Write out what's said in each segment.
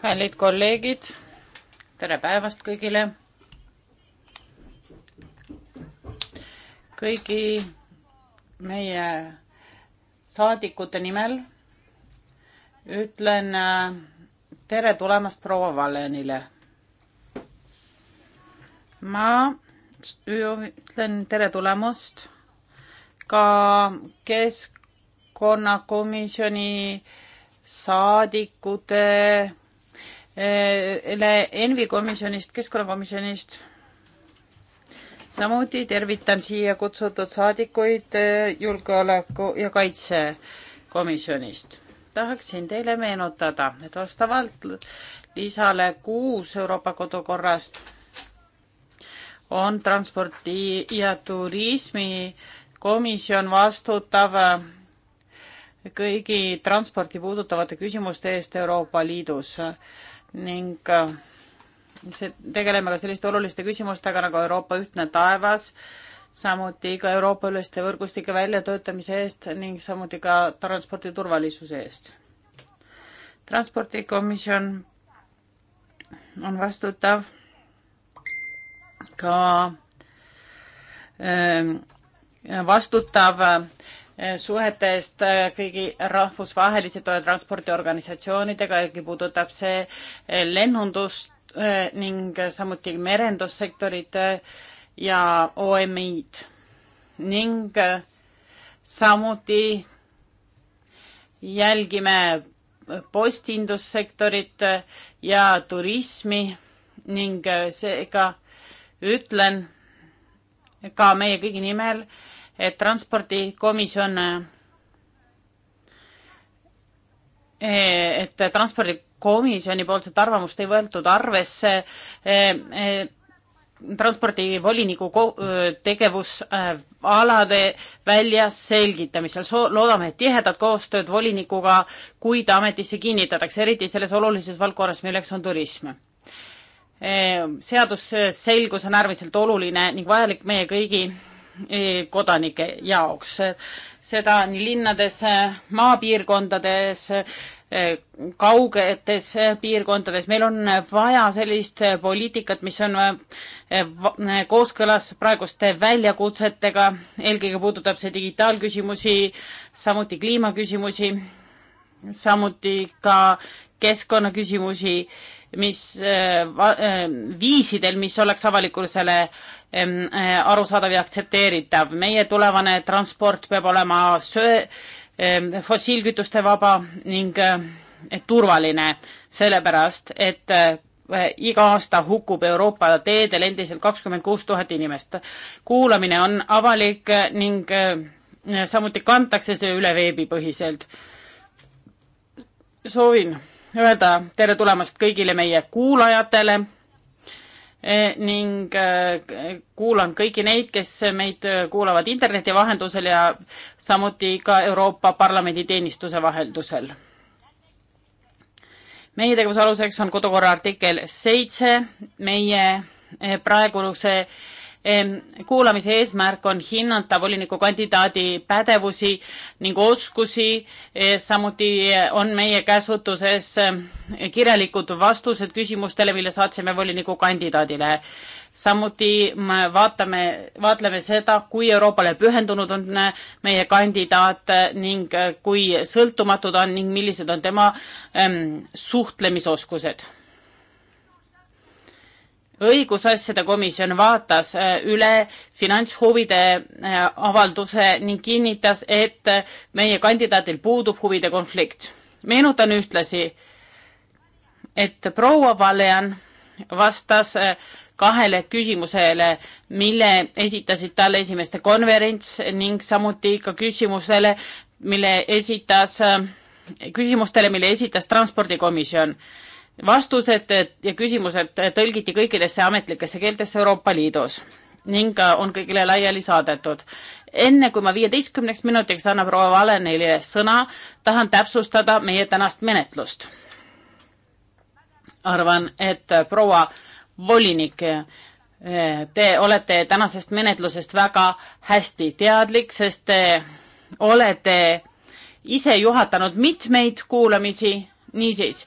kallid kolleegid, tere päevast kõigile. kõigi meie saadikute nimel ütlen äh, tere tulemast proua Valenile. ma ütlen tere tulemust ka keskkonnakomisjoni äh, saadikute eh, Envi komisjonist, keskkonnakomisjonist. samuti tervitan siia kutsutud saadikuid eh, julgeoleku ja kaitsekomisjonist. tahaksin teile meenutada, et vastavalt lisale kuus Euroopa kodukorrast on transpordi ja turismi komisjon vastutav kõigi transporti puudutavate küsimuste eest Euroopa Liidus ning äh, see, tegeleme ka selliste oluliste küsimustega nagu Euroopa ühtne taevas, samuti ka Euroopa-üleste võrgustike väljatöötamise eest ning samuti ka transpordi turvalisuse eest. transpordikomisjon on vastutav ka äh, vastutav Eh, suhete eest eh, kõigi rahvusvahelise transpordiorganisatsioonidega, jällegi puudutab see eh, lennundust ning samuti merendussektorit ja OMI-d ning samuti jälgime postindussektorit ja turismi ning seega ütlen ka meie kõigi nimel, et transpordikomisjon, eh, et transpordikomisjoni poolset arvamust ei võetud arvesse eh, eh, transpordivoliniku tegevusalade väljaselgitamisel. loodame tihedat koostööd volinikuga, kui ta ametisse kinnitatakse, eriti selles olulises valdkonnas, milleks on turism. seadusselgus on äärmiselt oluline ning vajalik meie kõigi Eh, kodanike jaoks. seda nii linnades, maapiirkondades, eh, kaugetes piirkondades, meil on vaja sellist poliitikat, mis on eh, kooskõlas praeguste väljakutsetega, eelkõige puudutab see digitaalküsimusi, samuti kliimaküsimusi, samuti ka keskkonnaküsimusi mis äh, äh, viisidel, mis oleks avalikkusele ähm, äh, arusaadav ja aktsepteeritav. meie tulevane transport peab olema söö-, ähm, fossiilkütuste vaba ning turvaline, sellepärast et iga aasta hukkub Euroopa teedel endiselt kakskümmend kuus tuhat inimest. kuulamine on avalik ning samuti kantakse see üle veebipõhiselt. soovin öelda tere tulemast kõigile meie kuulajatele e, ning e, kuulan kõiki neid, kes meid kuulavad interneti vahendusel ja samuti ka Euroopa Parlamendi teenistuse vaheldusel. meie tegevuse aluseks on kodukorra artikkel seitse, meie e, praeguse kuulamise eesmärk on hinnata volinikukandidaadi pädevusi ning oskusi, e, samuti on meie käsutuses e, kirjalikud vastused küsimustele, mille saatsime volinikukandidaadile. samuti vaatame, vaatleme seda, kui Euroopale pühendunud on e, meie kandidaat ning kui sõltumatud on ning millised on tema suhtlemisoskused õigusasjade komisjon vaatas äh, üle finantshuvide äh, avalduse ning kinnitas, et äh, meie kandidaadil puudub huvide konflikt. meenutan ühtlasi, et proua Valjan vastas kahele küsimusele, mille esitasid talle esimeste konverents ning samuti ka küsimusele, mille esitas, küsimustele, mille esitas transpordikomisjon vastused ja küsimused tõlgiti kõikidesse ametlikesse keeltesse Euroopa Liidus ning on kõigile laiali saadetud. enne kui ma viieteistkümneks minutiks annan proua Valenile sõna, tahan täpsustada meie tänast menetlust. arvan, et proua volinik, te olete tänasest menetlusest väga hästi teadlik, sest te olete ise juhatanud mitmeid kuulamisi, niisiis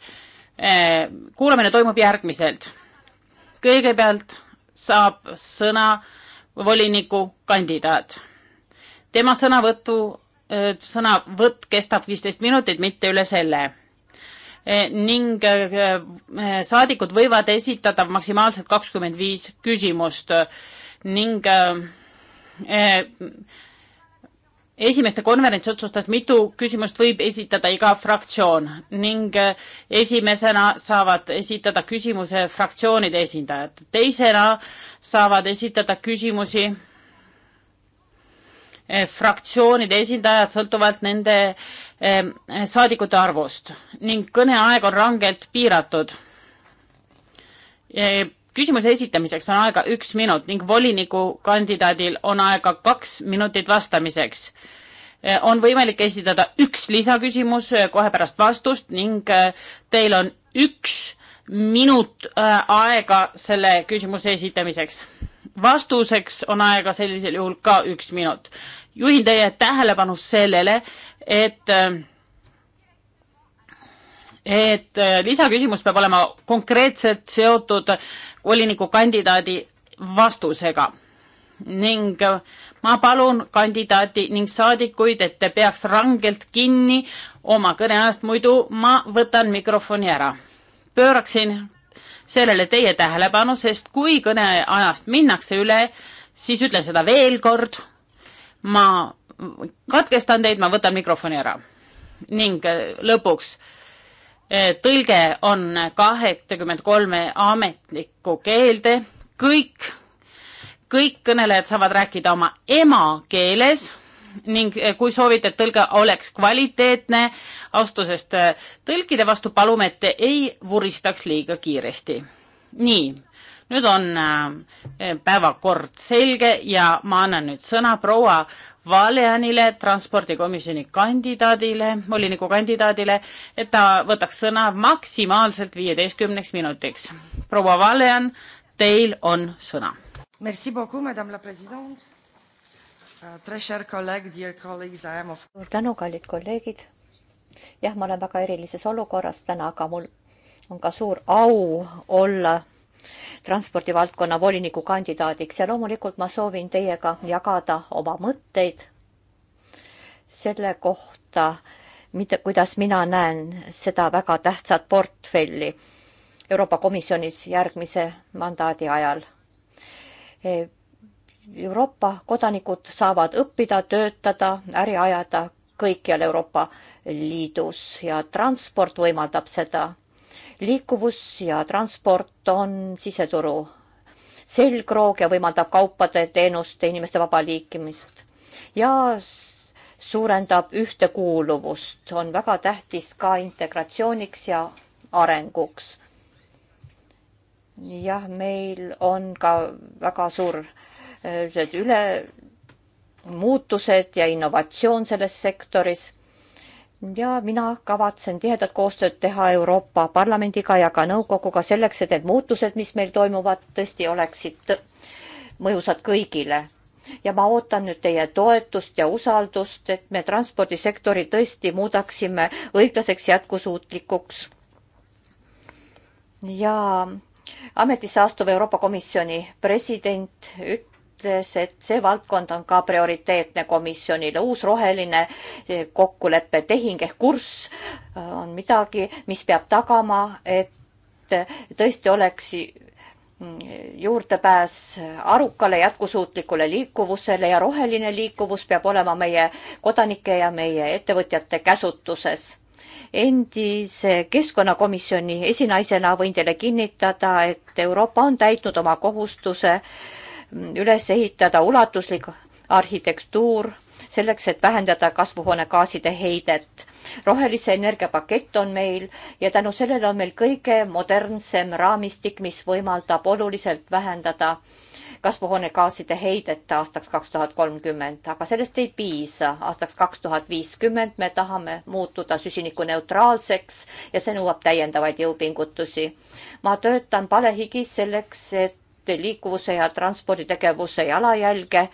Äh, kuulamine toimub järgmiselt. kõigepealt saab sõna volinikukandidaat. tema sõnavõtu, äh, sõnavõtt kestab viisteist minutit, mitte üle selle. Äh, ning saadikud võivad esitada maksimaalselt kakskümmend viis küsimust ning esimeste konverents otsustas, mitu küsimust võib esitada iga fraktsioon ning äh, esimesena saavad esitada küsimuse fraktsioonide esindajad, teisena saavad esitada küsimusi äh, fraktsioonide esindajad sõltuvalt nende äh, saadikute arvust ning kõneaeg on rangelt piiratud küsimuse esitamiseks on aega üks minut ning volinikukandidaadil on aega kaks minutit vastamiseks. Eh, on võimalik esitada üks lisaküsimus eh, kohe pärast vastust ning eh, teil on üks minut aega selle küsimuse esitamiseks. vastuseks on aega sellisel juhul ka üks minut. juhin teie tähelepanu sellele, et et äh, lisaküsimus peab olema konkreetselt seotud volinikukandidaadi vastusega ning äh, ma palun kandidaati ning saadikuid, et te peaks rangelt kinni oma kõneajast, muidu ma võtan mikrofoni ära. pööraksin sellele teie tähelepanu, sest kui kõneajast minnakse üle, siis ütlen seda veel kord. ma katkestan teid, ma võtan mikrofoni ära. ning äh, lõpuks äh, Eh, tõlge on kahekümne kolme ametlikku keelde, kõik, kõik kõnelejad saavad rääkida oma emakeeles ning eh, kui soovite, et tõlge oleks kvaliteetne, austusest eh, tõlkide vastu palume, et te ei vuristaks liiga kiiresti. nii, nüüd on päevakord selge ja ma annan nüüd sõna proua Valeanile, transpordikomisjoni kandidaadile, voliniku kandidaadile, et ta võtaks sõna maksimaalselt viieteistkümneks minutiks. proua Valean, teil on sõna. Merci beaucoup, madame la president. Euh, très cher collègue, dear colleagues, I am of. suur tänu, kallid kolleegid. jah, ma olen väga erilises olukorras täna, aga mul on ka suur au olla transpordivaldkonna voliniku kandidaadiks ja loomulikult ma soovin teiega jagada oma mõtteid selle kohta, mida, kuidas mina näen seda väga tähtsat portfelli Euroopa Komisjonis järgmise mandaadi ajal. Euroopa kodanikud saavad õppida, töötada, äri ajada kõikjal Euroopa Liidus ja transport võimaldab seda liikuvus ja transport on siseturu selgroog ja võimaldab kaupade, teenuste, inimeste vaba liikumist ja suurendab ühtekuuluvust, on väga tähtis ka integratsiooniks ja arenguks. jah, meil on ka väga suur äh, üle muutused ja innovatsioon selles sektoris ja mina kavatsen tihedat koostööd teha Euroopa Parlamendiga ja ka nõukoguga selleks, et need muutused, mis meil toimuvad, tõesti oleksid mõjusad kõigile. ja ma ootan nüüd teie toetust ja usaldust, et me transpordisektori tõesti muudaksime õiglaseks, jätkusuutlikuks. ja ametisse astuv Euroopa Komisjoni president üt-, ütles, et see valdkond on ka prioriteetne komisjonile. uus roheline eh, kokkulepe, tehing ehk kurss eh, on midagi, mis peab tagama, et eh, tõesti oleks mm, juurdepääs arukale jätkusuutlikule liikuvusele ja roheline liikuvus peab olema meie kodanike ja meie ettevõtjate käsutuses. endise keskkonnakomisjoni esinaisena võin teile kinnitada, et Euroopa on täitnud oma kohustuse äh, üles ehitada ulatuslik arhitektuur selleks, et vähendada kasvuhoonegaaside heidet. rohelise energia pakett on meil ja tänu sellele on meil kõige modernsem raamistik, mis võimaldab oluliselt vähendada kasvuhoonegaaside heidet aastaks kaks tuhat kolmkümmend, aga sellest ei piisa. aastaks kaks tuhat viiskümmend me tahame muutuda süsinikuneutraalseks ja see nõuab täiendavaid jõupingutusi. ma töötan palehigis selleks, et liikuvuse ja transporditegevuse jalajälge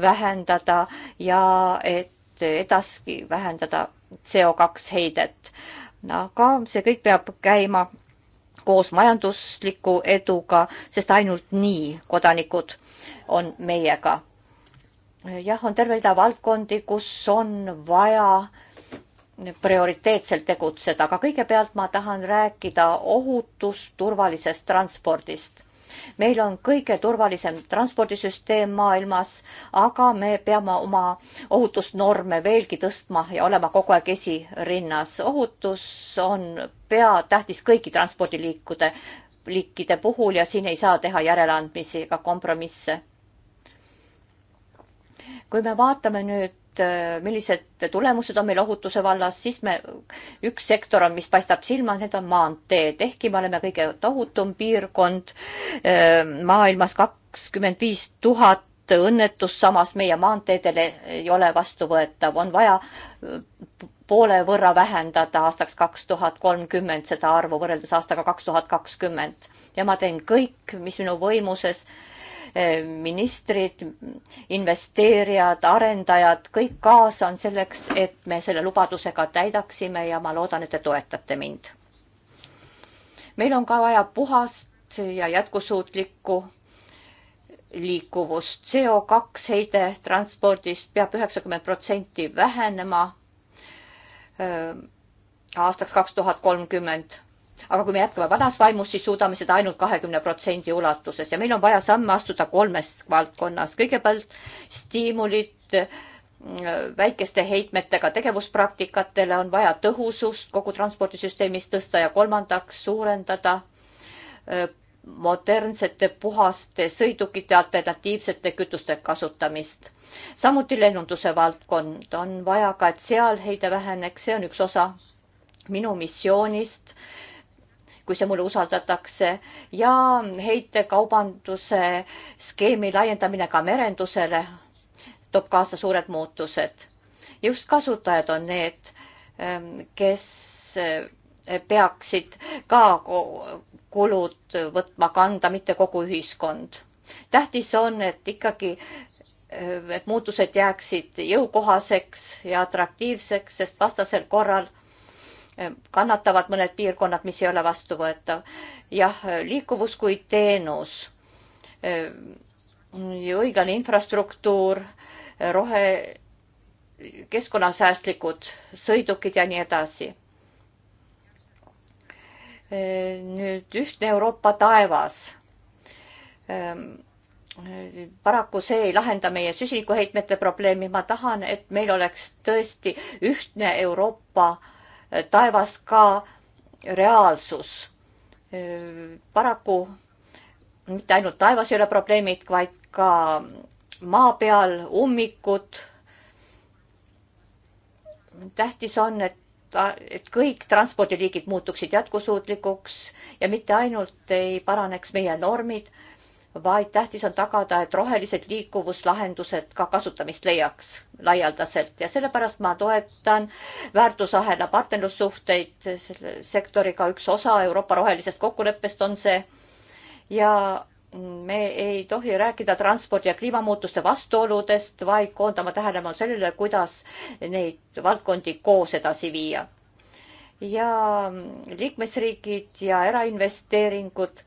vähendada ja et edaspidi vähendada CO2 heidet. aga see kõik peab käima koos majandusliku eduga, sest ainult nii kodanikud on meiega. jah, on terve rida valdkondi, kus on vaja prioriteetselt tegutseda, aga kõigepealt ma tahan rääkida ohutust, turvalisest transpordist meil on kõige turvalisem transpordisüsteem maailmas, aga me peame oma ohutusnorme veelgi tõstma ja olema kogu aeg esirinnas. ohutus on peatähtis kõigi transpordiliikude, liikide puhul ja siin ei saa teha järeleandmisi ega kompromisse. kui me vaatame nüüd Äh, millised tulemused on meil ohutuse vallas, siis me, üks sektor on, mis paistab silma, need on maanteed, ehkki me oleme kõige tohutum piirkond äh, maailmas, kakskümmend viis tuhat õnnetust, samas meie maanteedele ei ole vastuvõetav, on vaja äh, poole võrra vähendada aastaks kaks tuhat kolmkümmend seda arvu võrreldes aastaga kaks tuhat kakskümmend. ja ma teen kõik, mis minu võimuses Eh, ministrid, investeerijad, arendajad, kõik kaasa on selleks, et me selle lubadusega täidaksime ja ma loodan, et te toetate mind. meil on ka vaja puhast ja jätkusuutlikku liikuvust. CO kaks heide transpordist peab üheksakümmend protsenti vähenema eh, aastaks kaks tuhat kolmkümmend aga kui me jätkame vanas vaimus, siis suudame seda ainult kahekümne protsendi ulatuses ja meil on vaja samme astuda kolmes valdkonnas. kõigepealt stiimulid äh, väikeste heitmetega tegevuspraktikatele on vaja tõhusust kogu transpordisüsteemis tõsta ja kolmandaks suurendada äh, modernsete puhaste sõidukite alternatiivsete kütuste kasutamist. samuti lennunduse valdkond on vaja ka, et seal heide väheneks, see on üks osa minu missioonist kui see mulle usaldatakse ja heitekaubanduse skeemi laiendamine ka merendusele toob kaasa suured muutused. just kasutajad on need, ähm, kes äh, peaksid ka kulud võtma kanda, mitte kogu ühiskond. tähtis on, et ikkagi äh, et muutused jääksid jõukohaseks ja atraktiivseks, sest vastasel korral kannatavad mõned piirkonnad, mis ei ole vastuvõetav. jah, liikuvus kui teenus, õiglane infrastruktuur, rohe, keskkonnasäästlikud sõidukid ja nii edasi. nüüd ühtne Euroopa taevas paraku see ei lahenda meie süsinikuheitmete probleemi, ma tahan, et meil oleks tõesti ühtne Euroopa äh, Eh, taevas ka reaalsus. Eh, paraku mitte ainult taevas ei ole probleemid, vaid ka maa peal ummikud. tähtis on, et et kõik transpordiliigid muutuksid jätkusuutlikuks ja mitte ainult ei paraneks meie normid, vaid tähtis on tagada, et rohelised liikuvuslahendused ka kasutamist leiaks laialdaselt ja sellepärast ma toetan väärtusahela partnerlussuhteid selle sektoriga, üks osa Euroopa rohelisest kokkuleppest on see ja me ei tohi rääkida transpordi ja kliimamuutuste vastuoludest, vaid koondama tähelepanu sellele, kuidas neid valdkondi koos edasi viia. ja liikmesriigid ja erainvesteeringud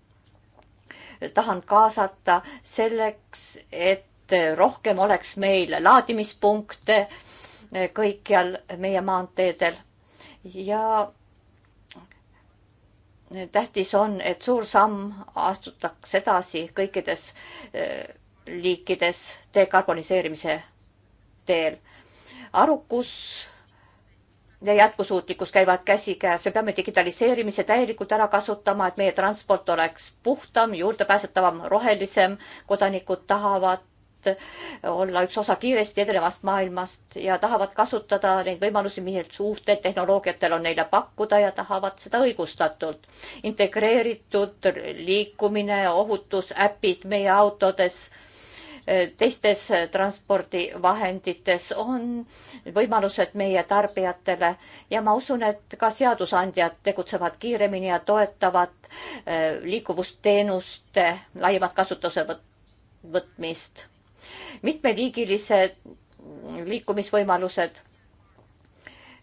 tahan kaasata selleks, et rohkem oleks meil laadimispunkte eh, kõikjal meie maanteedel ja eh, tähtis on, et suur samm astutaks edasi kõikides eh, liikides dekarboniseerimise teel. arukus ja jätkusuutlikkus käivad käsikäes. me peame digitaliseerimise täielikult ära kasutama, et meie transport oleks puhtam, juurdepääsetavam, rohelisem. kodanikud tahavad olla üks osa kiiresti edenevast maailmast ja tahavad kasutada neid võimalusi, milles uutel tehnoloogiatel on neile pakkuda ja tahavad seda õigustatult. integreeritud liikumine, ohutusäpid meie autodes teistes transpordivahendites on võimalused meie tarbijatele ja ma usun, et ka seadusandjad tegutsevad kiiremini ja toetavad eh, liikuvusteenuste laiemat kasutuse võtmist. mitmeliigilised liikumisvõimalused,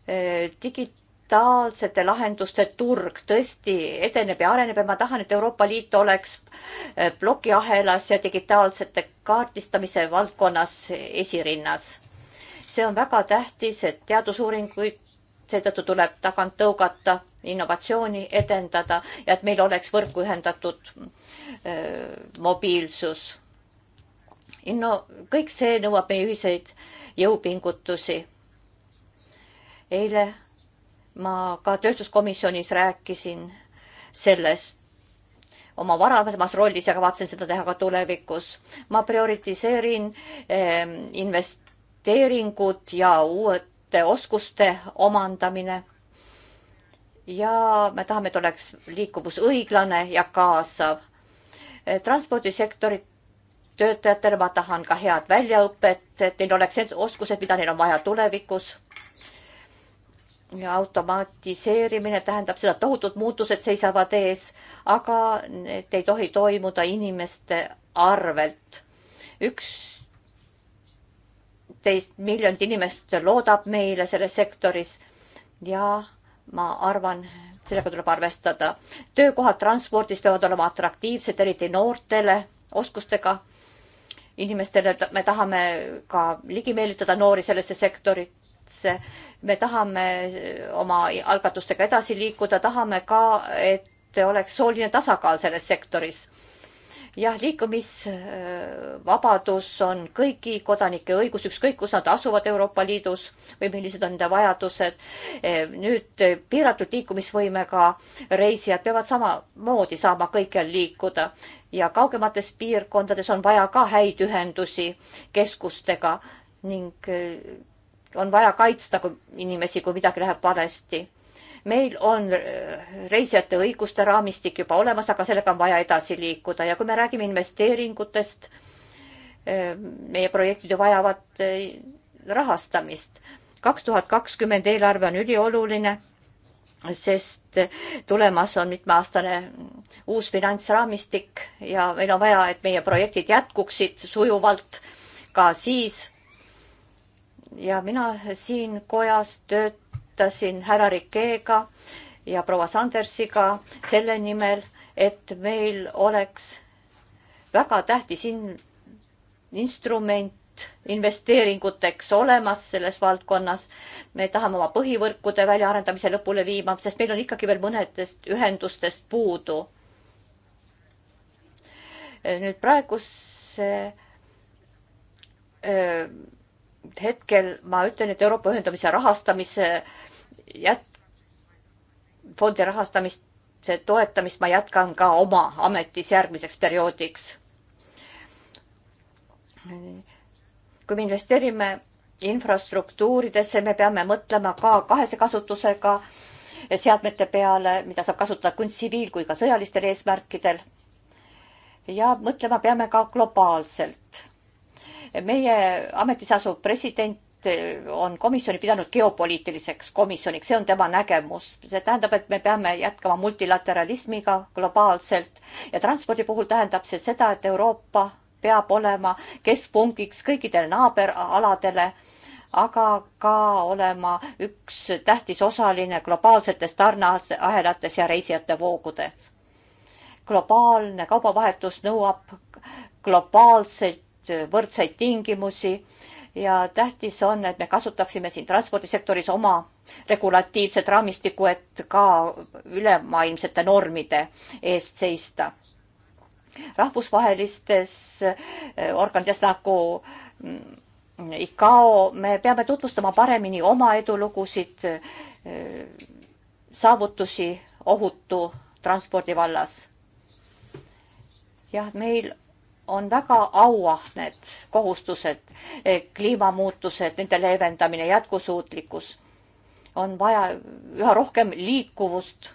eh, digi- digitaalsete lahenduste turg tõesti edeneb ja areneb ja ma tahan, et Euroopa Liit oleks eh, plokiahelas ja digitaalsete kaardistamise valdkonnas esirinnas. see on väga tähtis, et teadusuuringuid seetõttu tuleb tagant tõugata, innovatsiooni edendada ja et meil oleks võrku ühendatud öö, eh, mobiilsus. Inno, kõik see nõuab meie ühiseid jõupingutusi. eile ma ka tööstuskomisjonis rääkisin sellest oma varasemas rollis ja kavatsen seda teha ka tulevikus. ma prioritiseerin ehm, investeeringud ja uute oskuste omandamine. ja me tahame, et oleks liikuvus õiglane ja kaasav. Eh, transpordisektorit töötajatele ma tahan ka head väljaõpet, et neil oleks need oskused, mida neil on vaja tulevikus ja automatiseerimine tähendab seda, et tohutud muutused seisavad ees, aga need ei tohi toimuda inimeste arvelt. üksteist miljonit inimest loodab meile selles sektoris ja ma arvan, sellega tuleb arvestada. töökohad transpordis peavad olema atraktiivsed, eriti noortele oskustega inimestele. me tahame ka ligi meelitada noori sellesse sektorit kaitse. me tahame eh, oma algatustega edasi liikuda, tahame ka, et oleks sooline tasakaal selles sektoris. jah, liikumisvabadus on kõigi kodanike õigus, ükskõik kus nad asuvad Euroopa Liidus või millised on nende vajadused. Eh, nüüd eh, piiratud liikumisvõimega reisijad peavad samamoodi saama kõikjal liikuda ja kaugemates piirkondades on vaja ka häid ühendusi keskustega ning on vaja kaitsta kui inimesi, kui midagi läheb valesti. meil on äh, reisijate õiguste raamistik juba olemas, aga sellega on vaja edasi liikuda ja kui me räägime investeeringutest, äh, meie projektid ju vajavad äh, rahastamist. kaks tuhat kakskümmend eelarve on ülioluline, sest tulemas on mitmeaastane mm, uus finantsraamistik ja meil on vaja, et meie projektid jätkuksid sujuvalt ka siis ja mina siin kojas töötasin härra Rikeega ja proua Sandersiga selle nimel, et meil oleks väga tähtis in-, instrument investeeringuteks olemas selles valdkonnas. me tahame oma põhivõrkude väljaarendamise lõpule viima, sest meil on ikkagi veel mõnedest ühendustest puudu. nüüd praeguse öö, hetkel ma ütlen, et Euroopa ühendamise rahastamise jät-, fondi rahastamist, toetamist ma jätkan ka oma ametis järgmiseks perioodiks. kui me investeerime infrastruktuuridesse, me peame mõtlema ka kahese kasutusega seadmete peale, mida saab kasutada kui tsiviil kui ka sõjalistel eesmärkidel. ja mõtlema peame ka globaalselt meie ametis asuv president eh, on komisjoni pidanud geopoliitiliseks komisjoniks, see on tema nägemus. see tähendab, et me peame jätkama multilateralismiga globaalselt ja transpordi puhul tähendab see seda, et Euroopa peab olema keskpunktiks kõikidele naaberaladele, aga ka olema üks tähtis osaline globaalsetes tarneahelates ja reisijate voogudes. globaalne kaubavahetus nõuab globaalseid võrdseid tingimusi ja tähtis on, et me kasutaksime siin transpordisektoris oma regulatiivset raamistikku, et ka ülemaailmsete normide eest seista. rahvusvahelistes eh, organites nagu mm, ICAO me peame tutvustama paremini oma edulugusid, eh, saavutusi ohutu transpordi vallas. jah, meil on väga auahned kohustused, eh, kliimamuutused, nende leevendamine, jätkusuutlikkus. on vaja üha rohkem liikuvust.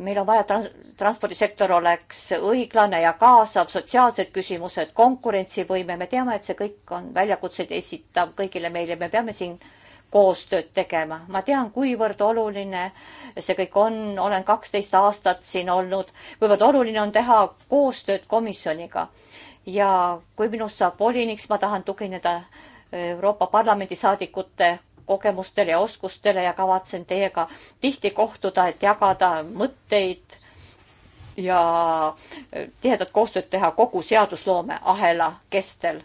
meil on vaja trans-, transpordisektor oleks õiglane ja kaasav, sotsiaalsed küsimused, konkurentsivõime, me teame, et see kõik on väljakutseid esitav kõigile meile, me peame siin koostööd tegema. ma tean, kuivõrd oluline see kõik on, olen kaksteist aastat siin olnud, kuivõrd oluline on teha koostööd komisjoniga ja kui minust saab volinik, siis ma tahan tugineda eh, Euroopa Parlamendi saadikute kogemustele ja oskustele ja kavatsen teiega tihti kohtuda, et jagada mõtteid ja eh, tihedat koostööd teha kogu seadusloome ahela kestel.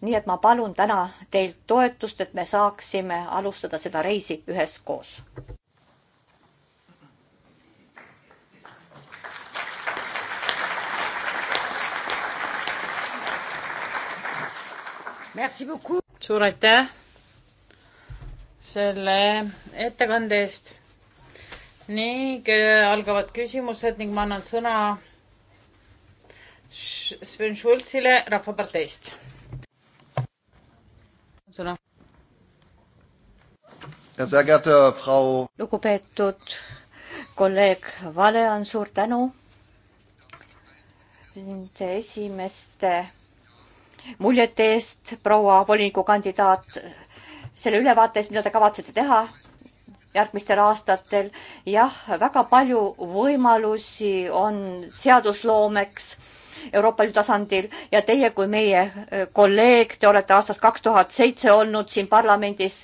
nii et ma palun täna teilt toetust, et me saaksime alustada seda reisi üheskoos. suur aitäh selle ettekande eest ning äh, algavad küsimused ning ma annan sõna Sven Schulzile Rahvaparteist. sõna. lugupeetud kolleeg Vale on suur tänu nende esimeste muljete eest, proua volinikukandidaat, selle ülevaate eest, mida te kavatsete teha järgmistel aastatel. jah, väga palju võimalusi on seadusloomeks Euroopa Liidu tasandil ja teie kui meie kolleeg, te olete aastast kaks tuhat seitse olnud siin parlamendis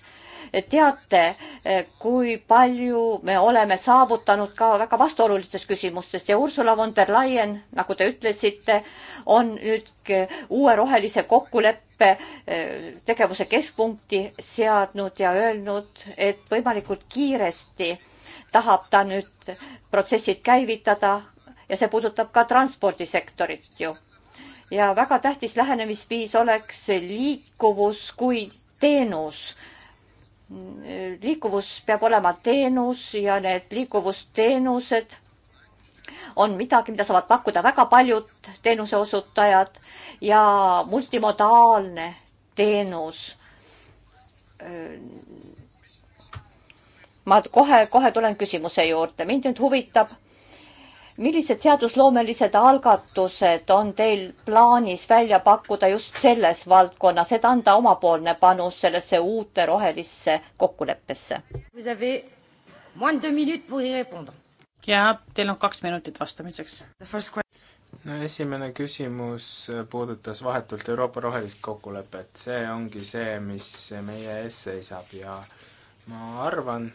teate, eh, kui palju me oleme saavutanud ka väga vastuolulistes küsimustes ja Ursula von der Leyen, nagu te ütlesite, on nüüd uue rohelise kokkuleppe eh, tegevuse keskpunkti seadnud ja öelnud, et võimalikult kiiresti tahab ta nüüd protsessid käivitada ja see puudutab ka transpordisektorit ju. ja väga tähtis lähenemisviis oleks liikuvus kui teenus liikuvus peab olema teenus ja need liikuvusteenused on midagi, mida saavad pakkuda väga paljud teenuseosutajad ja multimodaalne teenus. ma kohe-kohe tulen küsimuse juurde, mind nüüd huvitab millised seadusloomelised algatused on teil plaanis välja pakkuda just selles valdkonnas, et anda omapoolne panus sellesse uute rohelisse kokkuleppesse? ja teil on kaks minutit vastamiseks. no esimene küsimus puudutas vahetult Euroopa rohelist kokkulepet, see ongi see, mis meie ees seisab ja ma arvan,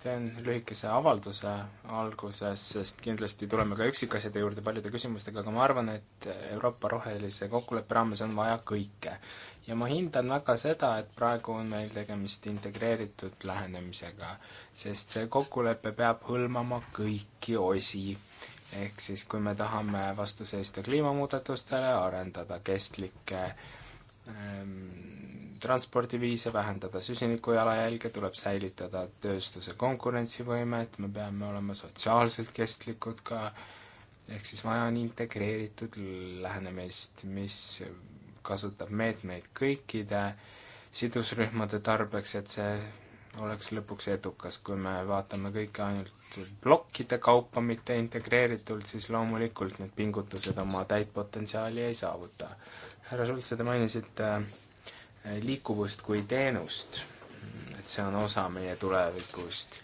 teen lühikese avalduse alguses, sest kindlasti tuleme ka üksikasjade juurde paljude küsimustega, aga ma arvan, et Euroopa rohelise kokkuleppe raames on vaja kõike. ja ma hindan väga seda, et praegu on meil tegemist integreeritud lähenemisega, sest see kokkulepe peab hõlmama kõiki osi. ehk siis, kui me tahame vastu seista kliimamuudatustele, arendada kestlikke ähm, transpordiviise vähendada, süsiniku jalajälge, tuleb säilitada tööstuse konkurentsivõime, et me peame olema sotsiaalselt kestlikud ka, ehk siis vaja on integreeritud lähenemist, mis kasutab meetmeid kõikide sidusrühmade tarbeks, et see oleks lõpuks edukas, kui me vaatame kõike ainult plokkide kaupa, mitte integreeritult, siis loomulikult need pingutused oma täit potentsiaali ei saavuta. härra Schultz, te mainisite äh, Äh, liikuvust kui teenust, et see on osa meie tulevikust.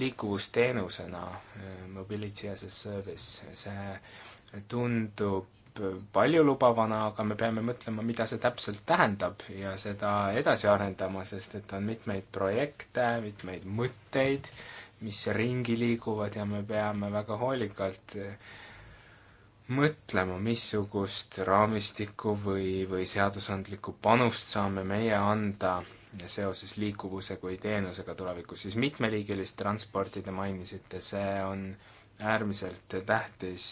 liikuvusteenusena, äh, mobility as a service, see tundub paljulubavana, aga me peame mõtlema, mida see täpselt tähendab ja seda edasi arendama, sest et on mitmeid projekte, mitmeid mõtteid, mis ringi liiguvad ja me peame väga hoolikalt äh, mõtlema, missugust raamistikku või, või seadusandlikku panust saame meie anda seoses liikuvuse kui teenusega tulevikus, siis mitmeliigilist transporti te mainisite, see on äärmiselt tähtis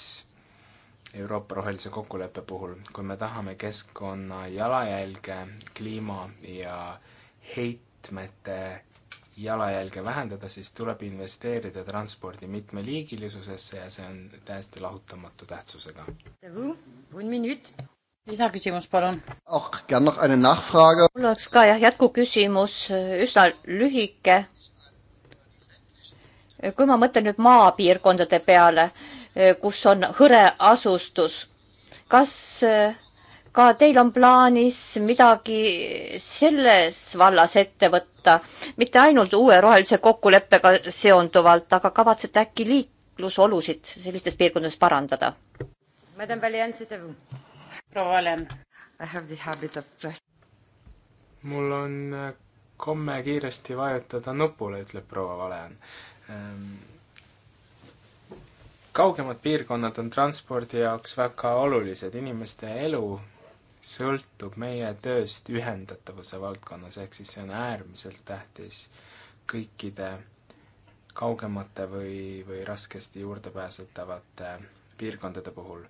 Euroopa rohelise kokkuleppe puhul, kui me tahame keskkonna jalajälge, kliima ja heitmete jalajälge vähendada, siis tuleb investeerida transpordi mitmeliigilisusesse ja see on täiesti lahutamatu tähtsusega. lisaküsimus, palun. mul oleks ka jah, jätkuküsimus, äh, üsna lühike. Äh, kui ma mõtlen nüüd maapiirkondade peale, äh, kus on hõre asustus, kas äh, ka teil on plaanis midagi selles vallas ette võtta, mitte ainult uue rohelise kokkuleppega seonduvalt, aga kavatsete äkki liiklusolusid sellistes piirkondades parandada? proua Valen. mul on äh, komme kiiresti vajutada nupule, ütleb proua Valen ähm, kaugemad piirkonnad on transpordi jaoks väga olulised, inimeste elu sõltub meie tööst ühendatavuse valdkonnas, ehk siis see on äärmiselt tähtis kõikide kaugemate või, või raskesti juurdepääsetavate piirkondade puhul.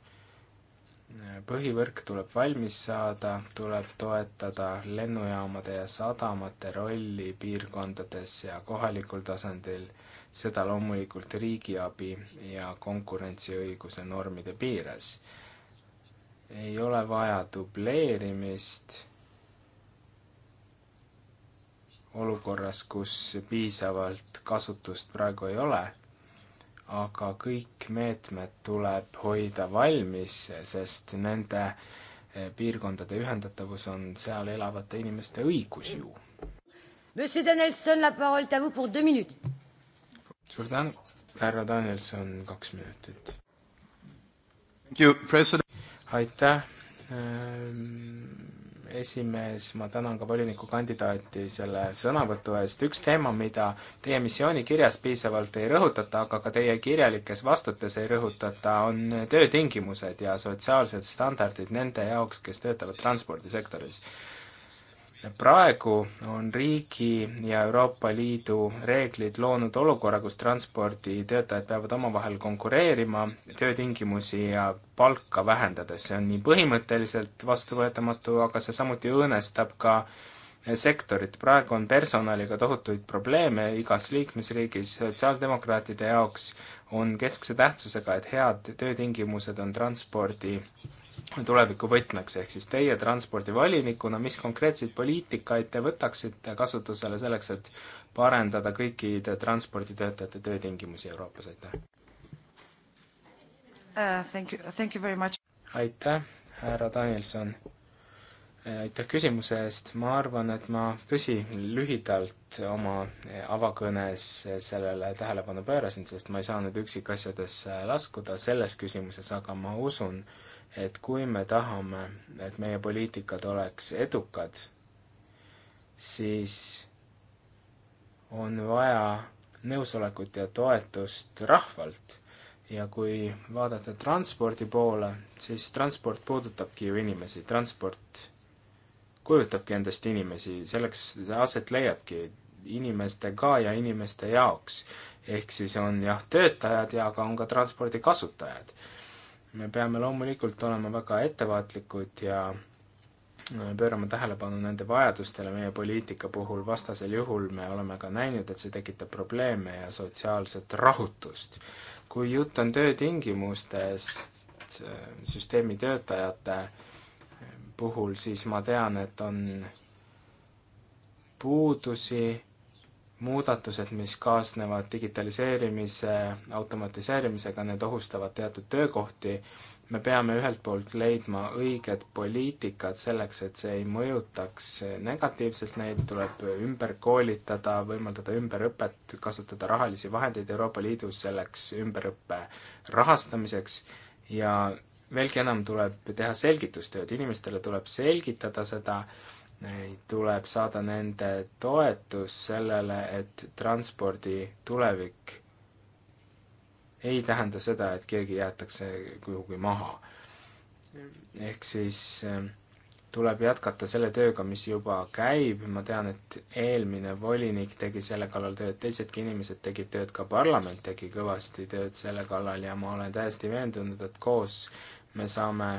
põhivõrk tuleb valmis saada, tuleb toetada lennujaamade ja sadamate rolli piirkondades ja kohalikul tasandil, seda loomulikult riigiabi ja konkurentsiõiguse normide piires ei ole vaja dubleerimist olukorras, kus piisavalt kasutust praegu ei ole, aga kõik meetmed tuleb hoida valmis, sest nende eh, piirkondade ühendatavus on seal elavate inimeste õigus ju. suur tänu, härra Danielson, kaks minutit aitäh, ehm, esimees, ma tänan ka volinikukandidaati selle sõnavõtu eest, üks teema, mida teie missioonikirjas piisavalt ei rõhutata, aga ka teie kirjalikes vastutes ei rõhutata, on töötingimused ja sotsiaalsed standardid nende jaoks, kes töötavad transpordisektoris praegu on riigi ja Euroopa Liidu reeglid loonud olukorra, kus transporditöötajad peavad omavahel konkureerima töötingimusi ja palka vähendades, see on nii põhimõtteliselt vastuvõetamatu, aga see samuti õõnestab ka sektorit, praegu on personaliga tohutuid probleeme igas liikmesriigis, sotsiaaldemokraatide jaoks on keskse tähtsusega, et head töötingimused on transpordi tuleviku võtmeks, ehk siis teie transpordivolinikuna, mis konkreetseid poliitikaid te võtaksite kasutusele selleks, et parendada kõikide transporditöötajate töötingimusi Euroopas, aitäh uh,! Thank you, thank you very much! aitäh, härra Danielson! Eh, aitäh küsimuse eest, ma arvan, et ma tõsi, lühidalt oma eh, avakõnes eh, sellele tähelepanu pöörasin, sest ma ei saa nüüd üksikasjadesse laskuda selles küsimuses, aga ma usun, äh, et kui me tahame, et meie poliitikad oleks edukad, siis on vaja nõusolekut ja toetust rahvalt. ja kui vaadata transpordi poole, siis transport puudutabki ju inimesi, transport kujutabki endast inimesi, selleks aset leiabki inimestega ja inimeste jaoks. ehk siis on jah, töötajad ja aga on ka transpordi kasutajad me peame loomulikult olema väga ettevaatlikud ja äh, pöörama tähelepanu nende vajadustele meie poliitika puhul, vastasel juhul me oleme ka näinud, et see tekitab probleeme ja sotsiaalset rahutust. kui jutt on töötingimustest äh, süsteemi töötajate äh, puhul, siis ma tean, et on puudusi muudatused, mis kaasnevad digitaliseerimise, automatiseerimisega, need ohustavad teatud töökohti, me peame ühelt poolt leidma õiged poliitikad selleks, et see ei mõjutaks negatiivselt neid, tuleb ümber koolitada, võimaldada ümberõpet, kasutada rahalisi vahendeid Euroopa Liidus selleks ümberõppe rahastamiseks ja veelgi enam tuleb teha selgitustööd, inimestele tuleb selgitada seda, tuleb saada nende toetus sellele, et transpordi tulevik ei tähenda seda, et keegi jäetakse kuhugi maha. ehk siis ähm, tuleb jätkata selle tööga, mis juba käib, ma tean, et eelmine volinik tegi selle kallal tööd, teisedki inimesed tegid tööd, ka parlament tegi kõvasti tööd selle kallal ja ma olen täiesti veendunud, et koos me saame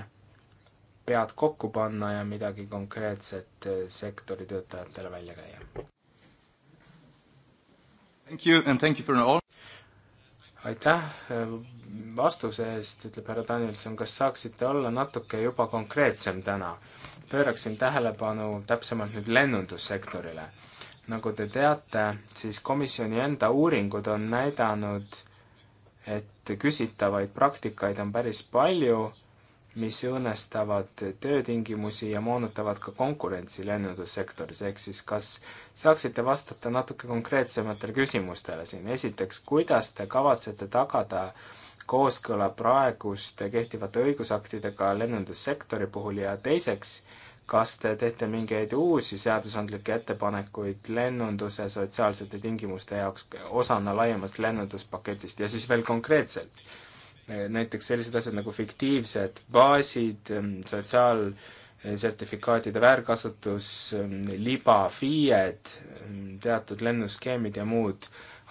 pead kokku panna ja midagi konkreetset eh, sektori töötajatele välja käia. Thank you and thank you for all. aitäh eh, vastuse eest, ütleb härra Danielson, kas saaksite olla natuke juba konkreetsem täna? pööraksin tähelepanu täpsemalt nüüd lennundussektorile. nagu te teate, siis komisjoni enda uuringud on näidanud, et küsitavaid praktikaid on päris palju mis õõnestavad töötingimusi ja moonutavad ka konkurentsi lennundussektoris, ehk siis kas saaksite vastata natuke konkreetsematele küsimustele siin, esiteks, kuidas te kavatsete tagada kooskõla praeguste kehtivate õigusaktidega lennundussektori puhul ja teiseks, kas te teete mingeid uusi seadusandlikke ettepanekuid lennunduse sotsiaalsete tingimuste jaoks osana laiemast lennunduspaketist ja siis veel konkreetselt Eh, näiteks sellised asjad nagu fiktiivsed baasid, mm, sotsiaalsertifikaatide väärkasutus, mm, libafiied, mm, teatud lennuskeemid ja muud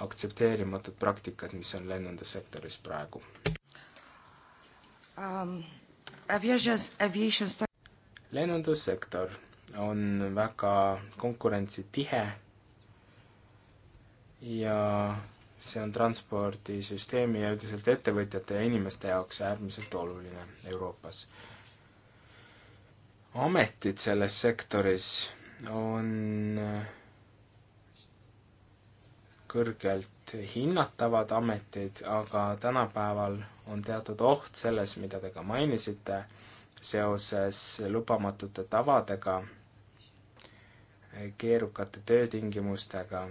aktsepteerimatud praktikad, mis on lennundussektoris praegu um,. lennundussektor on väga konkurentsitihe ja see on transpordisüsteemi ja üldiselt ettevõtjate ja inimeste jaoks äärmiselt oluline Euroopas. ametid selles sektoris on äh, kõrgelt hinnatavad ametid, aga tänapäeval on teatud oht selles, mida te ka mainisite, seoses lubamatute tavadega, keerukate töötingimustega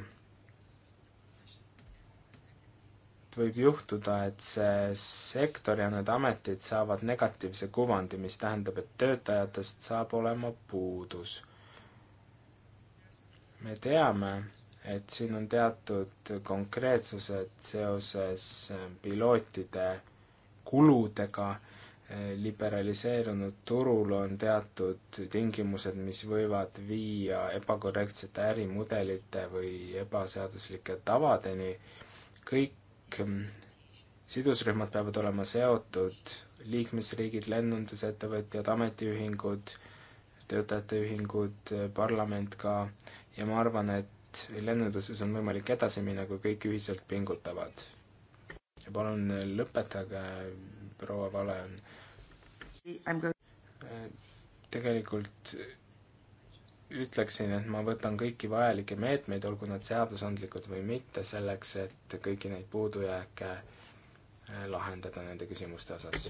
võib juhtuda, et see sektor ja need ametid saavad negatiivse kuvandi, mis tähendab, et töötajatest saab olema puudus. me teame, et siin on teatud konkreetsused seoses pilootide kuludega, liberaliseerunud turul on teatud tingimused, mis võivad viia ebakorrektsete ärimudelite või ebaseaduslike tavadeni, kõik Ähm, sidusrühmad peavad olema seotud, liikmesriigid, lennundusettevõtjad, ametiühingud, töötajate ühingud, äh, parlament ka, ja ma arvan, et lennunduses on võimalik edasi minna, kui kõik ühiselt pingutavad. ja palun äh, lõpetage, proua Vale. Äh, tegelikult ütleksin, et ma võtan kõiki vajalikke meetmeid, olgu nad seadusandlikud või mitte, selleks, et kõiki neid puudujääke äh, lahendada nende küsimuste osas.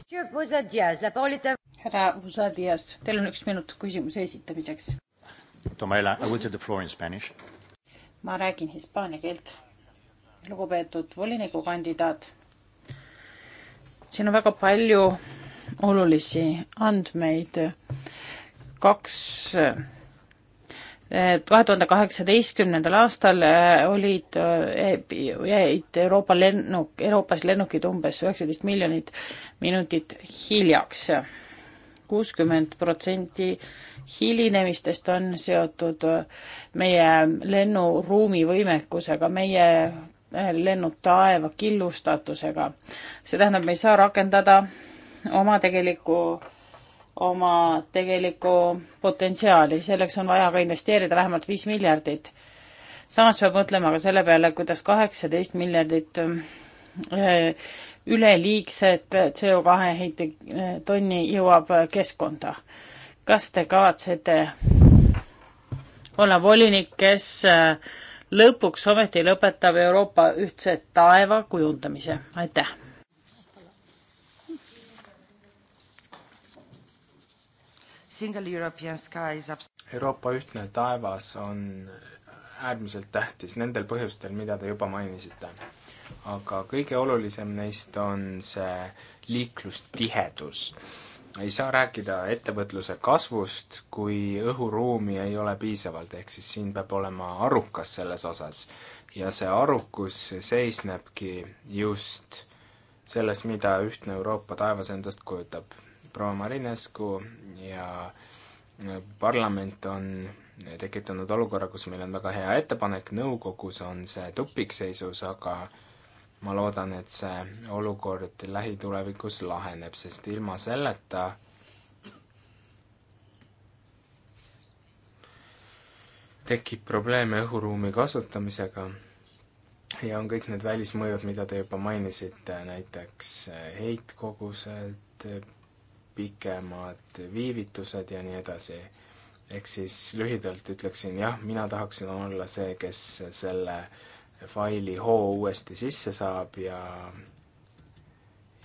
härra Vusadias, teil on üks minut küsimuse esitamiseks. ma räägin hispaania keelt. lugupeetud volinikukandidaat, siin on väga palju olulisi andmeid, kaks kahe tuhande kaheksateistkümnendal aastal äh, olid, äh, jäid Euroopa lennuk, Euroopas lennukid umbes üheksateist miljonit minutit hiljaks. kuuskümmend protsenti hilinemistest on seotud äh, meie lennuruumi võimekusega, meie lennud taeva killustatusega. see tähendab, me ei saa rakendada oma tegelikku oma tegelikku potentsiaali, selleks on vaja ka investeerida vähemalt viis miljardit. samas peab mõtlema ka selle peale, kuidas kaheksateist miljardit eh, üleliigset CO2 heite eh, tonni jõuab keskkonda. kas te kavatsete olla volinik, kes eh, lõpuks ometi lõpetab Euroopa ühtse taeva kujundamise? aitäh! Euroopa ühtne taevas on äärmiselt tähtis nendel põhjustel, mida te juba mainisite. aga kõige olulisem neist on see liiklustihedus. ei saa rääkida ettevõtluse kasvust, kui õhuruumi ei ole piisavalt, ehk siis siin peab olema arukas selles osas. ja see arukus seisnebki just selles, mida ühtne Euroopa taevas endast kujutab proua Marinescu ja äh, parlament on tekitanud olukorra, kus meil on väga hea ettepanek, nõukogus on see tupikseisus, aga ma loodan, et see olukord lähitulevikus laheneb, sest ilma selleta tekib probleeme õhuruumi kasutamisega ja on kõik need välismõjud, mida te juba mainisite, näiteks heitkogused, pikemad viivitused ja nii edasi. ehk siis lühidalt ütleksin, jah, mina tahaksin olla see, kes selle faili hoo uuesti sisse saab ja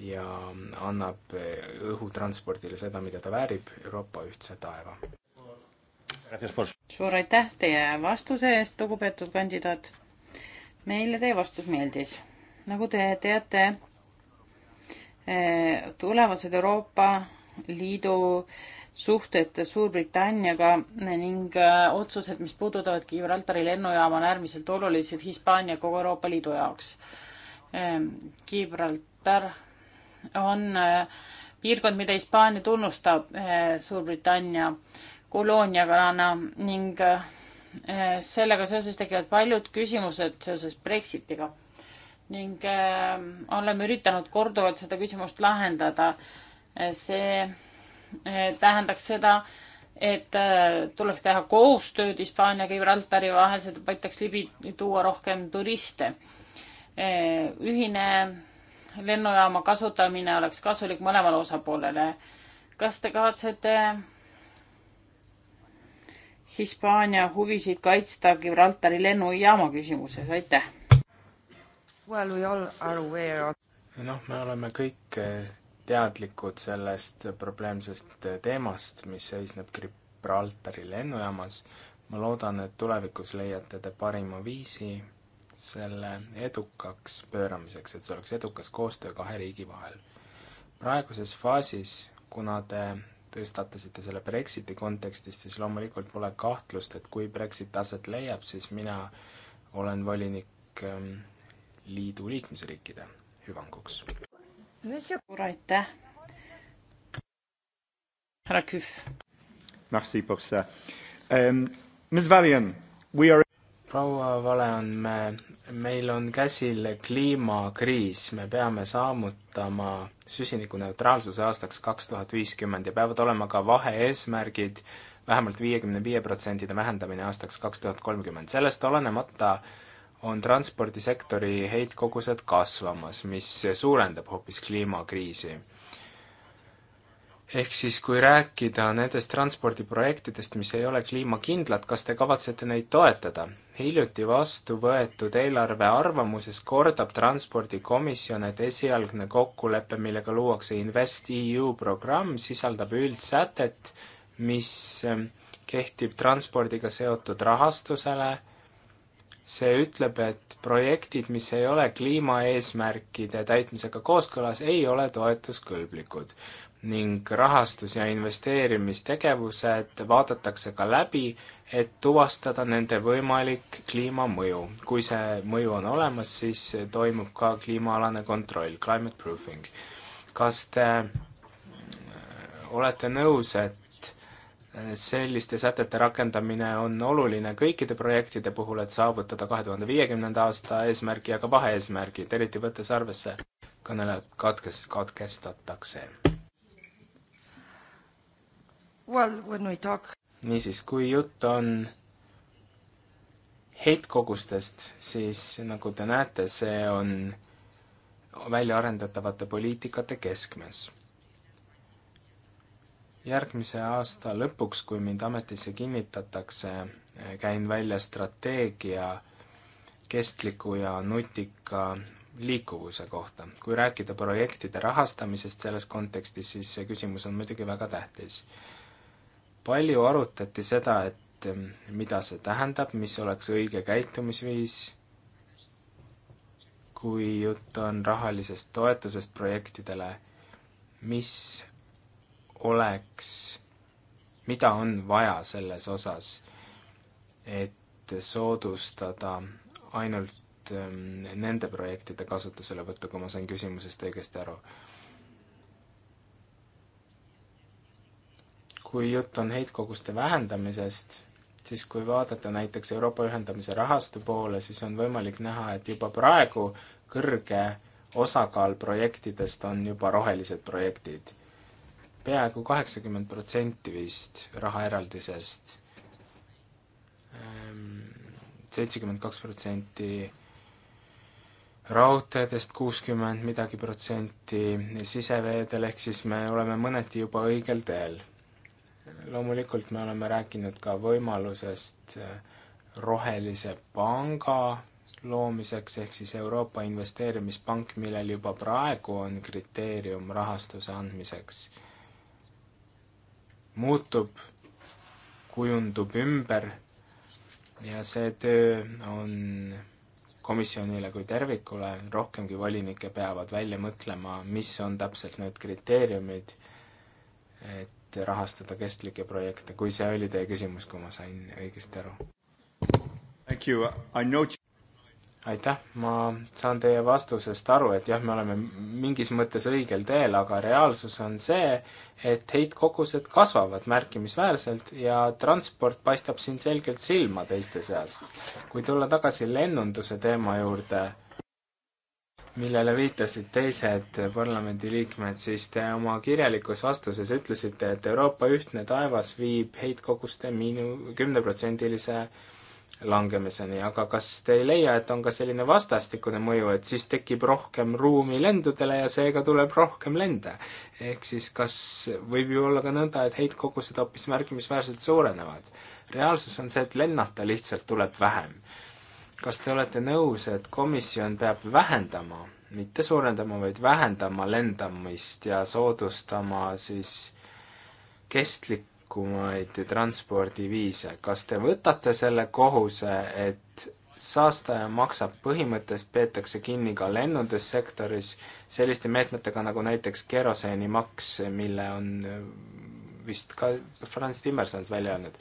ja annab õhutranspordile seda, mida ta väärib, Euroopa ühtse taeva. suur aitäh teie vastuse eest, lugupeetud kandidaat. meile teie vastus meeldis. nagu te teate, eh, tulevased Euroopa Liidu suhted Suurbritanniaga ning äh, otsused, mis puudutavad Gibraltari lennujaama, on äärmiselt olulised Hispaania kogu Euroopa Liidu jaoks. Ähm, Gibraltar on äh, piirkond, mida Hispaania tunnustab äh, Suurbritannia kolooniana ning sellega seoses tekivad paljud küsimused seoses Brexitiga ning oleme üritanud korduvalt seda küsimust lahendada see eh, tähendaks seda, et eh, tuleks teha koostööd Hispaania, Gibraltari vahel, seda aitaks libi tuua rohkem turiste. Eh, ühine lennujaama kasutamine oleks kasulik mõlemale osapoolele. kas te kavatsete Hispaania huvisid kaitsta Gibraltari lennujaama küsimuses, aitäh! Well, we all are aware of noh, me oleme kõik teadlikud sellest probleemsest teemast, mis seisneb Gibraltari lennujaamas. ma loodan, et tulevikus leiate te parima viisi selle edukaks pööramiseks, et see oleks edukas koostöö kahe riigi vahel. praeguses faasis, kuna te tõstatasite selle Brexiti kontekstis, siis loomulikult pole kahtlust, et kui Brexit aset leiab, siis mina olen volinik ehm, liidu liikmesriikide hüvanguks suur aitäh. härra Kühv. Merci pour ça um,. Miss Valian, we are. proua Valian, me, meil on käsil kliimakriis, me peame saamutama süsinikuneutraalsuse aastaks kaks tuhat viiskümmend ja peavad olema ka vahe-eesmärgid vähemalt viiekümne viie protsendine vähendamine aastaks kaks tuhat kolmkümmend. sellest olenemata äh, on transpordisektori heitkogused kasvamas, mis suurendab hoopis kliimakriisi. ehk siis, kui rääkida nendest transpordiprojektidest, mis ei ole kliimakindlad, kas te kavatsete neid toetada? hiljuti vastu võetud eelarve arvamuses kordab Transpordikomisjon, et esialgne kokkulepe, millega luuakse InvestEU programm, sisaldab üldsätet, mis kehtib transpordiga seotud rahastusele see ütleb, et projektid, mis ei ole kliimaeesmärkide täitmisega kooskõlas, ei ole toetuskõlblikud ning rahastus- ja investeerimistegevused vaadatakse ka läbi, et tuvastada nende võimalik kliimamõju. kui see mõju on olemas, siis toimub ka kliimaalane kontroll, climate proofing. kas te äh, olete nõus, et selliste sätete rakendamine on oluline kõikide projektide puhul, et saavutada kahe tuhande viiekümnenda aasta eesmärgi ja ka vaheeesmärgid, eriti võttes arvesse kõnelejad katkes, katkestatakse. Well, when we talk niisiis, kui jutt on heitkogustest, siis nagu te näete, see on välja arendatavate poliitikate keskmes järgmise aasta lõpuks, kui mind ametisse kinnitatakse, käin välja strateegia kestliku ja nutika liikuvuse kohta. kui rääkida projektide rahastamisest selles kontekstis, siis see küsimus on muidugi väga tähtis. palju arutati seda, et mm, mida see tähendab, mis oleks õige käitumisviis, kui jutt on rahalisest toetusest projektidele, mis oleks, mida on vaja selles osas, et soodustada ainult ähm, nende projektide kasutuselevõttu, kui ma sain küsimusest õigesti aru. kui jutt on heitkoguste vähendamisest, siis kui vaadata näiteks Euroopa ühendamise rahastu poole, siis on võimalik näha, et juba praegu kõrge osakaal projektidest on juba rohelised projektid peaaegu kaheksakümmend protsenti vist rahaeraldisest, ehm, seitsekümmend kaks protsenti raudteedest kuuskümmend midagi protsenti siseveedel, ehk siis me oleme mõneti juba õigel teel. loomulikult me oleme rääkinud ka võimalusest eh, rohelise panga loomiseks, ehk siis Euroopa Investeerimispank, millel juba praegu on kriteerium rahastuse andmiseks muutub, kujundub ümber ja see töö on komisjonile kui tervikule, rohkemgi volinikke peavad välja mõtlema, mis on täpselt need kriteeriumid, et rahastada kestlikke projekte, kui see oli teie küsimus, kui ma sain õigesti aru aitäh, ma saan teie vastusest aru, et jah, me oleme mingis mõttes õigel teel, aga reaalsus on see, et heitkogused kasvavad märkimisväärselt ja transport paistab siin selgelt silma teiste seast. kui tulla tagasi lennunduse teema juurde, millele viitasid teised parlamendiliikmed, siis te oma kirjalikus vastuses ütlesite, et Euroopa ühtne taevas viib heitkoguste miinu-, kümneprotsendilise langemiseni, aga kas te ei leia, et on ka selline vastastikune mõju, et siis tekib rohkem ruumi lendudele ja seega tuleb rohkem lende? ehk siis kas võib ju olla ka nõnda, et heitkogused hoopis märkimisväärselt suurenevad? reaalsus on see, et lennata lihtsalt tuleb vähem. kas te olete nõus, et komisjon peab vähendama, mitte suurendama, vaid vähendama lendamist ja soodustama siis kestlik paindlikumaid transpordiviise. kas te võtate selle kohuse, et saastaja maksab põhimõttest peetakse kinni ka lennundussektoris selliste meetmetega nagu näiteks keroseenimaks, mille on vist ka Franz Timmersons välja öelnud.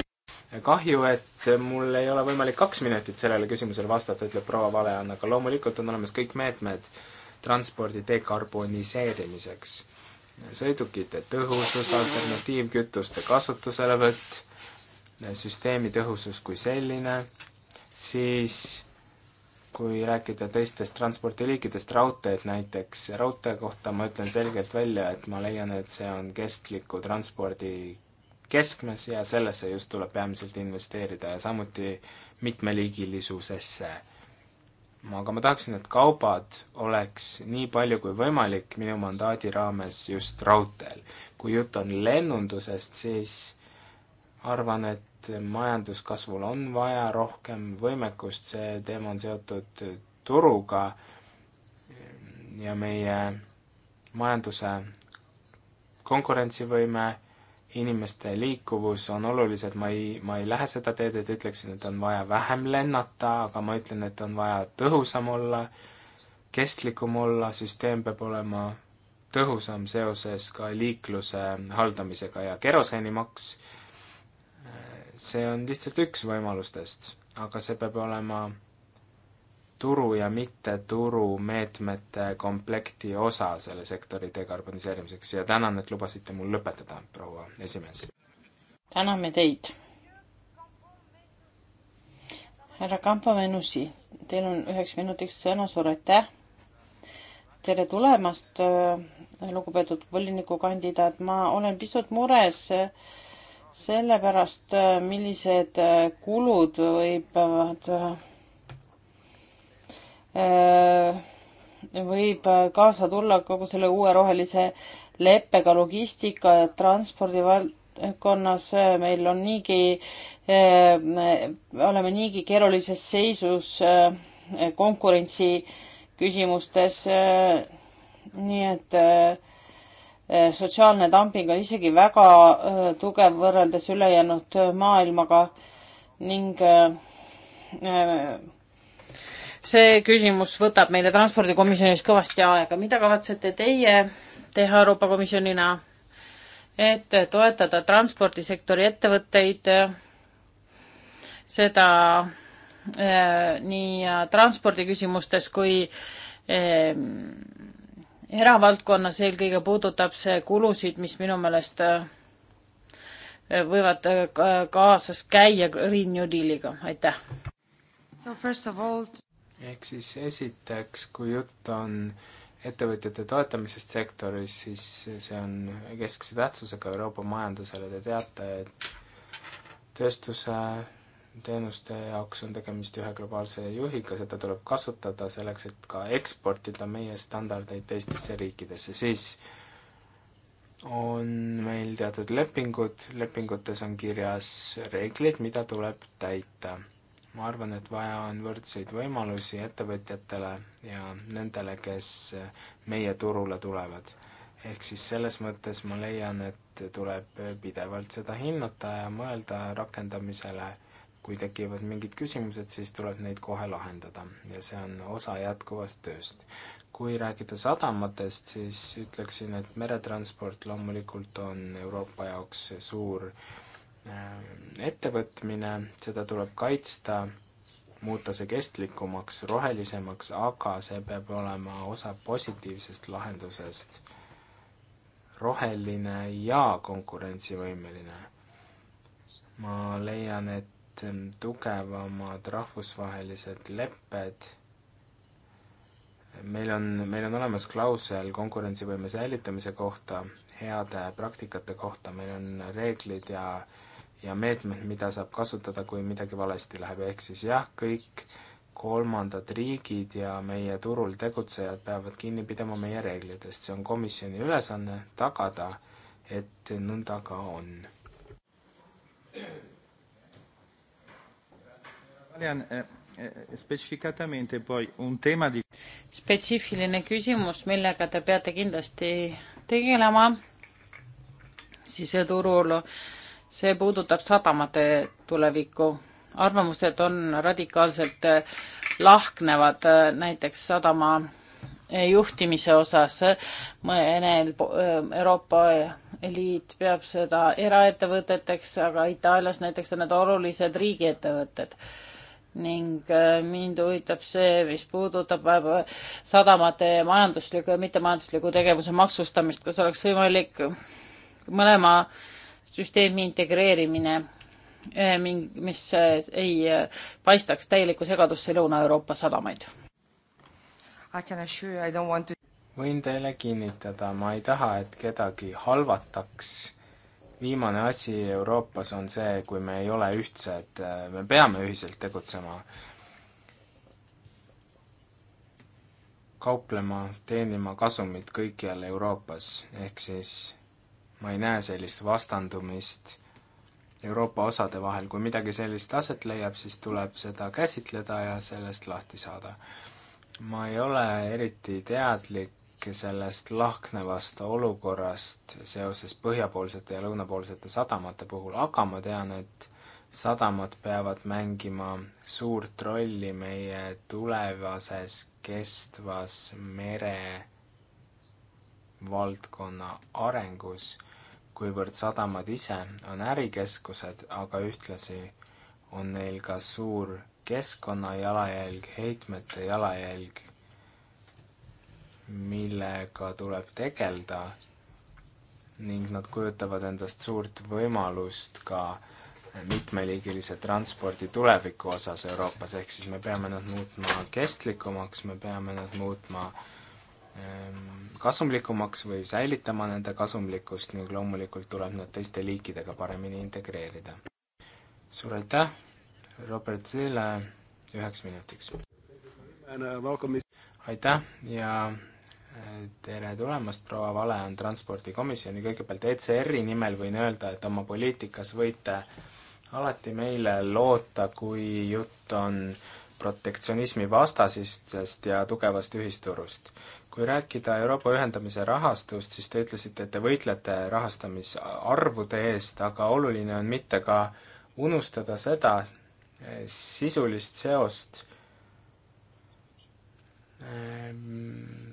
kahju, et mul ei ole võimalik kaks minutit sellele küsimusele vastata, ütleb proua Valeann, aga loomulikult on olemas kõik meetmed transpordi dekarboniseerimiseks sõidukite tõhusus, alternatiivkütuste kasutuselevõtt, süsteemi tõhusus kui selline, siis kui rääkida teistest transpordiliikidest, raudteed näiteks, raudtee kohta ma ütlen selgelt välja, et ma leian, et see on kestliku transpordi keskmes ja sellesse just tuleb peamiselt investeerida ja samuti mitmeliigilisusesse aga ma tahaksin, et kaubad oleks nii palju kui võimalik minu mandaadi raames just raudteel. kui jutt on lennundusest, siis arvan, et majanduskasvul on vaja rohkem võimekust, see teema on seotud turuga ja meie majanduse konkurentsivõime inimeste liikuvus on olulised, ma ei, ma ei lähe seda teed, et ütleksin, et on vaja vähem lennata, aga ma ütlen, et on vaja tõhusam olla, kestlikum olla, süsteem peab olema tõhusam seoses ka liikluse haldamisega ja keroseenimaks, see on lihtsalt üks võimalustest, aga see peab olema turu ja mitteturu meetmete komplekti osa selle sektori dekarboniseerimiseks ja tänan, et lubasite mul lõpetada, proua esimees. täname teid. härra Kampo-Venusi, teil on üheks minutiks sõna, suur aitäh. tere tulemast, äh, lugupeetud volinikukandidaat, ma olen pisut mures äh, sellepärast, äh, millised kulud võivad Äh, võib kaasa tulla kogu selle uue rohelise leppega logistika ja transpordi valdkonnas. meil on niigi, äh, oleme niigi keerulises seisus äh, konkurentsi küsimustes. nii et sotsiaalne dumping on isegi väga tugev võrreldes ülejäänud maailmaga ning see küsimus võtab meile transpordikomisjonis kõvasti aega. mida kavatsete teie teha Euroopa Komisjonina, et toetada transpordisektori ettevõtteid, seda eh, nii transpordiküsimustes kui eh, eravaldkonnas eelkõige puudutab see kulusid, mis minu meelest eh, võivad eh, kaasas käia Green New Dealiga, aitäh. All ehk siis esiteks, kui jutt on ettevõtjate toetamisest sektoris, siis see on keskse tähtsusega Euroopa majandusele, te teate, et tööstuse teenuste jaoks on tegemist ühe globaalse juhiga, seda tuleb kasutada selleks, et ka eksportida meie standardeid teistesse riikidesse, siis on meil teatud lepingud, lepingutes on kirjas reeglid, mida tuleb täita ma arvan, et vaja on võrdseid võimalusi ettevõtjatele ja nendele, kes meie turule tulevad. ehk siis selles mõttes ma leian, et tuleb pidevalt seda hinnata ja mõelda rakendamisele, kui tekivad mingid küsimused, siis tuleb neid kohe lahendada ja see on osa jätkuvast tööst. kui rääkida sadamatest, siis ütleksin, et meretransport loomulikult on Euroopa jaoks suur äh, Äh, ettevõtmine, seda tuleb kaitsta, muuta see kestlikumaks, rohelisemaks, aga see peab olema osa positiivsest lahendusest. roheline ja konkurentsivõimeline. ma leian, et tugevamad rahvusvahelised lepped meil on, meil on olemas klausel konkurentsivõime säilitamise kohta, heade praktikate kohta, meil on reeglid ja äh, ja meetmed, mida saab kasutada, kui midagi valesti läheb, ehk siis jah, kõik kolmandad riigid ja meie turul tegutsejad peavad kinni pidama meie reeglitest, see on komisjoni ülesanne tagada, et nõnda ka on. Eh, eh, spetsiifiline küsimus, millega te peate kindlasti tegelema siseturul see puudutab sadamate tulevikku. arvamused on radikaalselt äh, lahknevad äh, näiteks sadama äh, juhtimise osas. mõnel Euroopa Liit peab seda eraettevõteteks, aga Itaalias näiteks on need olulised riigiettevõtted ning mind huvitab see, mis puudutab sadamate majandusliku ja mittemajandusliku tegevuse maksustamist, kas oleks võimalik mõlema äh, süsteemi integreerimine, eh, mis eh, ei eh, paistaks täielikku segadusse Lõuna-Euroopa sadamaid. To... võin teile kinnitada, ma ei taha, et kedagi halvataks viimane asi Euroopas on see, kui me ei ole ühtsed, me peame ühiselt tegutsema, kauplema, teenima kasumit kõikjal Euroopas, ehk siis ma ei näe sellist vastandumist Euroopa osade vahel, kui midagi sellist aset leiab, siis tuleb seda käsitleda ja sellest lahti saada. ma ei ole eriti teadlik sellest lahknevast olukorrast seoses põhjapoolsete ja lõunapoolsete sadamate puhul, aga ma tean, et sadamad peavad mängima suurt rolli meie tulevases kestvas mere valdkonna arengus kuivõrd sadamad ise on ärikeskused, aga ühtlasi on neil ka suur keskkonnajalajälg, heitmete jalajälg, millega tuleb tegeleda ning nad kujutavad endast suurt võimalust ka mitmeliigilise transpordi tuleviku osas Euroopas, ehk siis me peame nad muutma kestlikumaks, me peame nad muutma äh, Ehm, kasumlikumaks või säilitama nende kasumlikkust ning loomulikult tuleb nad teiste liikidega paremini integreerida. suur aitäh, Robert Zille, üheks minutiks. aitäh ja eh, tere tulemast, proua Vale on Transpordikomisjoni, kõigepealt ECR-i nimel võin öelda, et oma poliitikas võite alati meile loota, kui jutt on protektsionismi vastasistest ja tugevast ühisturust kui rääkida Euroopa ühendamise rahastust, siis te ütlesite, et te võitlete rahastamisarvude eest, aga oluline on mitte ka unustada seda eh, sisulist seost ehm,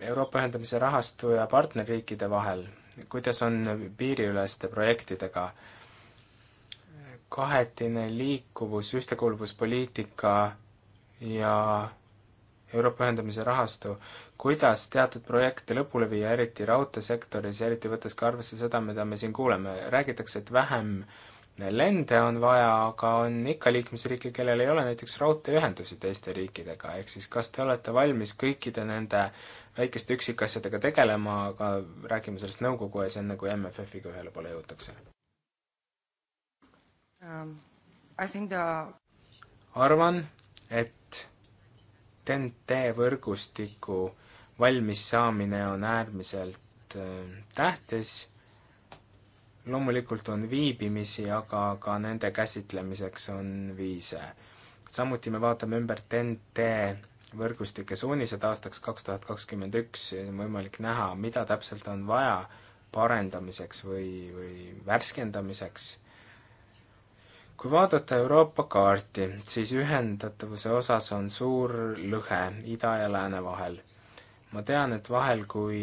Euroopa ühendamise rahastu ja partnerriikide vahel, kuidas on piiriüleste projektidega, kahetine liikuvus, ühtekuuluvuspoliitika ja Euroopa ühendamise rahastu, kuidas teatud projekte lõpule viia, eriti raudteesektoris, eriti võttes ka arvesse seda, mida me siin kuuleme, räägitakse, et vähem lende on vaja, aga on ikka liikmesriike, kellel ei ole näiteks raudteeühendusi teiste riikidega, ehk siis kas te olete valmis kõikide nende väikeste üksikasjadega tegelema, aga räägime sellest nõukogu ees, enne kui MFF-iga ühele poole jõutakse um,? The... arvan, et TNT võrgustiku valmis saamine on äärmiselt äh, tähtis. loomulikult on viibimisi, aga ka nende käsitlemiseks on viise. samuti me vaatame ümber TNT võrgustike suunised aastaks kaks tuhat kakskümmend üks, on võimalik näha, mida täpselt on vaja parendamiseks või, või värskendamiseks kui vaadata Euroopa kaarti, siis ühendatavuse osas on suur lõhe ida ja lääne vahel. ma tean, et vahel, kui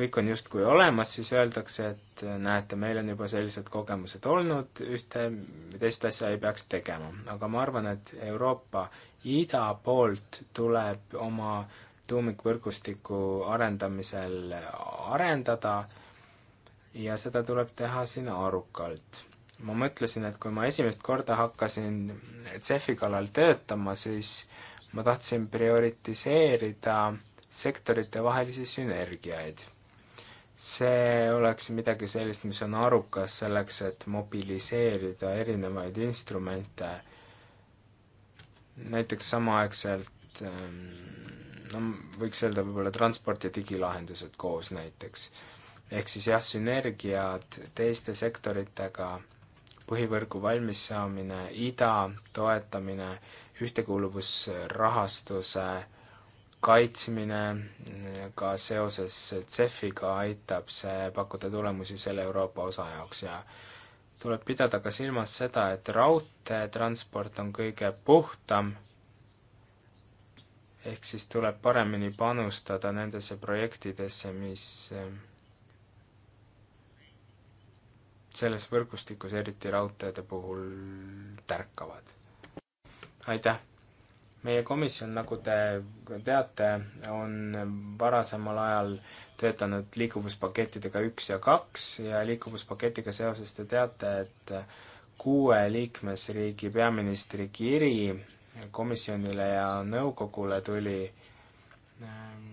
kõik on justkui olemas, siis öeldakse, et näete, meil on juba sellised kogemused olnud, ühte või teist asja ei peaks tegema. aga ma arvan, et Euroopa ida poolt tuleb oma tuumikvõrgustiku arendamisel arendada ja seda tuleb teha siin arukalt ma mõtlesin, et kui ma esimest korda hakkasin CEF-i kallal töötama, siis ma tahtsin prioritiseerida sektoritevahelisi sünergiaid. see oleks midagi sellist, mis on arukas selleks, et mobiliseerida erinevaid instrumente, näiteks samaaegselt ähm, no võiks öelda võib-olla transport ja digilahendused koos näiteks. ehk siis jah, sünergiad teiste sektoritega põhivõrgu valmissaamine, ida toetamine, ühtekuuluvusrahastuse kaitsmine ka seoses CEF-iga aitab see pakkuda tulemusi selle Euroopa osa jaoks ja tuleb pidada ka silmas seda, et raudteetransport on kõige puhtam, ehk siis tuleb paremini panustada nendesse projektidesse, mis selles võrgustikus, eriti raudteede puhul, tärkavad. aitäh! meie komisjon, nagu te teate, on varasemal ajal töötanud liikuvuspakettidega üks ja kaks ja liikuvuspaketiga seoses te teate, et kuue liikmesriigi peaministri kiri komisjonile ja nõukogule tuli ähm,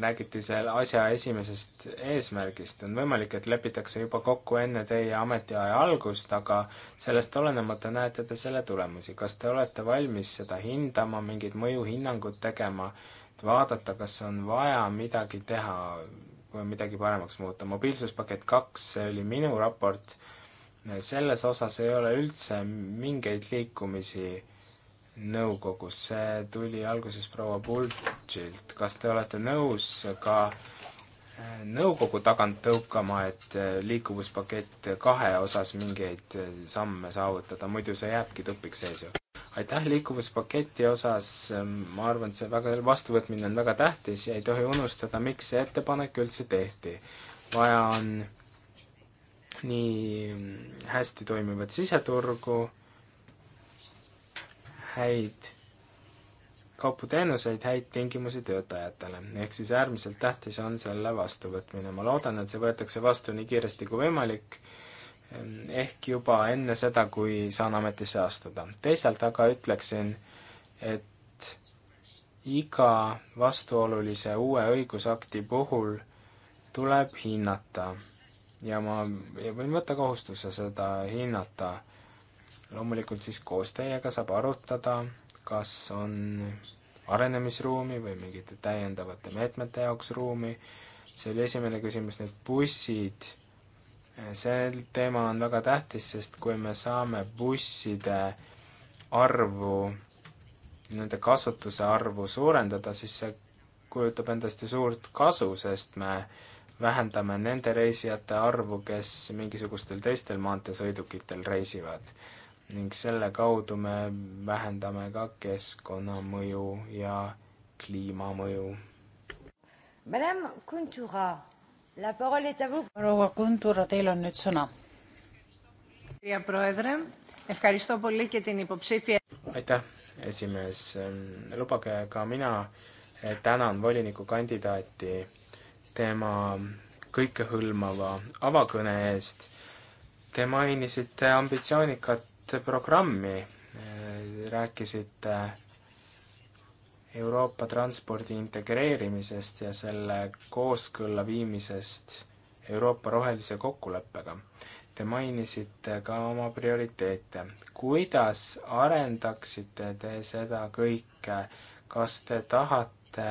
räägiti selle asja esimesest eesmärgist, on võimalik, et lepitakse juba kokku enne teie ametiaja algust, aga sellest olenemata näete te selle tulemusi. kas te olete valmis seda hindama, mingit mõjuhinnangut tegema, vaadata, kas on vaja midagi teha, kui on midagi paremaks muuta. mobiilsuspakett kaks, see oli minu raport, selles osas ei ole üldse mingeid liikumisi nõukogus, see tuli alguses proua Bultšilt, kas te olete nõus ka äh, nõukogu tagant tõukama, et äh, liikuvuspakett kahe osas mingeid äh, samme saavutada, muidu see jääbki tupikseis ju. aitäh liikuvuspaketi osas, ähm, ma arvan, et see väga, vastuvõtmine on väga tähtis ja ei tohi unustada, miks see ettepanek üldse tehti. vaja on nii mm, hästi toimivat siseturgu, häid kauputeenuseid, häid tingimusi töötajatele. ehk siis äärmiselt tähtis on selle vastuvõtmine. ma loodan, et see võetakse vastu nii kiiresti kui võimalik, ehm, ehk juba enne seda, kui saan ametisse astuda. teisalt aga ütleksin, et iga vastuolulise uue õigusakti puhul tuleb hinnata ja ma ja võin võtta kohustuse seda hinnata loomulikult siis koos teiega saab arutada, kas on arenemisruumi või mingite täiendavate meetmete jaoks ruumi, see oli esimene küsimus, need bussid, see teema on väga tähtis, sest kui me saame busside arvu, nende kasutuse arvu suurendada, siis see kujutab endast ju suurt kasu, sest me vähendame nende reisijate arvu, kes mingisugustel teistel maanteesõidukitel reisivad ning selle kaudu me vähendame ka keskkonnamõju ja kliimamõju. Madame Kuntura, la parole est à vous. proua Kuntura, teil on nüüd sõna. aitäh, esimees, ehm, lubage ka mina eh, tänan volinikukandidaati tema kõikehõlmava avakõne eest. Te mainisite ambitsioonikat programmi, eh, rääkisite Euroopa transpordi integreerimisest ja selle kooskõlla viimisest Euroopa rohelise kokkuleppega. Te mainisite ka oma prioriteete. kuidas arendaksite te seda kõike, kas te tahate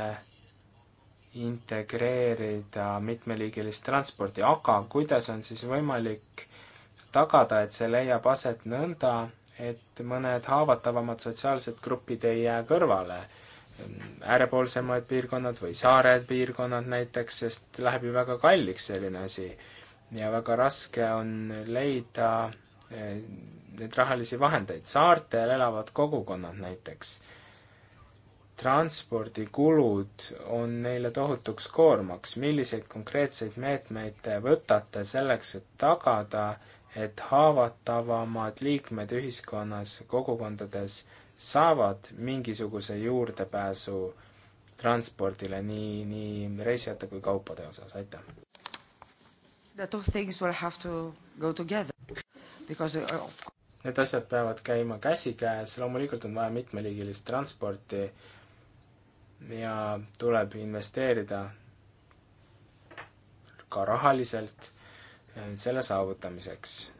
integreerida mitmeliigilist transporti, aga kuidas on siis võimalik tagada, et see leiab aset nõnda, et mõned haavatavamad sotsiaalsed grupid ei jää kõrvale, äärepoolsemad piirkonnad või saared piirkonnad näiteks, sest läheb ju väga kalliks selline asi ja väga raske on leida eh, neid rahalisi vahendeid. saartel elavad kogukonnad näiteks. transpordikulud on neile tohutuks koormaks. milliseid konkreetseid meetmeid te võtate selleks, et tagada, et haavatavamad liikmed ühiskonnas, kogukondades saavad mingisuguse juurdepääsu transpordile nii, nii reisijate kui kaupade osas, aitäh. Uh, Need asjad peavad käima käsikäes, loomulikult on vaja mitmeliigilist transporti ja tuleb investeerida ka rahaliselt Äh, selle saavutamiseks.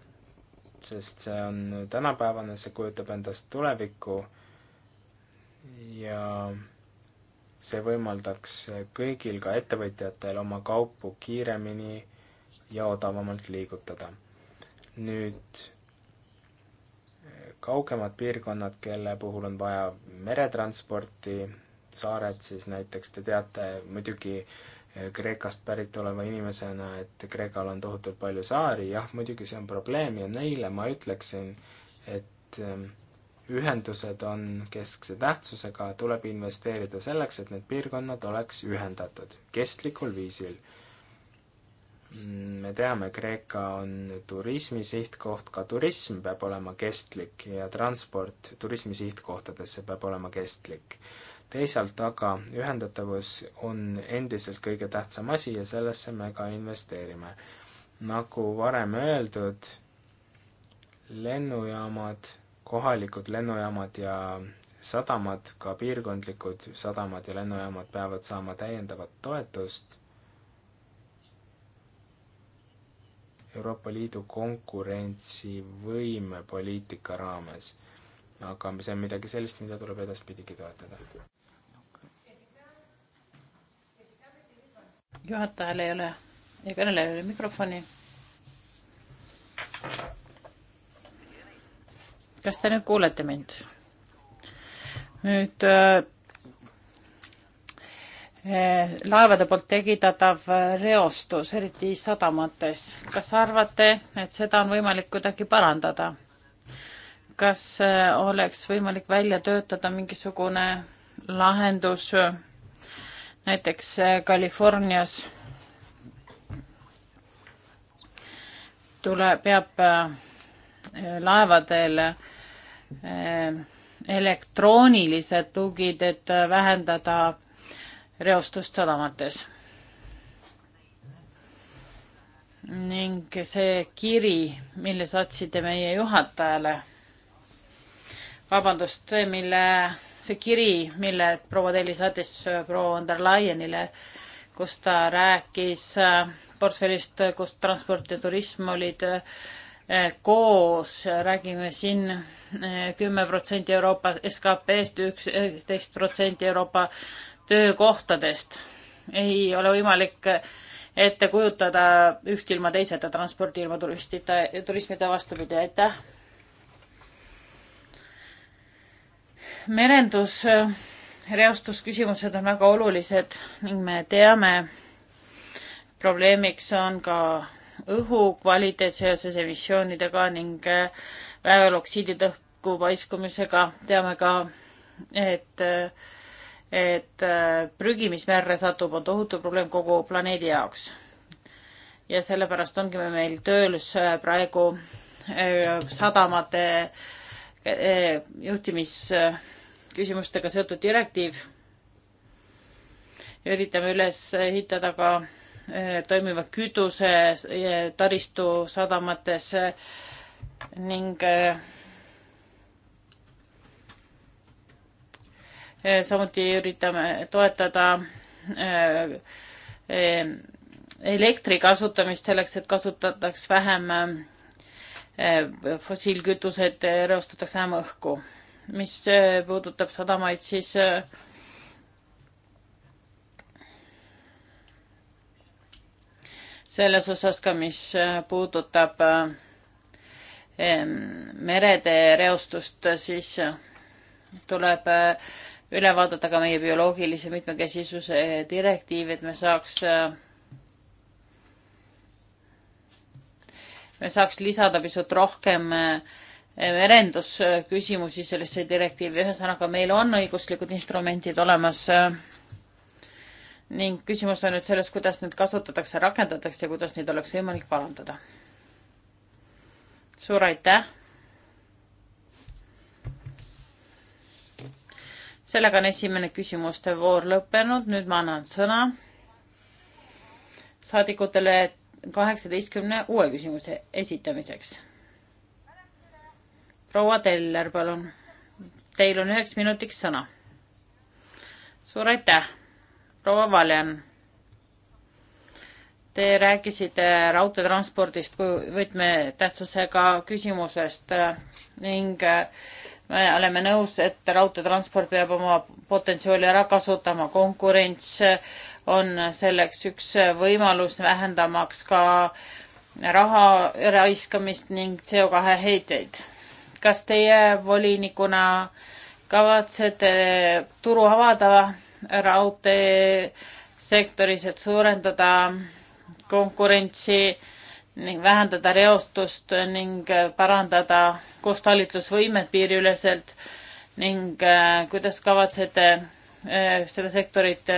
sest see on tänapäevane, see kujutab endast tulevikku ja see võimaldaks kõigil, ka ettevõtjatel, oma kaupu kiiremini ja odavamalt liigutada. nüüd kaugemad piirkonnad, kelle puhul on vaja meretransporti, saared siis näiteks, te teate muidugi Äh, Kreekast pärit oleva inimesena, et Kreekal on tohutult palju saari, jah, muidugi see on probleem ja neile ma ütleksin, et ähm, ühendused on keskse tähtsusega, tuleb investeerida selleks, et need piirkonnad oleks ühendatud kestlikul viisil. Mm, me teame, Kreeka on turismi sihtkoht, ka turism peab olema kestlik ja transport turismi sihtkohtadesse peab olema kestlik teisalt aga ühendatavus on endiselt kõige tähtsam asi ja sellesse me ka investeerime. nagu varem öeldud, lennujaamad, kohalikud lennujaamad ja sadamad, ka piirkondlikud sadamad ja lennujaamad peavad saama täiendavat toetust Euroopa Liidu konkurentsivõime poliitika raames. aga see on midagi sellist, mida tuleb edaspidigi toetada. juhatajal ei ole ja kõnelejal ei ole mikrofoni. kas te nüüd kuulete mind? nüüd äh, äh laevade poolt tekitatav äh, reostus, eriti sadamates, kas arvate, et seda on võimalik kuidagi parandada? kas äh, oleks võimalik välja töötada mingisugune lahendus äh, näiteks äh, Californias tule, peab äh, laevadel äh, elektroonilised tugid, et vähendada reostust sadamates. ning see kiri, mille saatsite meie juhatajale, vabandust, see, mille see kiri, mille proua Telli saatis äh, proua von der Leyenile, kus ta rääkis äh, portfellist, äh, kus transport ja turism olid koos, räägime siin kümme protsenti Euroopa SKP-st, üksteist protsenti Euroopa töökohtadest. ei ole võimalik ette kujutada üht ilma teiseta transporti ilma turistita, turismita vastupidi, aitäh merendusreostusküsimused äh, on väga olulised ning me teame, probleemiks on ka õhukvaliteet seoses emissioonidega ning äh, vääveloksiidide õhku paiskumisega. teame ka, et, äh, et prügi, mis merre satub, on tohutu probleem kogu planeedi jaoks. ja sellepärast ongi meil tööl praegu sadamate äh, Eh, eh, juhtimisküsimustega seotud direktiiv. üritame üles ehitada ka eh, toimiva kütuse taristu sadamates ning samuti üritame toetada elektri kasutamist selleks, et kasutataks vähem Eh, fossiilkütused eh, reostatakse enam õhku. mis eh, puudutab sadamaid, siis selles osas ka, mis puudutab merede reostust, siis tuleb üle vaadata ka meie bioloogilise mitmekesisuse direktiiv, et me saaks me saaks lisada pisut rohkem merendusküsimusi eh, sellesse direktiivi, ühesõnaga meil on õiguslikud instrumendid olemas eh, ning küsimus on nüüd selles, kuidas neid kasutatakse, rakendatakse ja kuidas neid oleks võimalik parandada. suur aitäh. sellega on esimene küsimuste voor lõppenud, nüüd ma annan sõna saadikutele, et kaheksateistkümne uue küsimuse esitamiseks. proua Teller, palun. Teil on üheks minutiks sõna. suur aitäh, proua Valjan. Te rääkisite raudteetranspordist kui võtmetähtsusega küsimusest ning me oleme nõus, et raudteetransport peab oma potentsiaali ära kasutama, konkurents on selleks üks võimalus vähendamaks ka raha raiskamist ning CO2 heiteid. kas teie volinikuna kavatsete turu avada raudteesektoris, et suurendada konkurentsi äh, ning vähendada reostust ning äh, parandada koostalitlusvõimet piiriüleselt ning äh, kuidas kavatsete äh, seda sektorit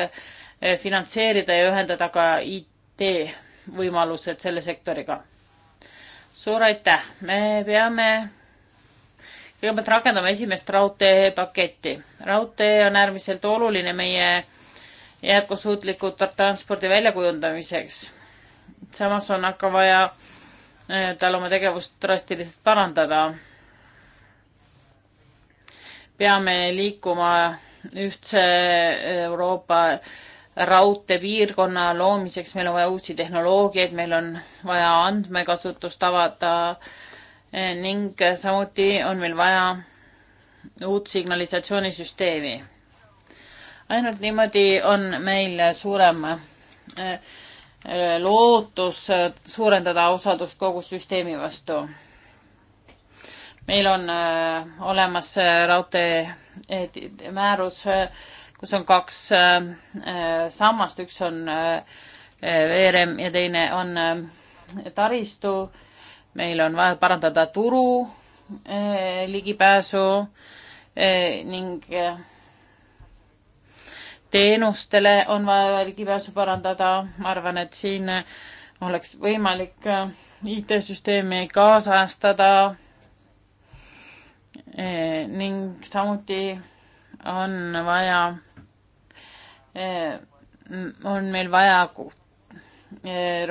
finantseerida ja ühendada ka IT-võimalused selle sektoriga? suur aitäh, me peame kõigepealt rakendame esimest raudteepaketti. raudtee on äärmiselt oluline meie jätkusuutliku transpordi väljakujundamiseks samas on aga vaja eh, tal oma tegevust drastiliselt parandada. peame liikuma ühtse eh, Euroopa raudteepiirkonna loomiseks, meil on vaja uusi tehnoloogiaid, meil on vaja andmekasutust avada eh, ning samuti on meil vaja uut signalisatsioonisüsteemi. ainult niimoodi on meil suurem lootus suurendada usaldust kogu süsteemi vastu. meil on äh, olemas äh, raudtee äh, määrus, kus on kaks sammast, üks on veerem ja teine on taristu. meil on vaja parandada turu ligipääsu ning teenustele on vaja ligipääsu parandada, ma arvan, et siin oleks võimalik äh, IT-süsteemi kaasajastada äh, ning samuti on vaja, äh, on meil vaja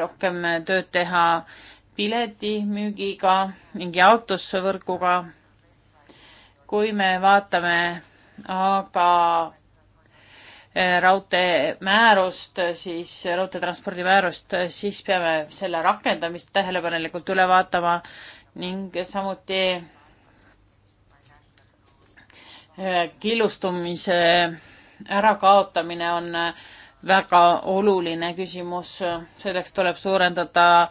rohkem tööd teha piletimüügiga ning jaotusvõrguga. kui me vaatame aga raudteemäärust, siis raudteetranspordi määrust, siis peame selle rakendamist tähelepanelikult üle vaatama ning samuti äh, killustumise ärakaotamine on väga oluline küsimus, selleks tuleb suurendada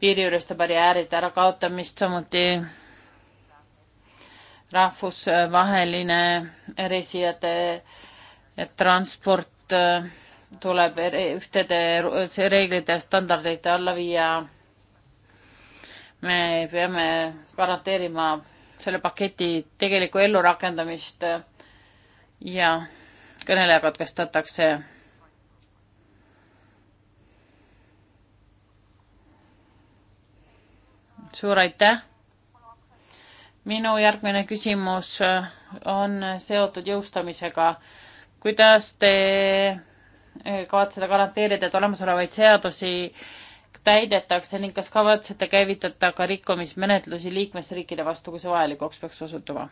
piiriüleste barjääride ärakaotamist, samuti rahvusvaheline reisijate äh, et transport äh, tuleb ühtede reeglite ja standardite alla viia. me peame garanteerima selle paketi tegelikku ellurakendamist äh, ja kõneleja katkestatakse. suur aitäh. minu järgmine küsimus äh, on seotud jõustamisega kuidas te eh, kavatsete garanteerida, et olemasolevaid seadusi täidetakse ning kas kavatsete käivitada ka rikkumismenetlusi liikmesriikide vastu, kui see vajalikuks peaks osutuma?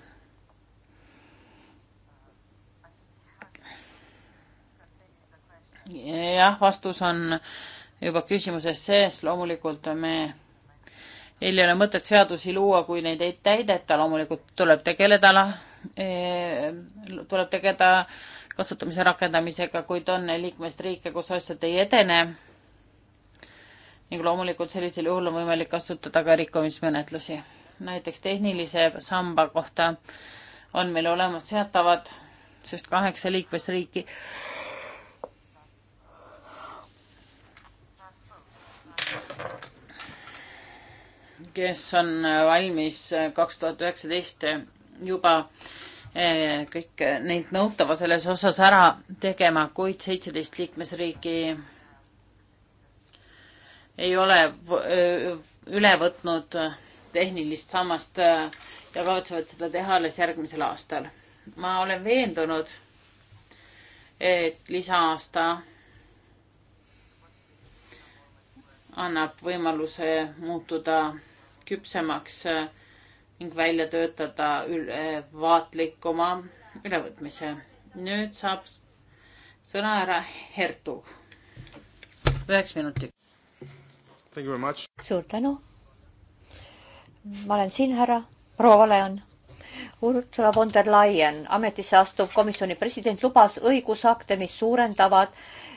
jah, vastus on juba küsimuses sees, loomulikult me, meil ei ole mõtet seadusi luua, kui neid ei täideta, loomulikult tuleb tegeleda, eh, tuleb tegeleda kasutamise rakendamisega, kuid on liikmesriike, kus asjad ei edene. ning loomulikult sellisel juhul on võimalik kasutada ka rikkumismenetlusi. näiteks tehnilise samba kohta on meil olemas teatavad, sest kaheksa liikmesriiki kes on valmis kaks tuhat üheksateist juba Eh, kõik neilt nõutava selles osas ära tegema, kuid seitseteist liikmesriiki ei ole eh, üle võtnud tehnilist sammast eh, ja kavatsevad seda teha alles järgmisel aastal. ma olen veendunud, et lisaaasta annab võimaluse muutuda küpsemaks äh, ning välja töötada ülevaatlikuma ülevõtmise. nüüd saab sõna härra Hertug. üheks minutiks. suur tänu. ma olen siin, härra, proua Leon. Ursula von der Leyen, ametisse astuv komisjoni president, lubas õigusakte, mis suurendavad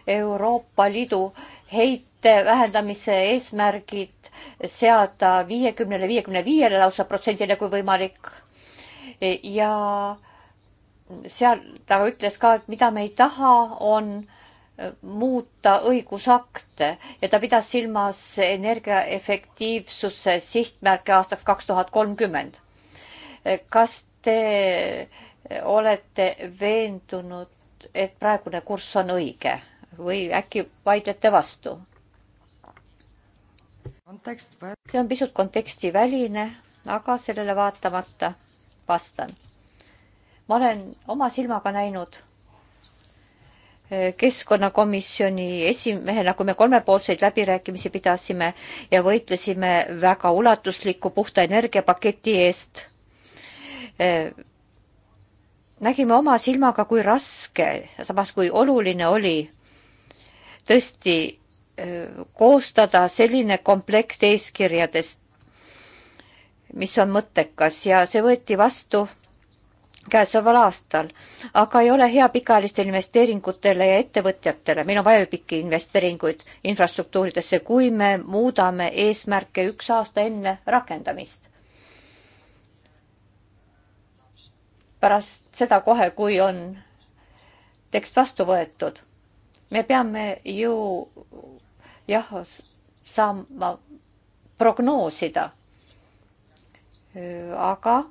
Euroopa Liidu heite vähendamise eesmärgid seada viiekümnele, viiekümne viiele lausa protsendile, kui võimalik. ja seal ta ütles ka, et mida me ei taha, on muuta õigusakte ja ta pidas silmas energiaefektiivsuse sihtmärke aastaks kaks tuhat kolmkümmend. kas te olete veendunud, et praegune kurss on õige? või äkki vaidlete vastu? see on pisut kontekstiväline, aga sellele vaatamata vastan. ma olen oma silmaga näinud e, keskkonnakomisjoni esimehena, kui me kolmepoolseid läbirääkimisi pidasime ja võitlesime väga ulatusliku puhta energiapaketi eest. E, nägime oma silmaga, kui raske, samas kui oluline oli tõesti koostada selline komplekt eeskirjadest, mis on mõttekas ja see võeti vastu käesoleval aastal, aga ei ole hea pikaajalistele investeeringutele ja ettevõtjatele, meil on vaja pikki investeeringuid infrastruktuuridesse, kui me muudame eesmärke üks aasta enne rakendamist. pärast seda kohe, kui on tekst vastu võetud me peame ju jah, saama prognoosida. aga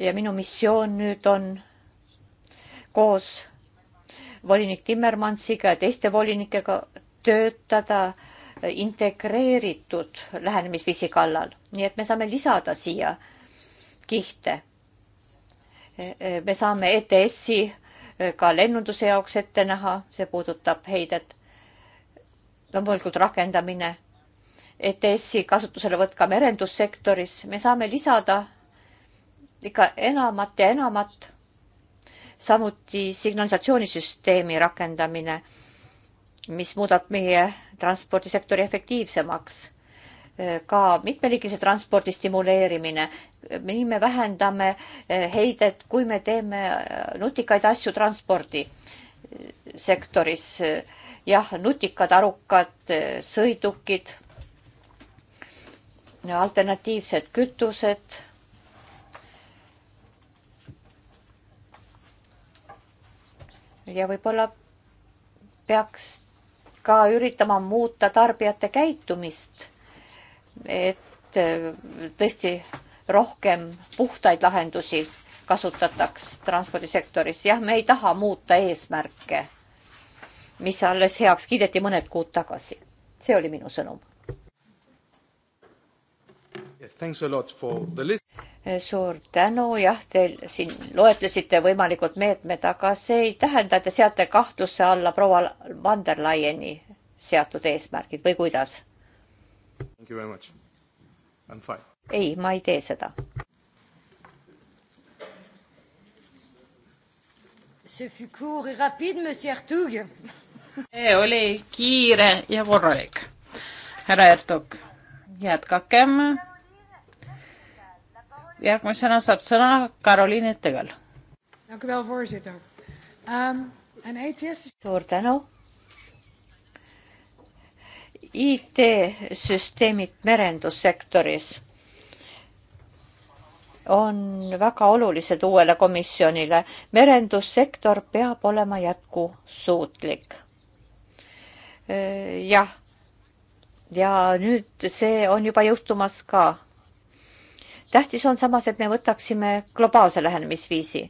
ja minu missioon nüüd on koos volinik Timmermansiga ja teiste volinikega töötada integreeritud lähenemisviisi kallal, nii et me saame lisada siia kihte. me saame ETS-i ka lennunduse jaoks ette näha, see puudutab heidet. loomulikult rakendamine ETS-i kasutuselevõtt ka merendussektoris, me saame lisada ikka enamat ja enamat. samuti signalisatsioonisüsteemi rakendamine, mis muudab meie transpordisektori efektiivsemaks. Äh, ka mitmeliigilise transpordi stimuleerimine, nii me vähendame äh, heidet, kui me teeme äh, nutikaid asju transpordisektoris. jah, nutikad, arukad sõidukid, alternatiivsed kütused. ja võib-olla peaks ka üritama muuta tarbijate käitumist et äh, tõesti rohkem puhtaid lahendusi kasutataks transpordisektoris. jah, me ei taha muuta eesmärke, mis alles heaks kiideti mõned kuud tagasi. see oli minu sõnum. suur tänu, jah, te siin loetlesite võimalikud meetmed, aga see ei tähenda, et te seate kahtluse alla proua Van der Laieni seatud eesmärgid või kuidas? ei, ma ei tee seda. see oli kiire ja korralik. härra Ertug, jätkakem. järgmisena saab sõna Karoliin Ettegal. Ehm, e suur tänu IT-süsteemid merendussektoris on väga olulised uuele komisjonile. merendussektor peab olema jätkusuutlik. Äh, jah, ja nüüd see on juba juhtumas ka. tähtis on samas, et me võtaksime globaalse lähenemisviisi.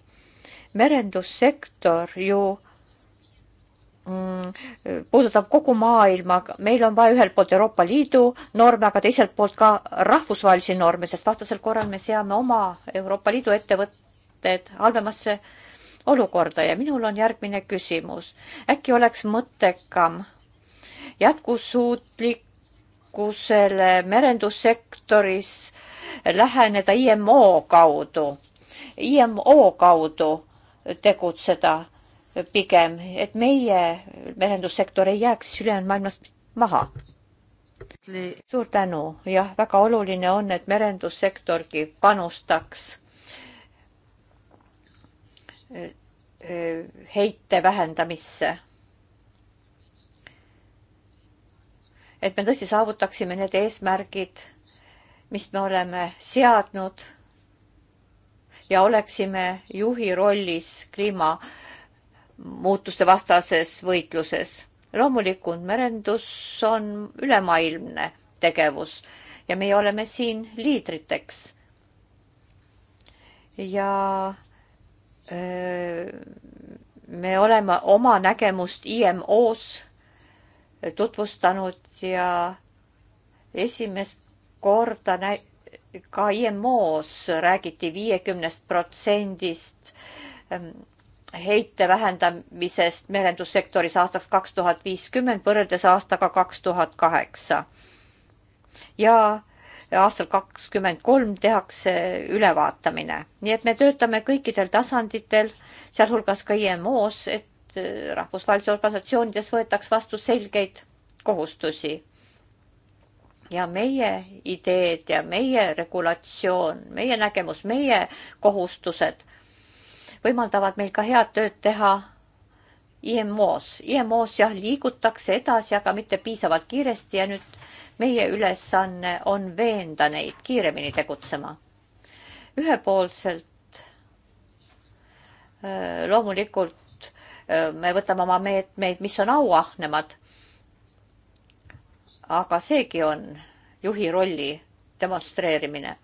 merendussektor ju äh, Mm, puudutab kogu maailma, meil on vaja ühelt poolt Euroopa Liidu norme, aga teiselt poolt ka rahvusvahelisi norme, sest vastasel korral me seame oma Euroopa Liidu ettevõtted halvemasse olukorda ja minul on järgmine küsimus. äkki oleks mõttekam jätkusuutlikkusele merendussektoris läheneda IMO kaudu, IMO kaudu tegutseda pigem, et meie merendussektor ei jääks ülejäänud maailmast maha. suur tänu, jah, väga oluline on, et merendussektorgi panustaks äh, äh, heite vähendamisse. et me tõesti saavutaksime need eesmärgid, mis me oleme seadnud ja oleksime juhi rollis kliima äh, muutuste vastases võitluses. loomulikult merendus on ülemaailmne tegevus ja meie oleme siin liidriteks. ja öö, me oleme oma nägemust IMO-s tutvustanud ja esimest korda nä-, ka IMO-s räägiti viiekümnest protsendist heite vähendamisest merendussektoris aastaks kaks tuhat viiskümmend võrreldes aastaga kaks tuhat kaheksa. ja aastal kakskümmend kolm tehakse ülevaatamine, nii et me töötame kõikidel tasanditel, sealhulgas ka IMO-s, et äh, rahvusvahelistes organisatsioonides võetaks vastu selgeid kohustusi. ja meie ideed ja meie regulatsioon, meie nägemus, meie kohustused võimaldavad meil ka head tööd teha IMO-s. IMO-s jah, liigutakse edasi, aga mitte piisavalt kiiresti ja nüüd meie ülesanne on veenda neid kiiremini tegutsema. ühepoolselt loomulikult me võtame oma meetmeid, mis on auahnemad. aga seegi on juhi rolli demonstreerimine.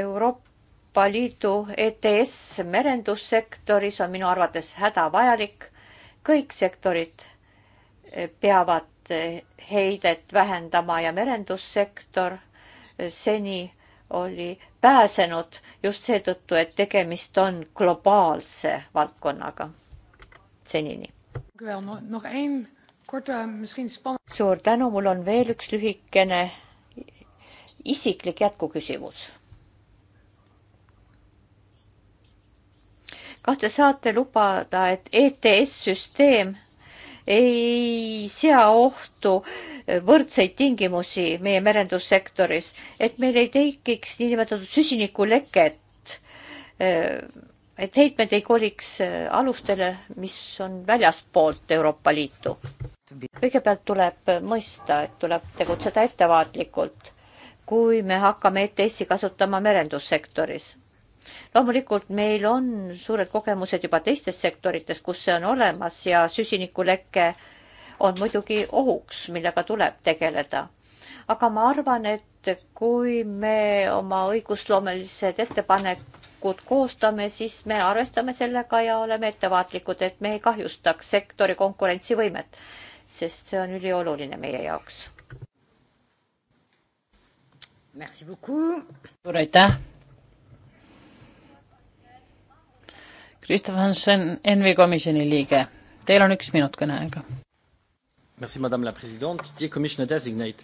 Euroopa Euroopa Liidu ETS merendussektoris on minu arvates hädavajalik. kõik sektorid eh, peavad eh, heidet vähendama ja merendussektor eh, seni oli pääsenud just seetõttu, et tegemist on globaalse valdkonnaga senini. suur tänu, mul on veel üks lühikene isiklik jätkuküsimus kas te saate lubada, et ETS-süsteem ei sea ohtu võrdseid tingimusi meie merendussektoris, et meil ei tekiks niinimetatud süsinikuleket, et heitmed ei koliks alustele, mis on väljaspoolt Euroopa Liitu? kõigepealt tuleb mõista, et tuleb tegutseda ettevaatlikult, kui me hakkame ETS-i kasutama merendussektoris loomulikult meil on suured kogemused juba teistes sektorites, kus see on olemas ja süsinikuleke on muidugi ohuks, millega tuleb tegeleda. aga ma arvan, et kui me oma õigusloomelised ettepanekud koostame, siis me arvestame sellega ja oleme ettevaatlikud, et me ei kahjustaks sektori konkurentsivõimet, sest see on ülioluline meie jaoks. suur aitäh! Kristof Hansen, NV komisjoni liige. Teil on üks minut kõneaega. Merci, madame la president, dear commissioner designate.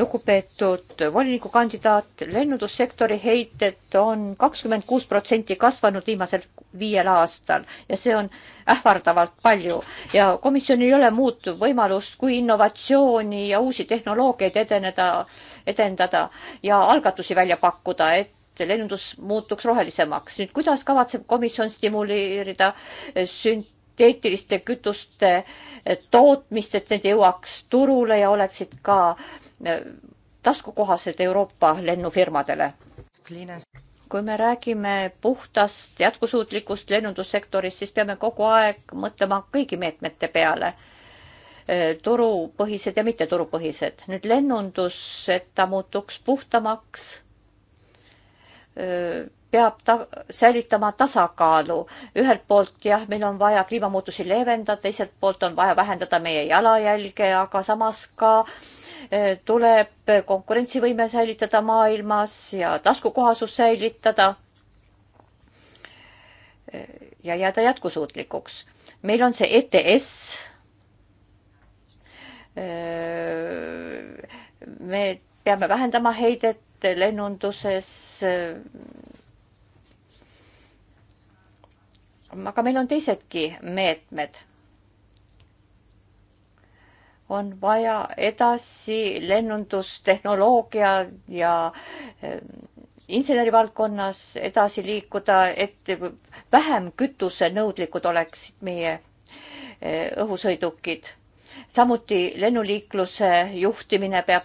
lugupeetud volinikukandidaat, lennundussektori heited on kakskümmend kuus protsenti kasvanud viimasel viiel aastal ja see on ähvardavalt palju ja komisjonil ei ole muud võimalust, kui innovatsiooni ja uusi tehnoloogiaid edeneda, edendada ja algatusi välja pakkuda, et lennundus muutuks rohelisemaks. nüüd kuidas kavatseb komisjon stimuleerida sünteetiliste kütuste tootmist, et need jõuaks turule ja oleksid ka äh, taskukohased Euroopa lennufirmadele? kui me räägime puhtast jätkusuutlikust lennundussektorist, siis peame kogu aeg mõtlema kõigi meetmete peale äh, turupõhised ja mitteturupõhised. nüüd lennundus, et ta muutuks puhtamaks, peab ta säilitama tasakaalu. ühelt poolt jah, meil on vaja kliimamuutusi leevendada, teiselt poolt on vaja vähendada meie jalajälge, aga samas ka tuleb konkurentsivõime säilitada maailmas ja taskukohasus säilitada ja jääda jätkusuutlikuks. meil on see ETS. me peame vähendama heidet et lennunduses äh, aga meil on teisedki meetmed. on vaja edasi lennundustehnoloogia ja äh, insenerivaldkonnas edasi liikuda, et vähem kütusenõudlikud oleksid meie äh, õhusõidukid. samuti lennuliikluse juhtimine peab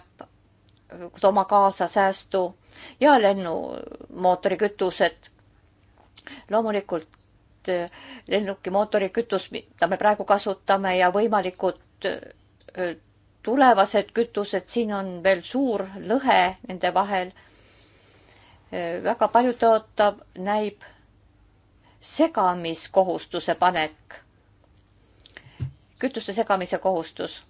tooma kaasa säästu ja lennumootori kütused. loomulikult eh, lennuki mootorikütus, mida me praegu kasutame ja võimalikud eh, tulevased kütused, siin on veel suur lõhe nende vahel. Eh, väga palju tõotab, näib segamiskohustuse panek, kütuste segamise kohustus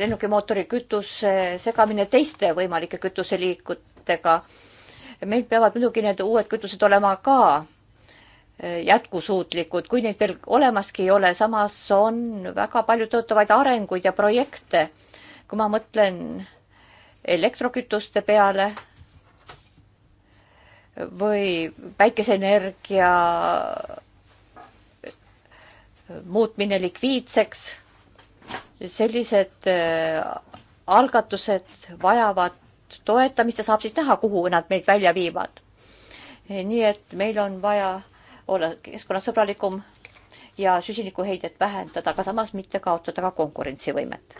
lennukimootori kütuse segamine teiste võimalike kütuseliikutega. meil peavad muidugi need uued kütused olema ka e, jätkusuutlikud, kui neid veel olemaski ei ole, samas on väga palju tõotavaid arenguid ja projekte. kui ma mõtlen elektrokütuste peale või päikeseenergia muutmine likviidseks sellised äh, algatused vajavad toetamist ja saab siis näha, kuhu nad meid välja viivad. nii et meil on vaja olla keskkonnasõbralikum ja süsinikuheidet vähendada, aga samas mitte kaotada ka konkurentsivõimet.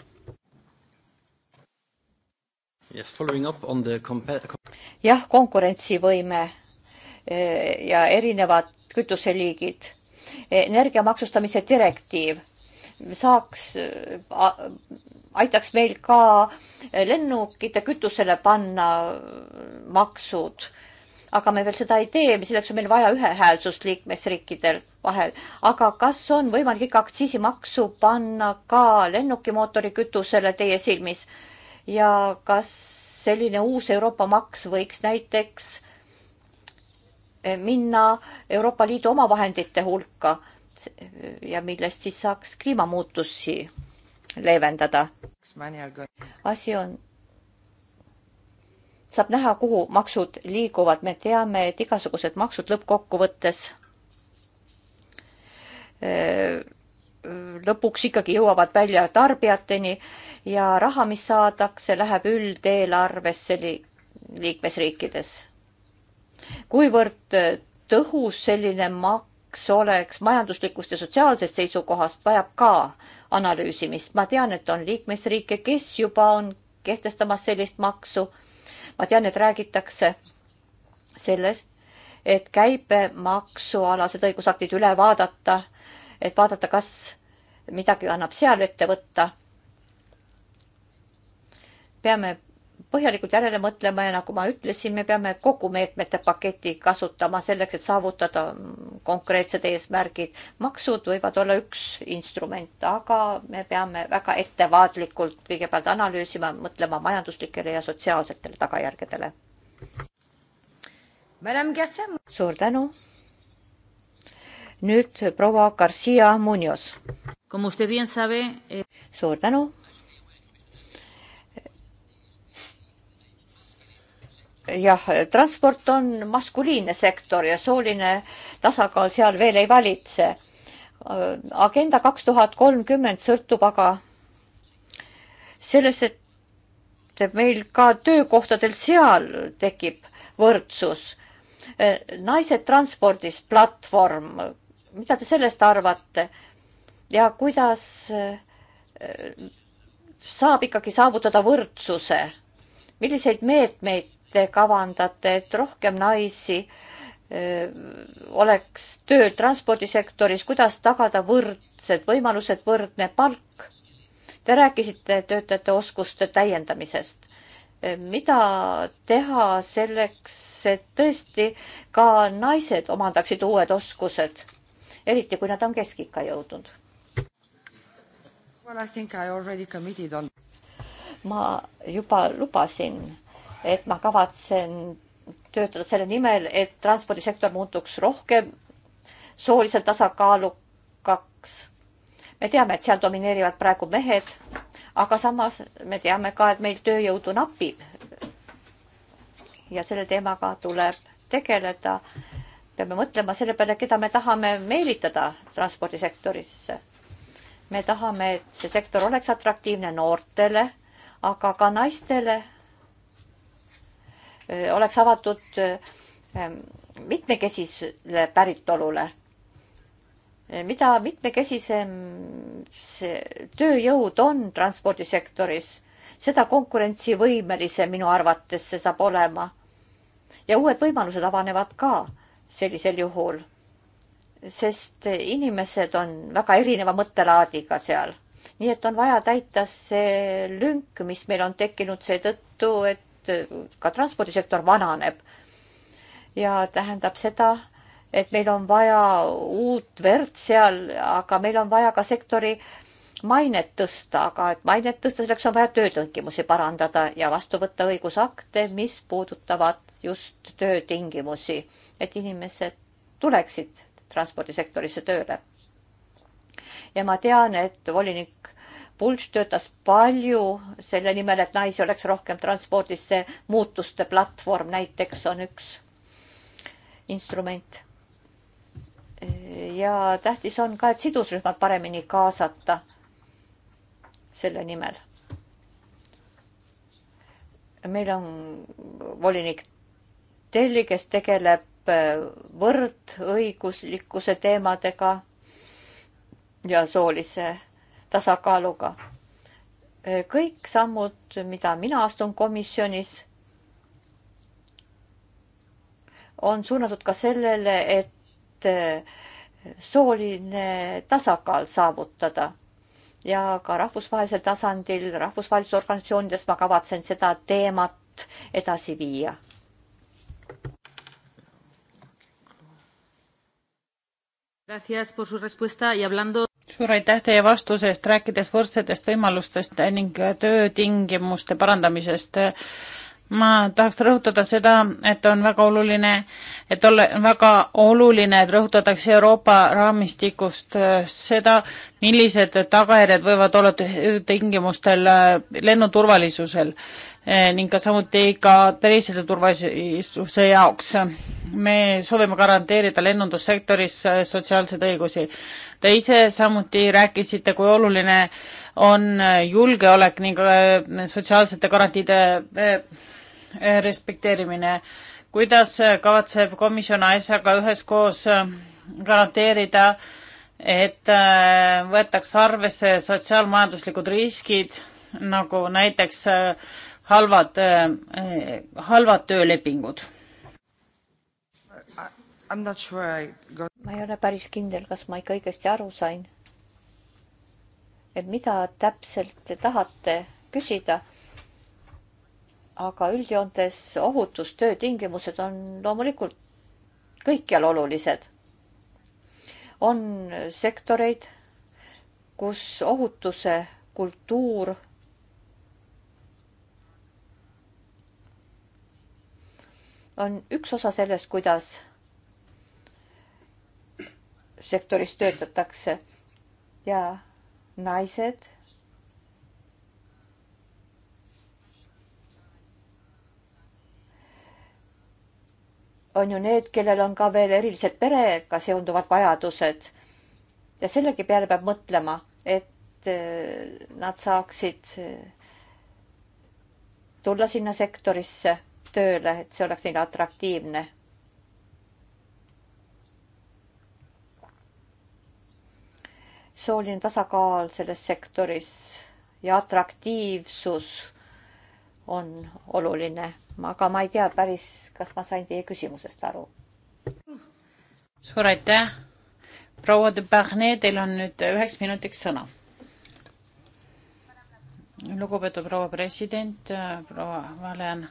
jah, konkurentsivõime äh, ja erinevad kütuseliigid, energia maksustamise direktiiv saaks, äh, aitaks meil ka lennukite kütusele panna maksud. aga me veel seda ei tee, selleks on meil vaja ühehäälsust liikmesriikidel vahel. aga kas on võimalik ikka aktsiisimaksu panna ka lennukimootori kütusele teie silmis? ja kas selline uus Euroopa maks võiks näiteks eh, minna Euroopa Liidu omavahendite hulka? ja millest siis saaks kliimamuutusi leevendada. asi on, saab näha, kuhu maksud liiguvad, me teame, et igasugused maksud lõppkokkuvõttes lõpuks ikkagi jõuavad välja tarbijateni ja raha, mis saadakse, läheb üldeelarvesse li liikmesriikides. kuivõrd tõhus selline maks eks oleks majanduslikust ja sotsiaalsest seisukohast, vajab ka analüüsimist. ma tean, et on liikmesriike, kes juba on kehtestamas sellist maksu. ma tean, et räägitakse sellest, et käibemaksualased õigusaktid üle vaadata, et vaadata, kas midagi annab seal ette võtta. peame põhjalikult järele mõtlema ja nagu ma ütlesin, me peame kogu meetmete paketi kasutama selleks, et saavutada konkreetsed eesmärgid. maksud võivad olla üks instrument, aga me peame väga ettevaatlikult kõigepealt analüüsima, mõtlema majanduslikele ja sotsiaalsetele tagajärgedele. suur tänu. nüüd proua Garcia Munoz. Eh- suur tänu jah, transport on maskuliinne sektor ja sooline tasakaal seal veel ei valitse. agenda kaks tuhat kolmkümmend sõltub aga sellest, et meil ka töökohtadel seal tekib võrdsus. naised transpordis platvorm, mida te sellest arvate? ja kuidas eh, saab ikkagi saavutada võrdsuse? milliseid meetmeid te kavandate, et rohkem naisi öö, oleks tööl transpordisektoris, kuidas tagada võrdsed võimalused, võrdne palk? Te rääkisite töötajate oskuste täiendamisest. mida teha selleks, et tõesti ka naised omandaksid uued oskused, eriti kui nad on keskikka jõudnud? Well, I think I already committed on. ma juba lubasin et ma kavatsen töötada selle nimel, et transpordisektor muutuks rohkem sooliselt tasakaalukaks. me teame, et seal domineerivad praegu mehed, aga samas me teame ka, et meil tööjõudu napib. ja selle teemaga tuleb tegeleda. peame mõtlema selle peale, keda me tahame meelitada transpordisektorisse. me tahame, et see sektor oleks atraktiivne noortele, aga ka naistele Äh, oleks avatud äh, ähm, mitmekesisele päritolule. Äh, mida mitmekesisem see tööjõud on transpordisektoris, seda konkurentsivõimelisem minu arvates see saab olema. ja uued võimalused avanevad ka sellisel juhul, sest inimesed on väga erineva mõttelaadiga seal nii et on vaja täita see lünk, mis meil on tekkinud seetõttu, et et ka transpordisektor vananeb ja tähendab seda, et meil on vaja uut verd seal, aga meil on vaja ka sektori mainet tõsta, aga et mainet tõsta, selleks on vaja töötingimusi parandada ja vastu võtta õigusakte, mis puudutavad just töötingimusi, et inimesed tuleksid transpordisektorisse tööle. ja ma tean, et volinik Pulš töötas palju selle nimel, et naisi oleks rohkem transpordis, see muutuste platvorm näiteks on üks instrument. ja tähtis on ka, et sidusrühmad paremini kaasata selle nimel. meil on volinik Telli, kes tegeleb võrdõiguslikkuse teemadega ja soolise tasakaaluga. kõik sammud, mida mina astun komisjonis, on suunatud ka sellele, et sooline tasakaal saavutada ja ka rahvusvahelisel tasandil, rahvusvahelises organisatsioonides ma kavatsen seda teemat edasi viia. Gracias por su respuesta y hablando suur aitäh teie vastuse eest, rääkides võrdsetest võimalustest ning töötingimuste parandamisest. ma tahaks rõhutada seda, et on väga oluline, et ole, väga oluline, et rõhutatakse Euroopa raamistikust äh, seda, millised tagajärjed võivad olla töötingimustel äh, lennuturvalisusel Eh, ning ka samuti ka reiside turvalisuse jaoks. me soovime garanteerida lennundussektoris eh, sotsiaalseid õigusi. Te ise samuti rääkisite, kui oluline on eh, julgeolek ning sotsiaalsete garantiide respekteerimine. kuidas kavatseb komisjon asjaga üheskoos garanteerida, et võetaks arvesse sotsiaalmajanduslikud riskid, nagu näiteks halvad, eh, halvad töölepingud. Sure got... ma ei ole päris kindel, kas ma ikka õigesti aru sain. et mida täpselt te tahate küsida? aga üldjoontes ohutus, töötingimused on loomulikult kõikjal olulised. on sektoreid, kus ohutuse kultuur on üks osa sellest, kuidas sektoris töötatakse ja naised on ju need, kellel on ka veel erilised perega seonduvad vajadused. ja sellegi peale peab mõtlema, et eh, nad saaksid eh, tulla sinna sektorisse tööle, et see oleks neile atraktiivne. sooline tasakaal selles sektoris ja atraktiivsus on oluline, aga ma ei tea päris, kas ma sain teie küsimusest aru. suur aitäh, proua de Barnet, teil on nüüd üheks minutiks sõna lugupeetud proua president, proua Valen,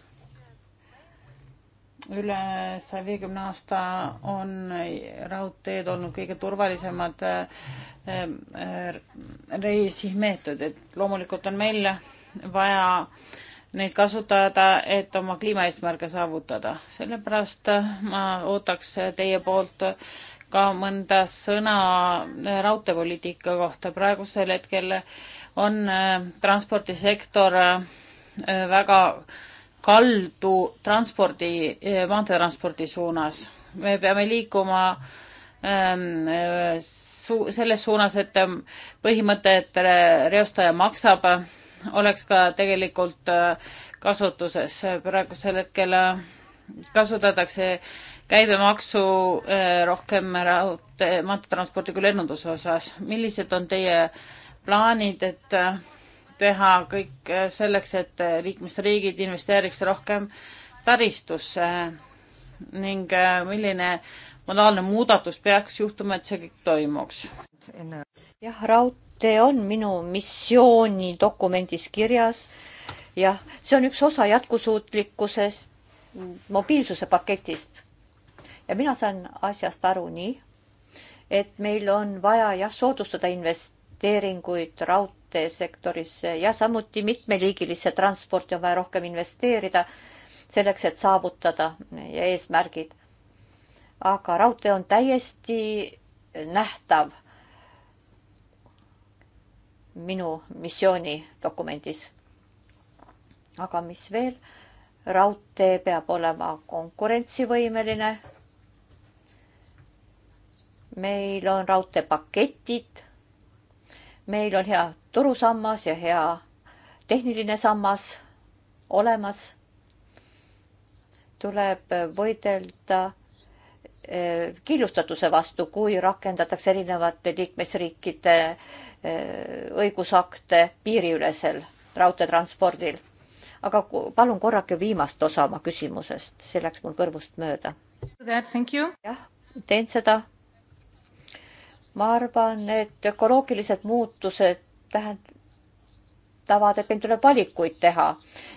üle saja viiekümne aasta on raudteed olnud kõige turvalisemad äh, äh, reisimeetodid. loomulikult on meil vaja neid kasutada, et oma kliimaeesmärke saavutada. sellepärast ma ootaks teie poolt ka mõnda sõna raudteepoliitika kohta. praegusel hetkel on äh, transpordisektor väga äh, kaldu transpordi, maanteetranspordi suunas. me peame liikuma ähm, su-, selles suunas, et põhimõte, et reostaja maksab, oleks ka tegelikult äh, kasutuses. praegusel hetkel äh, kasutatakse käibemaksu äh, rohkem raudtee, maanteetranspordi kui lennunduse osas. millised on teie plaanid, et teha kõik äh, selleks, et äh, liikmesriigid investeeriks rohkem taristusse ning äh, milline modaalne muudatus peaks juhtuma, et see kõik toimuks? jah, raudtee on minu missioonidokumendis kirjas. jah, see on üks osa jätkusuutlikkusest, mobiilsuse paketist. ja mina saan asjast aru nii, et meil on vaja jah, soodustada investeeringuid raudtee raudteesektorisse ja samuti mitmeliigilisse transporti on vaja rohkem investeerida selleks, et saavutada meie eesmärgid. aga raudtee on täiesti nähtav minu missioonidokumendis. aga mis veel? raudtee peab olema konkurentsivõimeline. meil on raudteepaketid meil on hea turusammas ja hea tehniline sammas olemas. tuleb äh, võidelda äh, killustatuse vastu, kui rakendatakse erinevate liikmesriikide äh, õigusakte piiriülesel raudteetranspordil. aga palun korrake viimast osa oma küsimusest, see läks mul kõrvust mööda. jah, teen seda ma arvan, et ökoloogilised muutused tähendavad, et meil tuleb valikuid teha.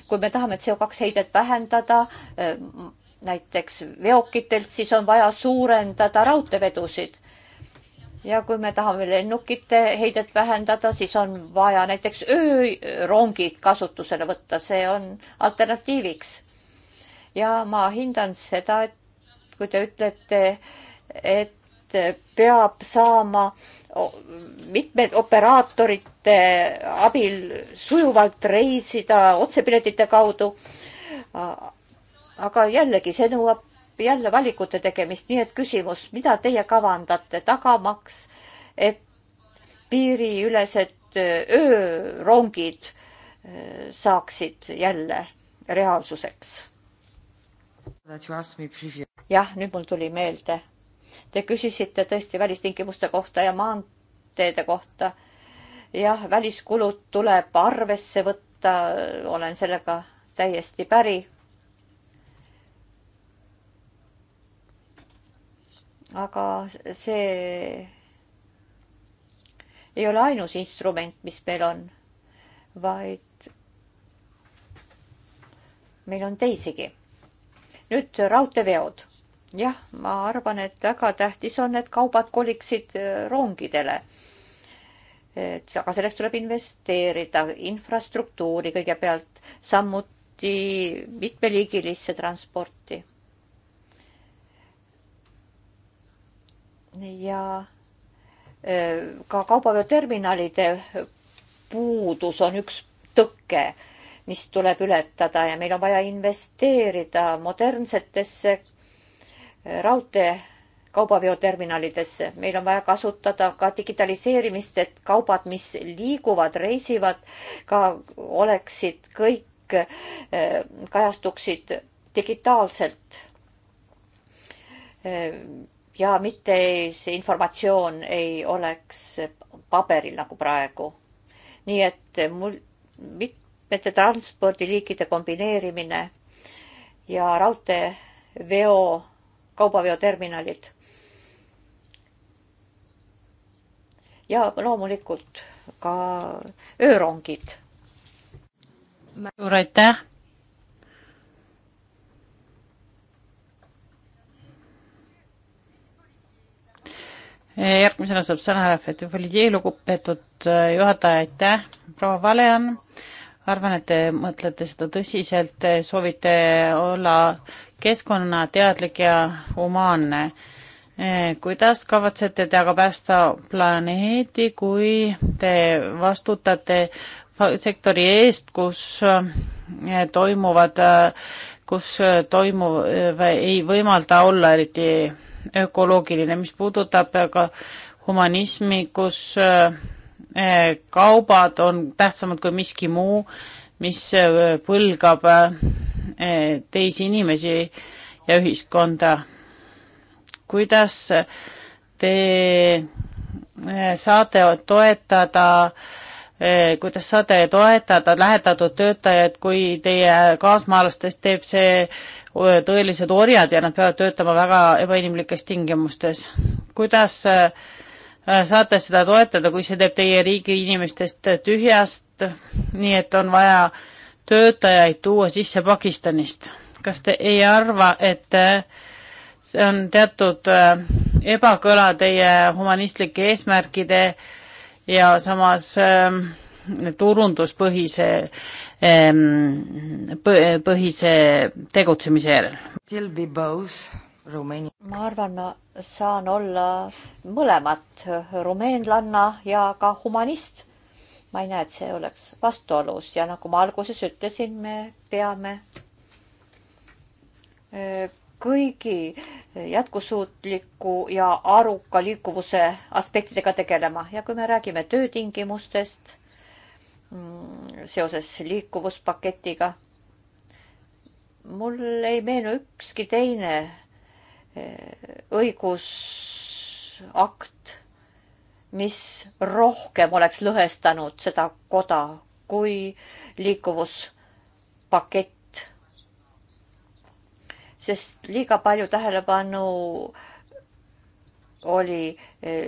kui me tahame CO2 heidet vähendada e, näiteks veokitelt, siis on vaja suurendada raudteevedusid. ja kui me tahame lennukite heidet vähendada, siis on vaja näiteks öörongid kasutusele võtta, see on alternatiiviks. ja ma hindan seda, et kui te ütlete, et peab saama mitmed operaatorite abil sujuvalt reisida otsepiletite kaudu. aga jällegi, see nõuab jälle valikute tegemist, nii et küsimus, mida teie kavandate tagamaks, et piiriülesed öörongid e, saaksid jälle reaalsuseks? jah, nüüd mul tuli meelde Te küsisite tõesti välistingimuste kohta ja maanteede kohta. jah, väliskulud tuleb arvesse võtta, olen sellega täiesti päri. aga see ei ole ainus instrument, mis meil on, vaid meil on teisigi. nüüd raudteeveod jah, ma arvan, et väga tähtis on, et kaubad koliksid äh, rongidele. et aga selleks tuleb investeerida infrastruktuuri kõigepealt, samuti mitmeliigilisse transporti. ja äh, ka kaubaveoterminalide puudus on üks tõke, mis tuleb ületada ja meil on vaja investeerida modernsetesse raudtee kaubaveoterminalidesse. meil on vaja kasutada ka digitaliseerimist, et kaubad, mis liiguvad, reisivad, ka oleksid kõik, äh, kajastuksid digitaalselt. Äh, ja mitte see informatsioon ei oleks paberil nagu praegu. nii et mul mitmete transpordiliikide kombineerimine ja raudteeveo kaubaveoterminalid. ja loomulikult ka öörongid. suur aitäh. järgmisena saab sõna Fete Folie, lugupeetud äh, juhataja, aitäh, proua Valean arvan, et te mõtlete seda tõsiselt, soovite olla keskkonnateadlik ja humaanne. Eh, kuidas kavatsete te aga päästa planeedi, kui te vastutate sektori eest, kus eh, toimuvad, eh, kus toimuv ei võimalda olla eriti ökoloogiline, mis puudutab ka humanismi, kus kaubad on tähtsamad kui miski muu, mis põlgab Eh, teisi inimesi ja ühiskonda. kuidas te eh, saate toetada eh, kuidas saate toetada lähetatud töötajaid, kui teie kaasmaalastest teeb see tõelised orjad ja nad peavad töötama väga ebainimlikes tingimustes? kuidas saate seda toetada, kui see teeb teie riigi inimestest tühjast, nii et on vaja äh, töötajaid tuua sisse Pakistanist. kas te ei arva, et äh, see on teatud äh, ebakõla teie humanistlike eesmärkide ja samas ähm, turunduspõhise, ähm, põhise tegutsemise järel? ma arvan, ma saan olla mõlemat rumeenlanna ja ka humanist ma ei näe, et see oleks vastuolus ja nagu ma alguses ütlesin, me peame kõigi jätkusuutliku ja aruka liikuvuse aspektidega tegelema ja kui me räägime töötingimustest mm, seoses liikuvuspaketiga, mul ei meenu ükski teine õigusakt mis rohkem oleks lõhestanud seda koda kui liikuvuspakett. sest liiga palju tähelepanu oli eh,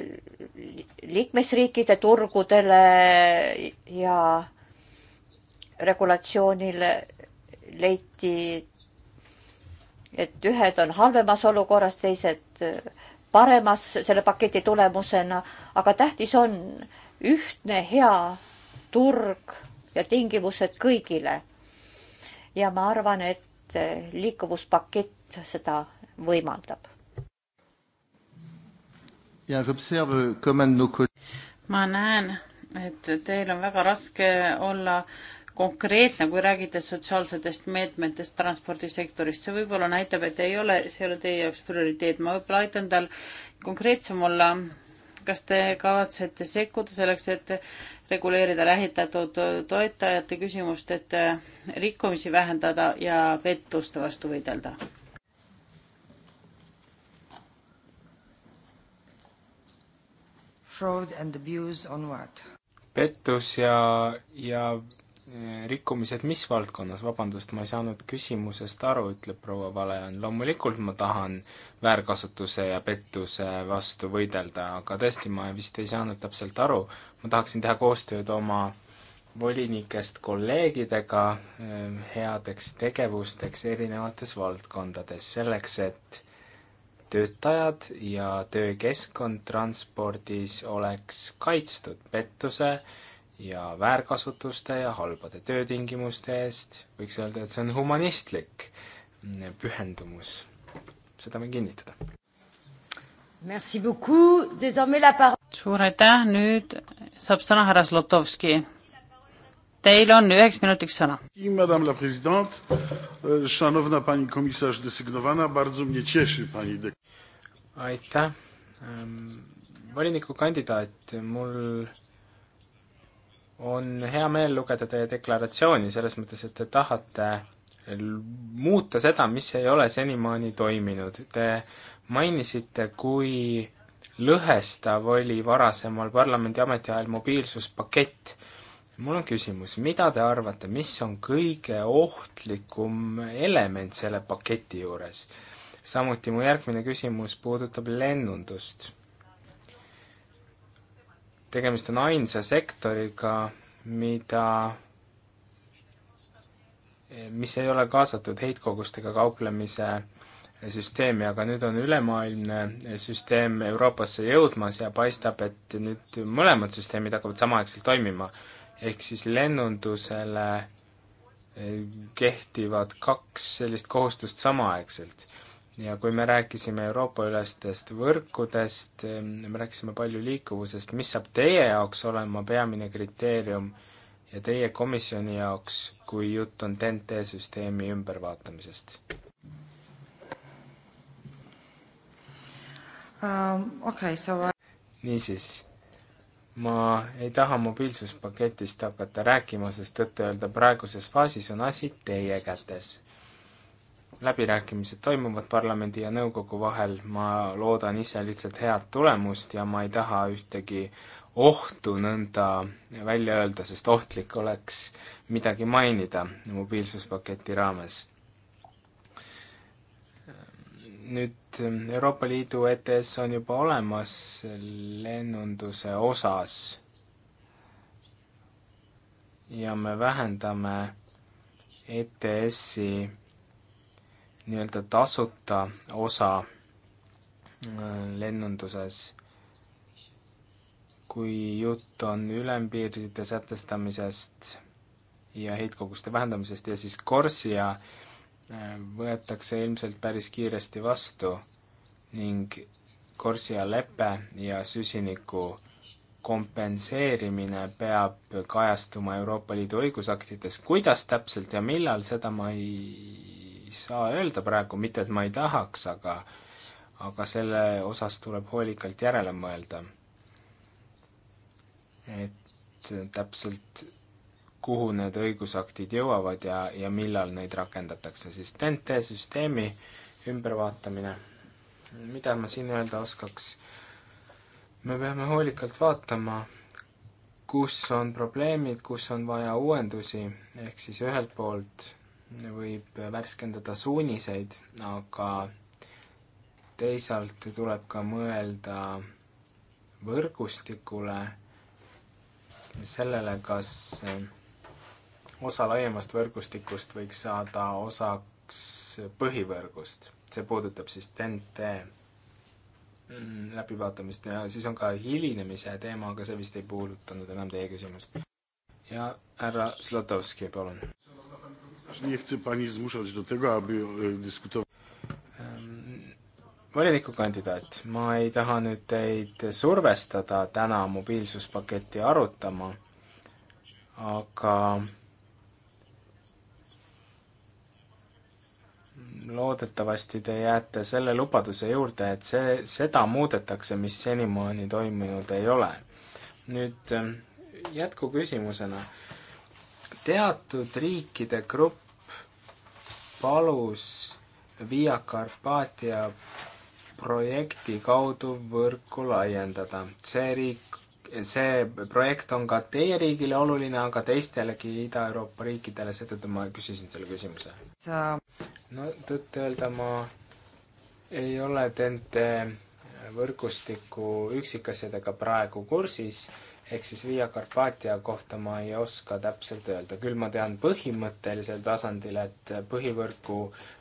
liikmesriikide turgudele ja regulatsioonile leiti, et ühed on halvemas olukorras, teised eh, paremas selle paketi tulemusena, aga tähtis on ühtne hea turg ja tingimused kõigile. ja ma arvan, et liikuvuspakett seda võimaldab. ma näen, et teil on väga raske olla konkreetne, kui räägite sotsiaalsetest meetmetest transpordisektoris, see võib-olla näitab, et ei ole, see ei ole teie jaoks prioriteet, ma võib-olla aitan tal konkreetsem olla. kas te kavatsete sekkuda selleks, et reguleerida lähitatud toetajate küsimust, et rikkumisi vähendada ja pettuste vastu võidelda? Fraud and abuse on what? pettus ja, ja Äh, rikkumised mis valdkonnas, vabandust, ma ei saanud küsimusest aru, ütleb proua Valean. loomulikult ma tahan väärkasutuse ja pettuse vastu võidelda, aga tõesti, ma vist ei saanud täpselt aru. ma tahaksin teha koostööd oma volinikest kolleegidega äh, headeks tegevusteks erinevates valdkondades, selleks et töötajad ja töökeskkond transpordis oleks kaitstud pettuse ja väärkasutuste ja halbade töötingimuste eest, võiks öelda, et see on humanistlik pühendumus, seda võin kinnitada. suur aitäh, nüüd saab sõna härra Zlotovski. Teil on üheks minutiks sõna. Madame la présidente, šanovna euh, pani komissar designovana, bardzo mnie cieši pani de-. aitäh, volinikukandidaat, mul on hea meel lugeda teie deklaratsiooni selles mõttes, et te tahate muuta seda, mis ei ole senimaani toiminud. Te mainisite, kui lõhestav oli varasemal parlamendi ametiajal mobiilsuspakett. mul on küsimus, mida te arvate, mis on kõige ohtlikum element selle paketi juures? samuti mu järgmine küsimus puudutab lennundust tegemist on ainsa sektoriga, mida, mis ei ole kaasatud heitkogustega kauplemise süsteemi, aga nüüd on ülemaailmne süsteem Euroopasse jõudmas ja paistab, et nüüd mõlemad süsteemid hakkavad samaaegselt toimima. ehk siis lennundusele eh, kehtivad kaks sellist kohustust samaaegselt ja kui me rääkisime Euroopa-ülestest võrkudest, me rääkisime palju liikuvusest, mis saab teie jaoks olema peamine kriteerium ja teie komisjoni jaoks, kui jutt on TNT süsteemi ümbervaatamisest um,? Okay, so I... niisiis, ma ei taha mobiilsuspaketist hakata rääkima, sest tõtt-öelda praeguses faasis on asi teie kätes läbirääkimised toimuvad parlamendi ja nõukogu vahel, ma loodan ise lihtsalt head tulemust ja ma ei taha ühtegi ohtu nõnda välja öelda, sest ohtlik oleks midagi mainida mobiilsuspaketi raames. nüüd Euroopa Liidu ETS on juba olemas lennunduse osas ja me vähendame ETS-i nii-öelda tasuta osa äh, lennunduses. kui jutt on ülempiiride sätestamisest ja heitkoguste vähendamisest ja siis Corsia äh, võetakse ilmselt päris kiiresti vastu ning Corsia lepe ja süsiniku kompenseerimine peab kajastuma Euroopa Liidu õigusaktides. kuidas täpselt ja millal, seda ma ei saa öelda praegu, mitte et ma ei tahaks, aga aga selle osas tuleb hoolikalt järele mõelda. et täpselt kuhu need õigusaktid jõuavad ja, ja millal neid rakendatakse, siis TNT süsteemi ümbervaatamine, mida ma siin öelda oskaks, me peame hoolikalt vaatama, kus on probleemid, kus on vaja uuendusi, ehk siis ühelt poolt võib värskendada suuniseid, aga teisalt tuleb ka mõelda võrgustikule, sellele, kas osa laiemast võrgustikust võiks saada osaks põhivõrgust, see puudutab siis TNT mm, läbivaatamist ja siis on ka hilinemise teema, aga see vist ei puudutanud enam teie küsimust. ja härra Zlatovski, palun Nie chce pani zmuszać do tego, aby e, dyskutować. volinikukandidaat, ma ei taha nüüd teid survestada täna mobiilsuspaketti arutama, aga loodetavasti te jääte selle lubaduse juurde, et see, seda muudetakse, mis senimaani toimunud ei ole. nüüd jätkuküsimusena teatud riikide grupp palus Via Carpatia projekti kaudu võrku laiendada. see riik, see projekt on ka teie riigile oluline, aga teistelegi Ida-Euroopa riikidele, seetõttu ma küsisin selle küsimuse. sa? no tõtt-öelda ma ei ole TNT võrgustiku üksikasjadega praegu kursis ehk siis Via Carpatia kohta ma ei oska täpselt öelda, küll ma tean põhimõttelisel tasandil, et põhivõrgu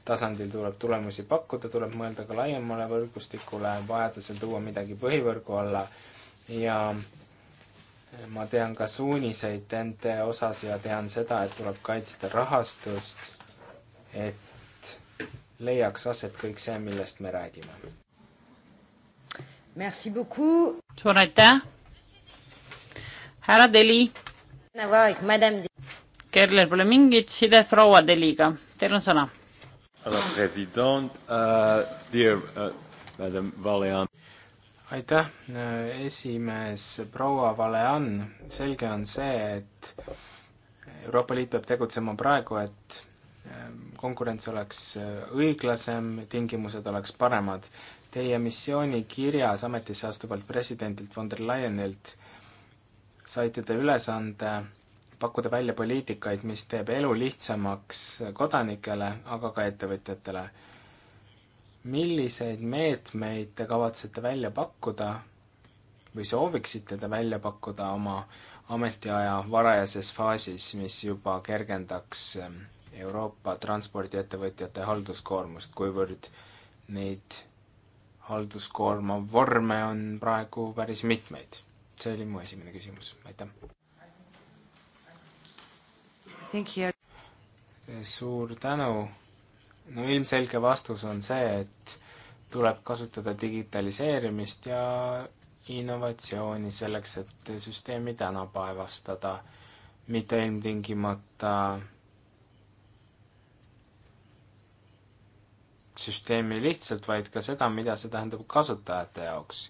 tasandil tuleb tulemusi pakkuda, tuleb mõelda ka laiemale võrgustikule, vajadusel tuua midagi põhivõrgu alla ja ma tean ka suuniseid TNT osas ja tean seda, et tuleb kaitsta rahastust, et leiaks aset kõik see, millest me räägime. suur aitäh! härra Deli. Nagu Kerler pole mingit sidet proua Deliga, teil on sõna. härra president uh,, dear uh, madam Valean. aitäh, äh, esimees proua Valean, selge on see, et Euroopa Liit peab tegutsema praegu, et konkurents oleks õiglasem, tingimused oleks paremad. Teie missioonikirjas ametisse astuvalt presidendilt von der Leyenilt äh, saite te ülesande pakkuda välja poliitikaid, mis teeb elu lihtsamaks kodanikele, aga ka ettevõtjatele. milliseid meetmeid te kavatsete välja pakkuda või sooviksite te välja pakkuda oma ametiaja varajases faasis, mis juba kergendaks Euroopa transpordiettevõtjate halduskoormust, kuivõrd neid halduskoorma vorme on praegu päris mitmeid see oli mu esimene küsimus, aitäh. suur tänu. no ilmselge vastus on see, et tuleb kasutada digitaliseerimist ja innovatsiooni selleks, et süsteemi tänapäevastada, mitte ilmtingimata süsteemi lihtsalt, vaid ka seda, mida see tähendab kasutajate jaoks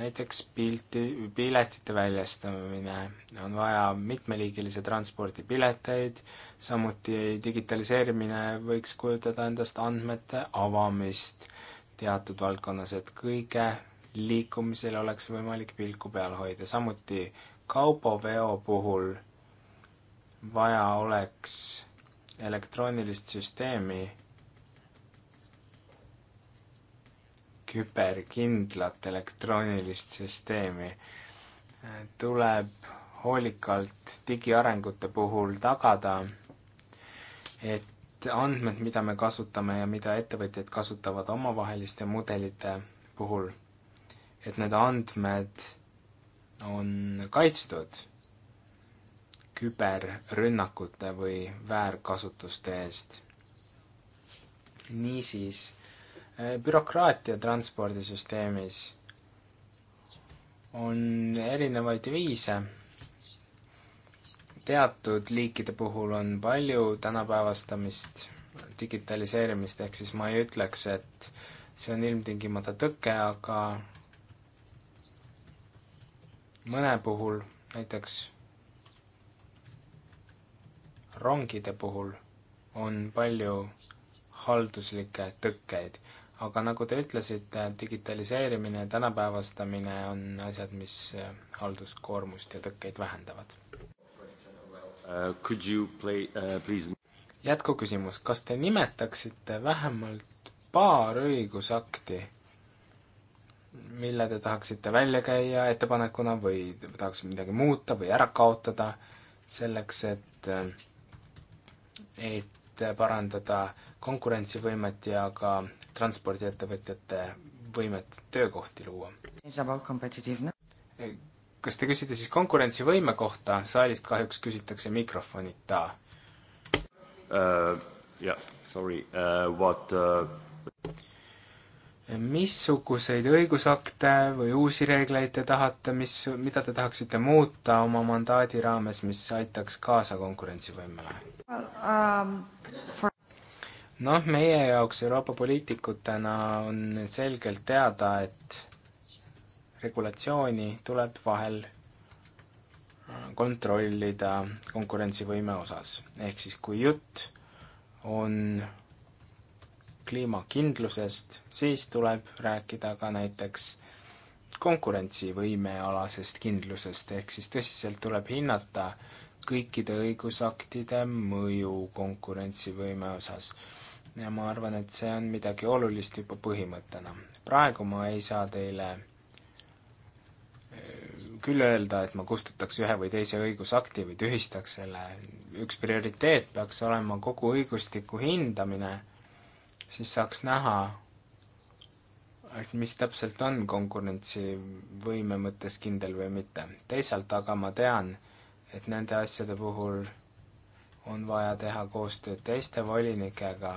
näiteks pilti, piletite väljastamine, on vaja mitmeliigilise transpordi pileteid, samuti digitaliseerimine võiks kujutada endast andmete avamist teatud valdkonnas, et kõige liikumisel oleks võimalik pilku peal hoida, samuti kaubaveo puhul vaja oleks elektroonilist süsteemi, küberkindlat elektroonilist süsteemi. tuleb hoolikalt digiarengute puhul tagada, et andmed, mida me kasutame ja mida ettevõtjad kasutavad omavaheliste mudelite puhul, et need andmed on kaitstud küberrünnakute või väärkasutuste eest. niisiis Äh, bürokraatia transpordisüsteemis on erinevaid viise. teatud liikide puhul on palju tänapäevastamist, digitaliseerimist, ehk siis ma ei ütleks, et see on ilmtingimata tõke, aga mõne puhul, näiteks rongide puhul, on palju halduslikke tõkkeid. aga nagu te ütlesite, digitaliseerimine, tänapäevastamine on asjad, mis äh, halduskoormust ja tõkkeid vähendavad. Uh, could you play uh,, please? jätkuküsimus, kas te nimetaksite vähemalt paar õigusakti, mille te tahaksite välja käia ettepanekuna või tahaksite midagi muuta või ära kaotada selleks, et, äh, et parandada konkurentsivõimet ja ka transpordiettevõtjate võimet töökohti luua. Eh, kas te küsite siis konkurentsivõime kohta, saalist kahjuks küsitakse mikrofonita uh,. Yeah, sorry uh,, what uh... missuguseid õigusakte või uusi reegleid te tahate, mis, mida te tahaksite muuta oma mandaadi raames, mis aitaks kaasa konkurentsivõimele well,? Um, for noh, meie jaoks Euroopa poliitikutena on selgelt teada, et regulatsiooni tuleb vahel kontrollida konkurentsivõime osas. ehk siis, kui jutt on kliimakindlusest, siis tuleb rääkida ka näiteks konkurentsivõimealasest kindlusest, ehk siis tõsiselt tuleb hinnata kõikide õigusaktide mõju konkurentsivõime osas ja ma arvan, et see on midagi olulist juba põhimõttena. praegu ma ei saa teile äh, küll öelda, et ma kustutaks ühe või teise õigusakti või tühistaks selle, üks prioriteet peaks olema kogu õigustiku hindamine, siis saaks näha, et mis täpselt on konkurentsivõime mõttes kindel või mitte. teisalt aga ma tean, et nende asjade puhul on vaja teha koostööd teiste volinikega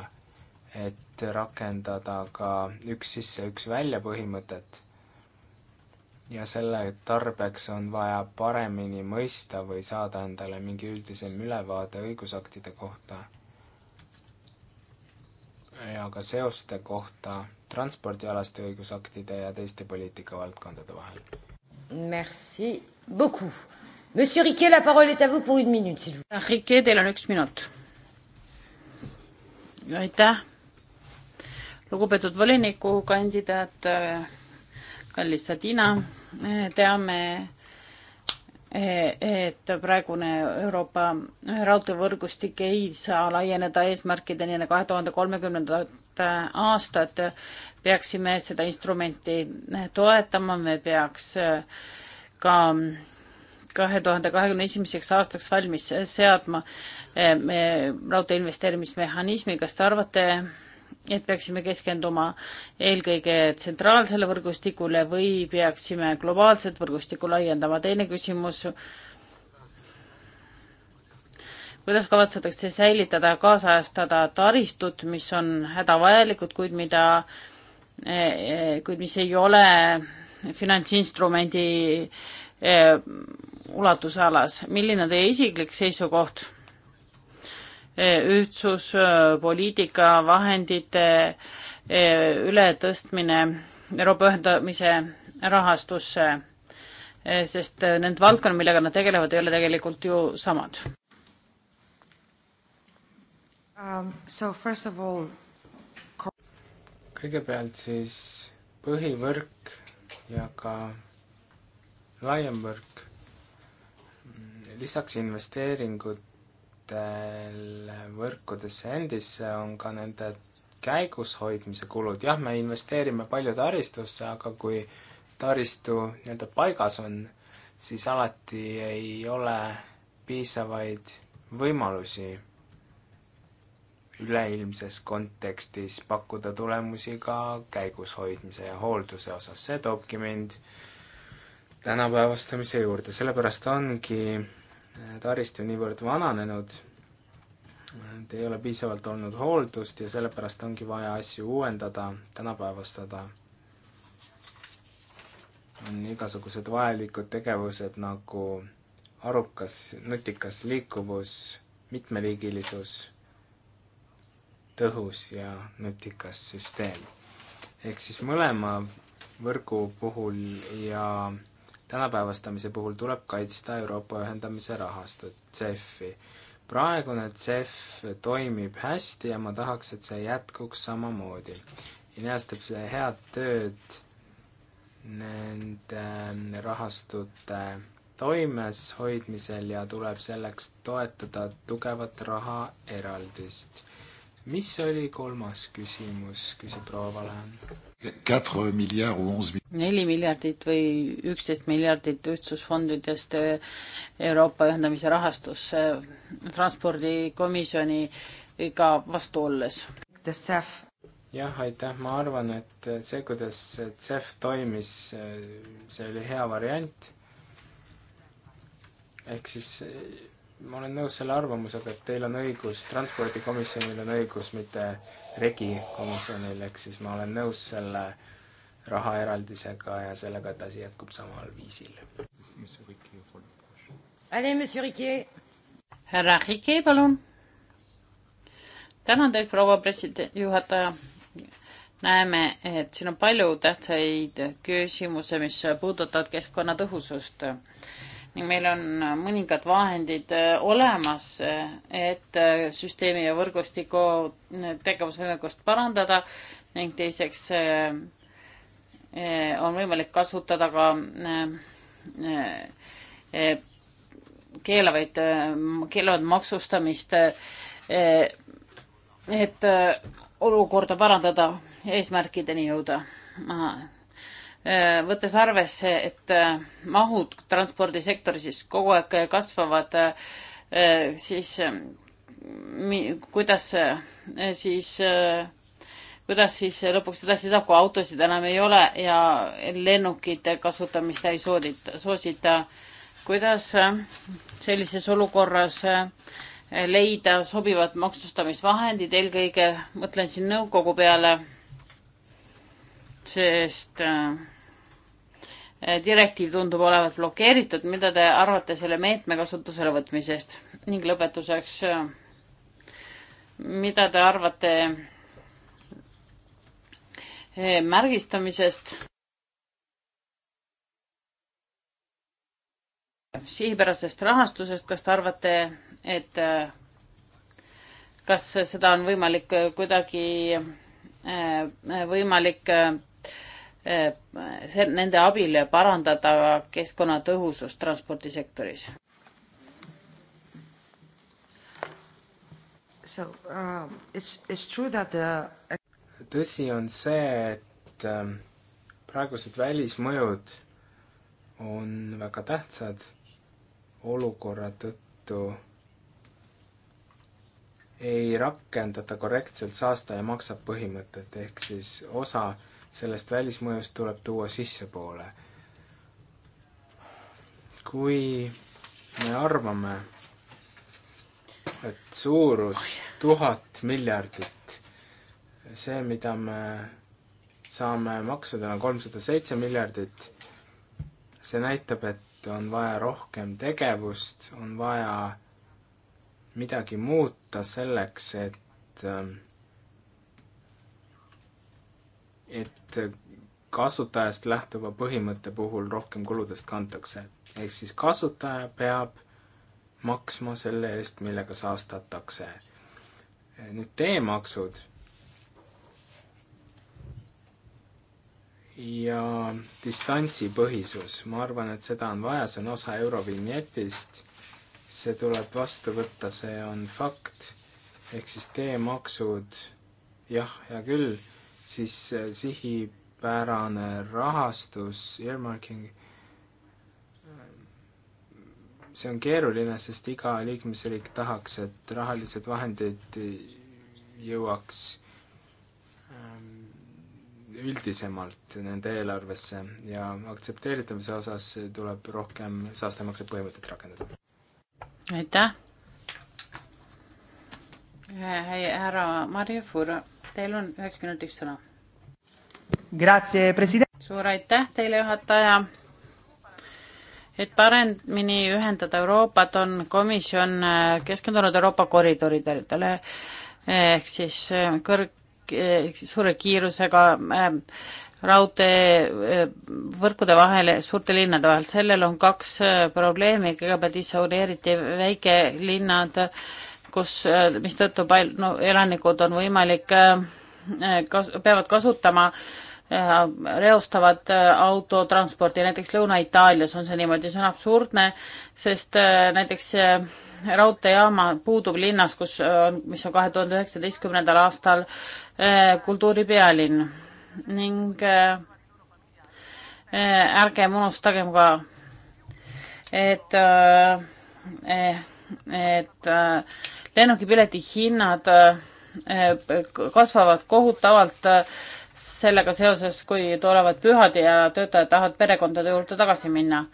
et rakendada ka üks sisse, üks välja põhimõtet. ja selle tarbeks on vaja paremini mõista või saada endale mingi üldisem ülevaade õigusaktide kohta ja ka seoste kohta transpordialaste õigusaktide ja teiste poliitikavaldkondade vahel. Merci beaucoup. Monsieur Riquet, la parole est à vous pour une minute, s'il vous plaît. Riquet, teil on üks minut. aitäh lugupeetud volinikukandidaat, kallis Sadina, teame, e, et praegune Euroopa raudteevõrgustik ei saa laieneda eesmärkideni enne kahe tuhande kolmekümnendat aastat. peaksime seda instrumenti toetama, me peaks ka kahe tuhande kahekümne esimeseks aastaks valmis seadma e, raudtee investeerimismehhanismi. kas te arvate, et peaksime keskenduma eelkõige tsentraalsele võrgustikule või peaksime globaalset võrgustikku laiendama. teine küsimus, kuidas kavatsetakse säilitada ja kaasajastada taristut, mis on hädavajalikud, kuid mida, kuid mis ei ole finantsinstrumendi eh, ulatusalas. milline on teie isiklik seisukoht? ühtsuspoliitika vahendite eh, ületõstmine Euroopa ühendamise rahastusse, eh, sest eh, need valdkonnad, millega nad tegelevad, ei ole tegelikult ju samad um,. So first of all kõigepealt siis põhivõrk ja ka laiem võrk, mm, lisaks investeeringud ettevõtetel võrkudesse endisse on ka nende käigushoidmise kulud, jah, me investeerime palju taristusse, aga kui taristu nii-öelda paigas on, siis alati ei ole piisavaid võimalusi üleilmses kontekstis pakkuda tulemusi ka käigushoidmise ja hoolduse osas, see toobki mind tänapäevastamise juurde, sellepärast ongi Äh, taristu niivõrd vananenud, et ei ole piisavalt olnud hooldust ja sellepärast ongi vaja asju uuendada, tänapäevastada. on igasugused vajalikud tegevused nagu arukas, nutikas liikuvus, mitmeliigilisus, tõhus ja nutikas süsteem. ehk siis mõlema võrgu puhul ja tänapäevastamise puhul tuleb kaitsta Euroopa ühendamise rahastut, CEF-i. praegune CEF toimib hästi ja ma tahaks, et see jätkuks samamoodi. Ineas teeb head tööd nende ähm, rahastute toimes hoidmisel ja tuleb selleks toetada tugevat rahaeraldist mis oli kolmas küsimus, küsib proua Valem. neli miljardit või üksteist miljardit ühtsusfondidest eh, Euroopa ühendamise rahastusse transpordikomisjoniga eh, vastu olles. E jah, aitäh, ma arvan, et see, kuidas CEF toimis, eh, see oli hea variant. ehk siis ma olen nõus selle arvamusega, et teil on õigus, transpordikomisjonil on õigus, mitte regikomisjonil, ehk siis ma olen nõus selle rahaeraldisega ja sellega, et asi jätkub samal viisil. härra Riquet, palun. tänan teid, proua president, juhataja. näeme, et siin on palju tähtsaid küsimusi, mis puudutavad keskkonnatõhusust ning meil on mõningad vahendid äh, olemas, äh, et äh, süsteemi ja võrgustiku tegevusvõimekust parandada ning teiseks on võimalik kasutada ka keelavaid, keelavat maksustamist, et olukorda parandada, eesmärkideni jõuda. ma Äh, võttes arvesse, et äh, mahud transpordisektoris siis kogu aeg äh, kasvavad, siis ähm, kuidas siis, kuidas siis lõpuks edasi saab, kui autosid enam ei ole ja lennukite kasutamist ei soodita, soosita. kuidas sellises olukorras leida sobivad maksustamisvahendid, eelkõige mõtlen siin nõukogu peale, sest äh, direktiiv tundub olevat blokeeritud, mida te arvate selle meetme kasutusele võtmisest? ning lõpetuseks, mida te arvate eh, märgistamisest? sihipärasest rahastusest, kas te arvate, et kas seda on võimalik kuidagi, eh, võimalik eh, Äh, see, nende abil parandada keskkonnatõhusust transpordisektoris? So uh, it's, it's true that uh... tõsi on see, et äh, praegused välismõjud on väga tähtsad olukorra tõttu ei rakendata korrektselt saastaja maksab põhimõtet, ehk siis osa äh, sellest välismõjust tuleb tuua sissepoole. kui me arvame, et suurus tuhat miljardit, see, mida me saame maksudena kolmsada seitse miljardit, see näitab, et on vaja rohkem tegevust, on vaja midagi muuta selleks, et äh, et kasutajast lähtuva põhimõtte puhul rohkem kuludest kantakse. ehk siis kasutaja peab maksma selle eest, millega saastatakse. nüüd teemaksud ja distantsipõhisus, ma arvan, et seda on vaja, see on osa Eurovinjetist, see tuleb vastu võtta, see on fakt, ehk siis teemaksud, jah, hea küll siis äh, sihipärane rahastus, earmarking, äh, see on keeruline, sest iga liikmesriik tahaks, et rahalised vahendid jõuaks ähm, üldisemalt nende eelarvesse ja aktsepteeritavuse osas tuleb rohkem saastemakse põhimõtet rakendada. aitäh! härra Marje Fura Teil on üheks minutiks sõna. suur aitäh teile, juhataja. et paremini ühendada Euroopat, on komisjon äh, keskendunud Euroopa koridoridele ehk siis äh, kõrg, ehk siis suure kiirusega eh, äh, raudteevõrkude vahele, suurte linnade vahel, sellel on kaks probleemi, kõigepealt isoleeriti väikelinnad kus, eh, mistõttu pal-, no elanikud on võimalik eh, eh, kas-, peavad kasutama reostavad autotransporti, näiteks Lõuna-Itaalias on see niimoodi, see on absurdne, sest näiteks raudteejaama puudub linnas, kus on, mis on kahe tuhande üheksateistkümnendal aastal kultuuripealinn ning ärgem unustagem ka, et, et, et lennukipileti hinnad äh, äh, kasvavad kohutavalt äh, sellega seoses, kui tulevad pühad ja töötajad tahavad perekondade juurde tagasi minna.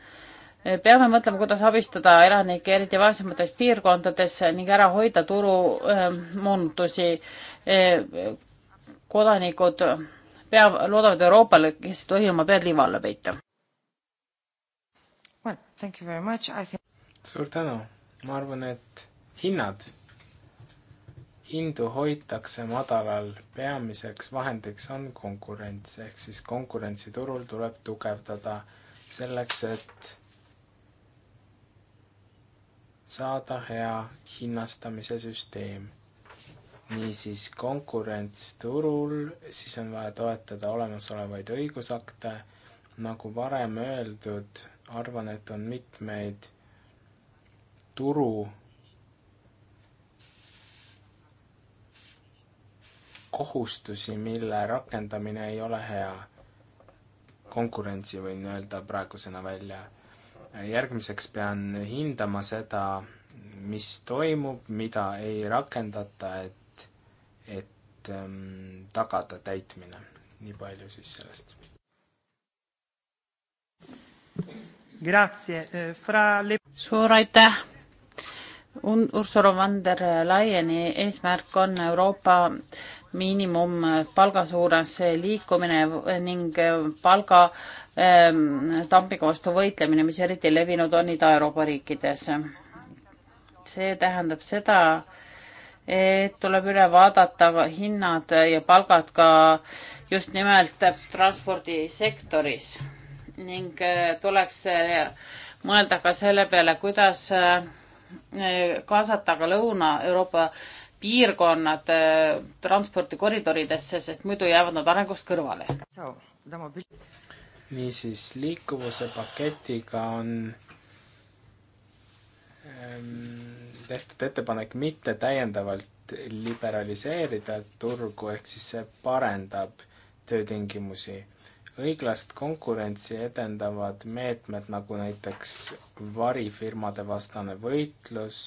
peame mõtlema, kuidas abistada elanikke, eriti vaesemates piirkondades ning ära hoida turumoonutusi. kodanikud peab, loodavad Euroopale, kes ei tohi oma pead liiva alla peita well,. Think... suur tänu, ma arvan, et hinnad hindu hoitakse madalal, peamiseks vahendiks on konkurents, ehk siis konkurentsi turul tuleb tugevdada selleks, et saada hea hinnastamise süsteem. niisiis, konkurents turul, siis on vaja toetada olemasolevaid õigusakte, nagu varem öeldud, arvan, et on mitmeid turu kohustusi, mille rakendamine ei ole hea. konkurentsi võin öelda praegusena välja. järgmiseks pean hindama seda, mis toimub, mida ei rakendata, et, et ähm, tagada täitmine. nii palju siis sellest. Äh, le... suur aitäh Un. Ursula von der Leyeni eesmärk on Euroopa äh, miinimumpalga suunas liikumine ning palga dumpingu ähm, vastu võitlemine, mis eriti levinud on Ida-Euroopa riikides. see tähendab seda, et tuleb üle vaadata hinnad ja palgad ka just nimelt transpordisektoris ning äh, tuleks äh, mõelda ka selle peale, kuidas äh, kaasata ka Lõuna-Euroopa piirkonnad äh, transpordikoridoridesse, sest muidu jäävad nad arengust kõrvale. niisiis, liikuvuse paketiga on ähm, tehtud ettepanek mitte täiendavalt liberaliseerida turgu, ehk siis see parendab töötingimusi. õiglast konkurentsi edendavad meetmed, nagu näiteks varifirmade vastane võitlus,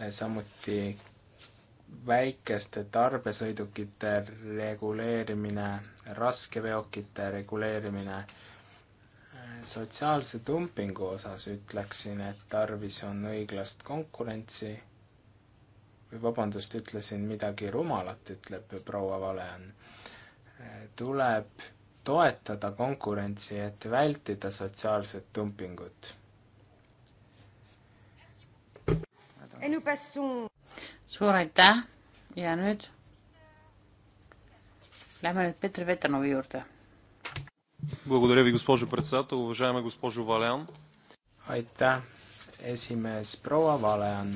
äh, samuti väikeste tarbesõidukite reguleerimine, raskeveokite reguleerimine. sotsiaalse dumpingu osas ütleksin, et tarvis on õiglast konkurentsi või vabandust, ütlesin midagi rumalat, ütleb proua Valen. tuleb toetada konkurentsi, et vältida sotsiaalset dumpingut suur aitäh ja nüüd lähme nüüd Petri Vetanovi juurde. aitäh, esimees proua Valean.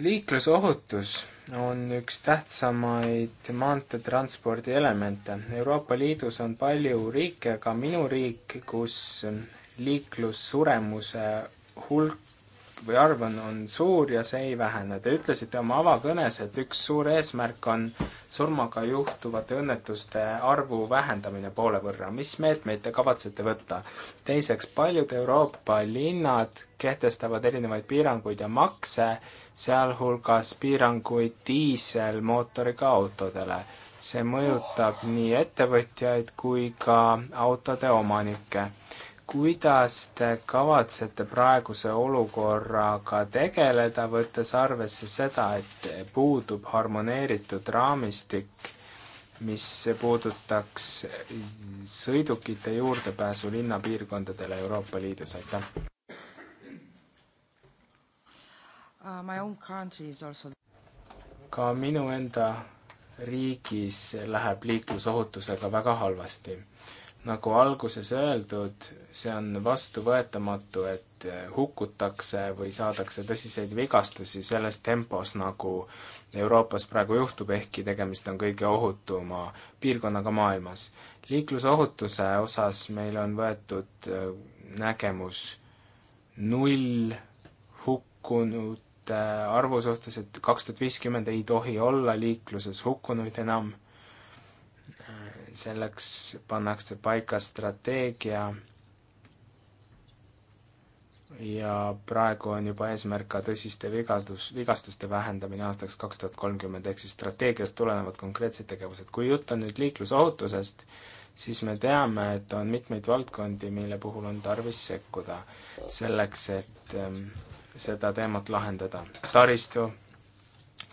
liiklusohutus on üks tähtsamaid maanteetranspordi elemente. Euroopa Liidus on palju riike, ka minu riik, kus liiklussuremuse hulk või arv on, on suur ja see ei vähene. Te ütlesite oma avakõnes, et üks suur eesmärk on surmaga juhtuvate õnnetuste arvu vähendamine poole võrra. mis meetmeid te kavatsete võtta? teiseks, paljud Euroopa linnad kehtestavad erinevaid piiranguid ja makse, sealhulgas piiranguid diiselmootoriga autodele. see mõjutab nii ettevõtjaid kui ka autode omanikke kuidas te kavatsete praeguse olukorraga tegeleda, võttes arvesse seda, et puudub harmoneeritud raamistik, mis puudutaks sõidukite juurdepääsu linnapiirkondadele Euroopa Liidus, aitäh uh,! Also... ka minu enda riigis läheb liiklusohutusega väga halvasti nagu alguses öeldud, see on vastuvõetamatu, et eh, hukutakse või saadakse tõsiseid vigastusi selles tempos, nagu Euroopas praegu juhtub, ehkki tegemist on kõige ohutuma piirkonnaga maailmas. liiklusohutuse osas meil on võetud eh, nägemus null hukkunute arvu suhtes, et kaks tuhat viiskümmend ei tohi olla liikluses hukkunuid enam selleks pannakse paika strateegia ja praegu on juba eesmärk ka tõsiste vigadus, vigastuste vähendamine aastaks kaks tuhat kolmkümmend, ehk siis strateegiast tulenevad konkreetsed tegevused. kui jutt on nüüd liiklusohutusest, siis me teame, et on mitmeid valdkondi, mille puhul on tarvis sekkuda selleks, et ähm, seda teemat lahendada. taristu,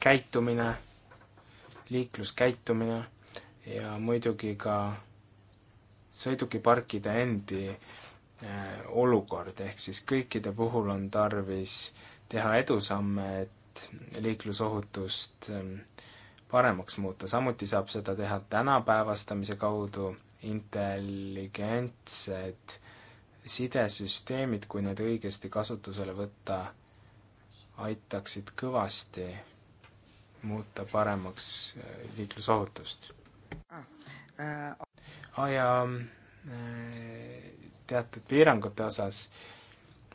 käitumine, liikluskäitumine ja muidugi ka sõidukiparkide endi eh, olukord, ehk siis kõikide puhul on tarvis teha edusamme, et liiklusohutust eh, paremaks muuta, samuti saab seda teha tänapäevastamise kaudu, intelligentsed sidesüsteemid, kui need õigesti kasutusele võtta, aitaksid kõvasti muuta paremaks eh, liiklusohutust aa ah, ja äh, teatud piirangute osas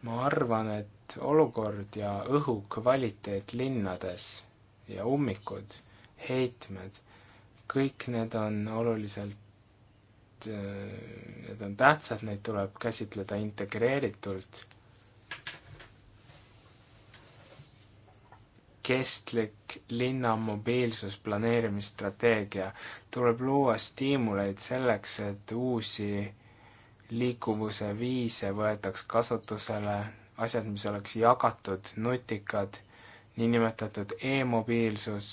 ma arvan, et olukord ja õhukvaliteet linnades ja ummikud, heitmed, kõik need on oluliselt, äh, need on tähtsad, neid tuleb käsitleda integreeritult kestlik linna mobiilsusplaneerimisstrateegia. tuleb luua stiimuleid selleks, et uusi liikuvuse viise võetaks kasutusele, asjad, mis oleks jagatud, nutikad, niinimetatud e-mobiilsus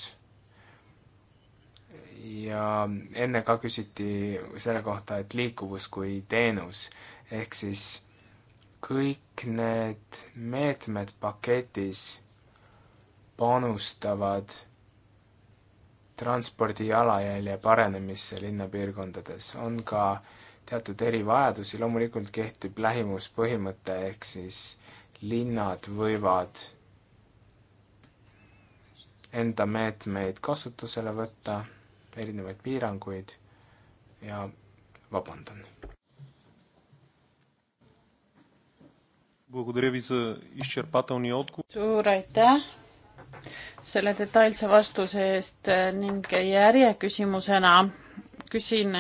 ja enne ka küsiti selle kohta, et liikuvus kui teenus, ehk siis kõik need meetmed paketis panustavad transpordi jalajälje paranemisse linnapiirkondades, on ka teatud erivajadusi, loomulikult kehtib lähimuspõhimõte, ehk siis linnad võivad enda meetmeid kasutusele võtta, erinevaid piiranguid ja vabandan. suur aitäh selle detailse vastuse eest ning järjeküsimusena küsin,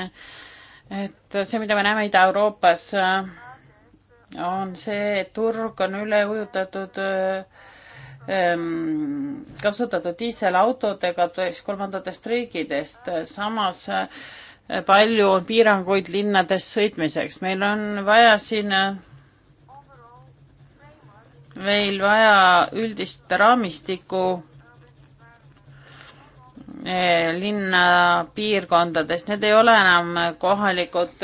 et see, mida me näeme Ida-Euroopas, on see, et turg on üle ujutatud ehm, kasutatud diiselautodega tuleks kolmandatest riikidest, samas eh, palju on piiranguid linnades sõitmiseks, meil on vaja siin eh, meil vaja üldist raamistikku eh, linna piirkondades, need ei ole enam kohalikud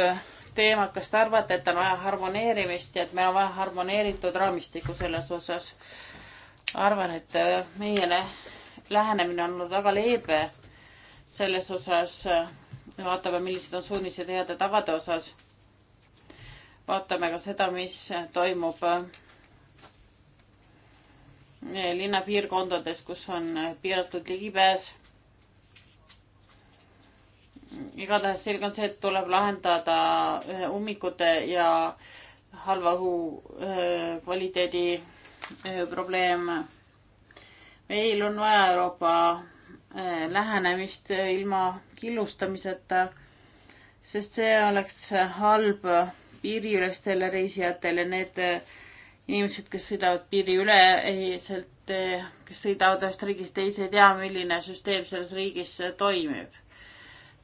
teemad, kas te arvate, et on vaja harmoneerimist ja et meil on vaja harmoneeritud raamistikku selles osas? arvan, et eh, meie lähenemine on olnud väga leebe selles osas. vaatame, millised on suunised heade tavade osas. vaatame ka seda, mis toimub Eh, linnapiirkondades, kus on eh, piiratud ligipääs. igatahes selge on see, et tuleb lahendada eh, ummikute ja halva õhu kvaliteedi probleem. meil on vaja Euroopa lähenemist ilma killustamiseta, sest see oleks halb piiriülestele reisijatele, need inimesed, kes sõidavad piiriüleselt, eh, kes sõidavad ühest riigist teise, ei tea, milline süsteem selles riigis toimib.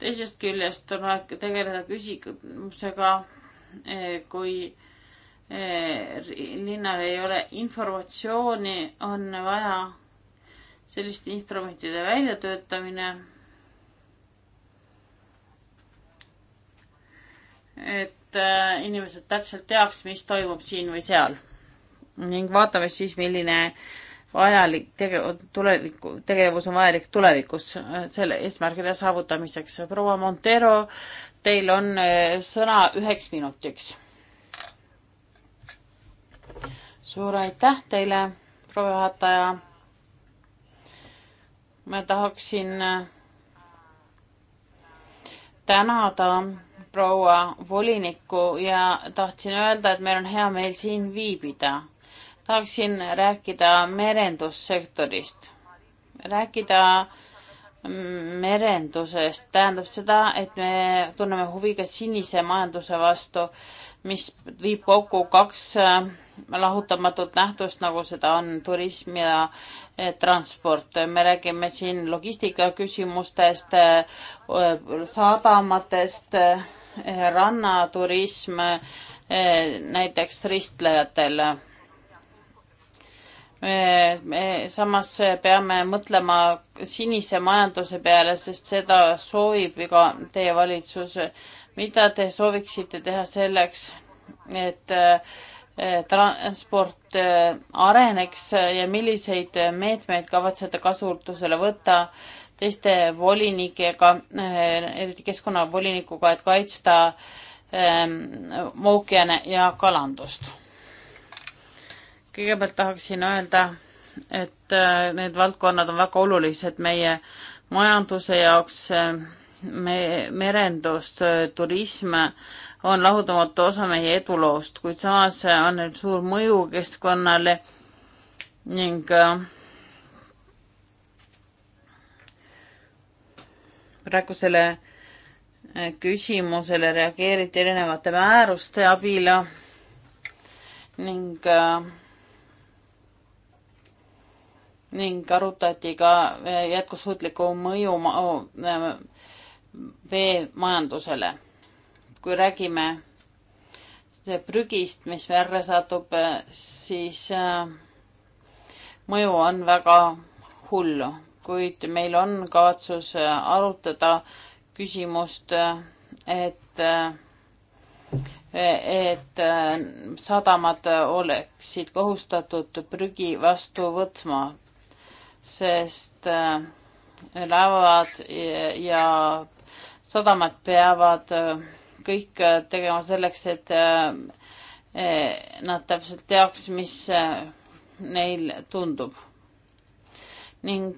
teisest küljest on vaja tegeleda küsimusega, eh, kui eh, linnal ei ole informatsiooni, on vaja selliste instrumentide väljatöötamine. et inimesed täpselt teaks, mis toimub siin või seal ning vaatame siis, milline vajalik tegevus, tuleviku, tegevus on vajalik tulevikus äh, selle eesmärgile saavutamiseks. proua Montero, teil on äh, sõna üheks minutiks. suur aitäh teile, proua juhataja. ma tahaksin äh, tänada proua volinikku ja tahtsin öelda, et meil on hea meel siin viibida tahaksin rääkida merendussektorist. rääkida merendusest tähendab seda, et me tunneme huvi ka sinise majanduse vastu, mis viib kokku kaks äh, lahutamatut nähtust, nagu seda on turism ja äh, transport. me räägime siin logistika küsimustest, äh, sadamatest, rannaturism, näiteks ristlejatel me, me samas peame mõtlema sinise majanduse peale, sest seda soovib ka teie valitsus. mida te sooviksite teha selleks, et eh, transport eh, areneks ja milliseid meetmeid kavatsete kasutusele võtta teiste volinikega, eh, eriti keskkonnavolinikuga, et kaitsta ookeane ja kalandust? kõigepealt tahaksin öelda, et äh, need valdkonnad on väga olulised meie majanduse jaoks, äh, me, merendus, äh, turism on lahutamatu osa meie eduloost, kuid samas on neil suur mõju keskkonnale ning praegusele küsimusele reageeriti erinevate määruste abile ning äh, ning arutati ka eh, jätkusuutliku mõju eh, veemajandusele. kui räägime prügist, mis merre satub, eh, siis mõju on väga hull, kuid meil on kavatsus arutada küsimust, et, et sadamad oleksid kohustatud prügi vastu võtma sest äh, laevad ja sadamad peavad äh, kõik äh, tegema selleks, et nad täpselt teaks, mis neil tundub. ning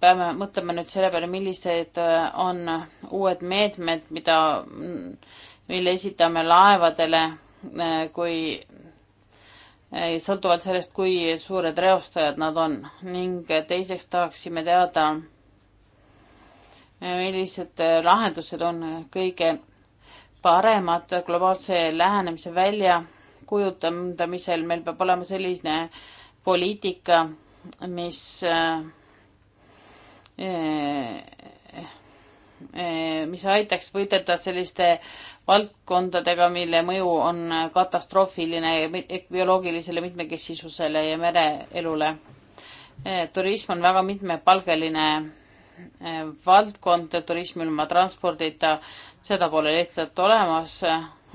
peame mõtlema nüüd selle peale, millised on uued meetmed, mida, mm, mille esitame laevadele, kui sõltuvalt sellest, kui suured reostajad nad on ning teiseks tahaksime teada, millised lahendused on kõige paremad globaalse lähenemise väljakujutamisel, meil peab olema selline poliitika, mis eh, eh, mis aitaks võidelda selliste valdkondadega, mille mõju on katastroofiline bioloogilisele mitmekesisusele ja mereelule. Eh, turism on väga mitmepalgeline eh, valdkond, turism ilma transpordita, seda pole lihtsalt olemas.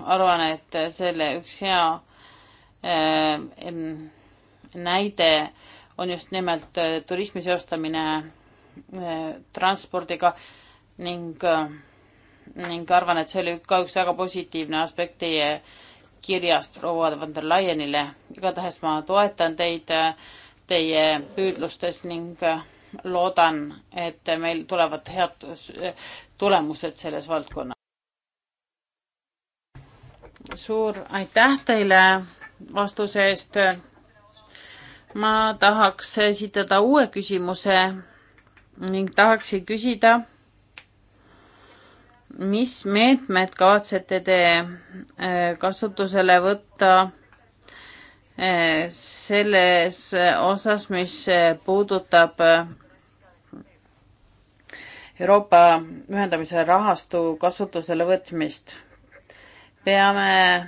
arvan, et selle üks hea eh, näide on just nimelt turismi seostamine transpordiga ning äh, ning arvan, et see oli ka üks väga positiivne aspekt teie kirjast proua von der Leyenile. igatahes ma toetan teid äh, teie püüdlustes ning äh, loodan, et meil tulevad head äh, tulemused selles valdkonnas. suur aitäh teile vastuse eest. ma tahaks esitada uue küsimuse ning tahaksin küsida mis meetmed kavatsete te äh, kasutusele võtta äh, selles osas, mis äh, puudutab Euroopa ühendamise rahastu kasutusele võtmist? peame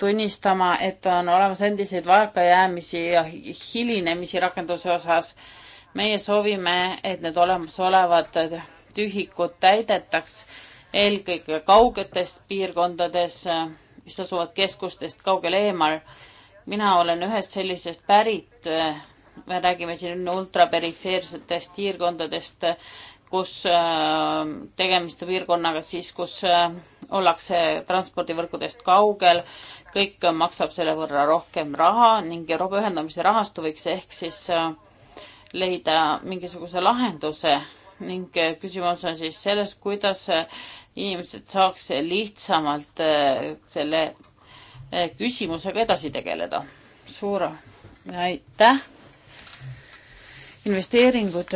tunnistama, et on olemas endiseid vajakajäämisi ja hilinemisi rakenduse osas. meie soovime, et need olemasolevad tühikud täidetaks eelkõige kaugetes piirkondades, mis asuvad keskustest kaugel eemal. mina olen ühest sellisest pärit, me räägime siin ultraperifeersetest piirkondadest, kus äh, tegemist on piirkonnaga siis, kus äh, ollakse transpordivõrkudest kaugel, kõik maksab selle võrra rohkem raha ning Euroopa ühendamise rahastu võiks ehk siis äh, leida mingisuguse lahenduse ning eh, küsimus on siis selles, kuidas eh, inimesed saaks lihtsamalt eh, selle küsimusega edasi tegeleda. suur aitäh. investeeringud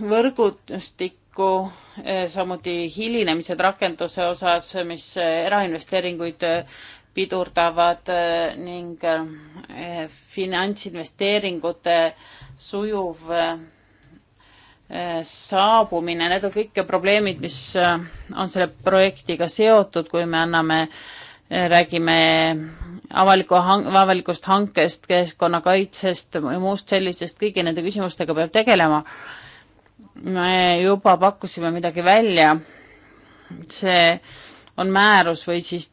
võrgustikku, samuti hilinemised rakenduse osas, mis erainvesteeringuid pidurdavad ning finantsinvesteeringute sujuv saabumine, need on kõik probleemid, mis äh, on selle projektiga seotud, kui me anname, äh, räägime avaliku hank-, avalikust hankest, keskkonnakaitsest ja muust sellisest, kõigi nende küsimustega peab tegelema. me juba pakkusime midagi välja, see on määrus või siis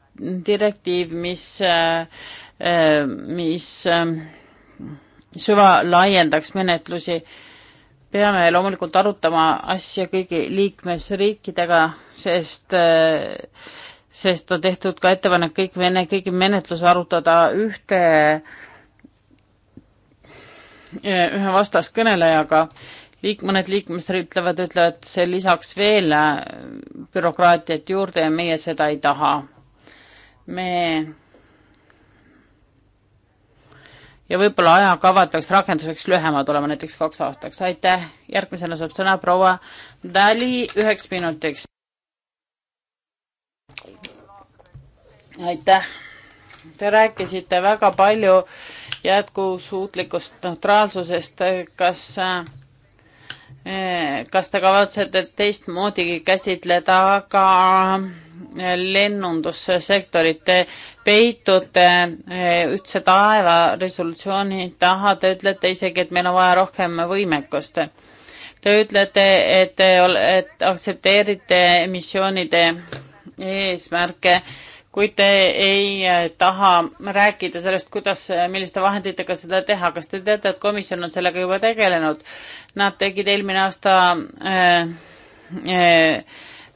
direktiiv, mis, äh, mis ähm, süva laiendaks menetlusi äh, peame loomulikult arutama asja kõigi liikmesriikidega, sest äh, sest on tehtud ka ettepanek kõik vene, kõigi menetluse arutada ühte, äh, ühe vastaskõnelejaga. liik-, mõned liikmesriigid ütlevad, ütlevad see lisaks veel äh, bürokraatiat juurde ja meie seda ei taha. me ja võib-olla ajakavad peaks rakenduseks lühemad olema, näiteks kaks aastaks. aitäh, järgmisena saab sõna proua Dali üheks minutiks. aitäh, te rääkisite väga palju jätkusuutlikust neutraalsusest, kas eh, kas te kavatsete teistmoodi käsitleda ka lennundussektorit, te peitute eh, ühtse taeva resolutsiooni taha, te ütlete isegi, et meil on vaja rohkem võimekust. Te ütlete, et te et aktsepteerite emissioonide eesmärke, kuid te ei taha rääkida sellest, kuidas, milliste vahenditega seda teha. kas te teate, et komisjon on sellega juba tegelenud? Nad tegid eelmine aasta äh, äh,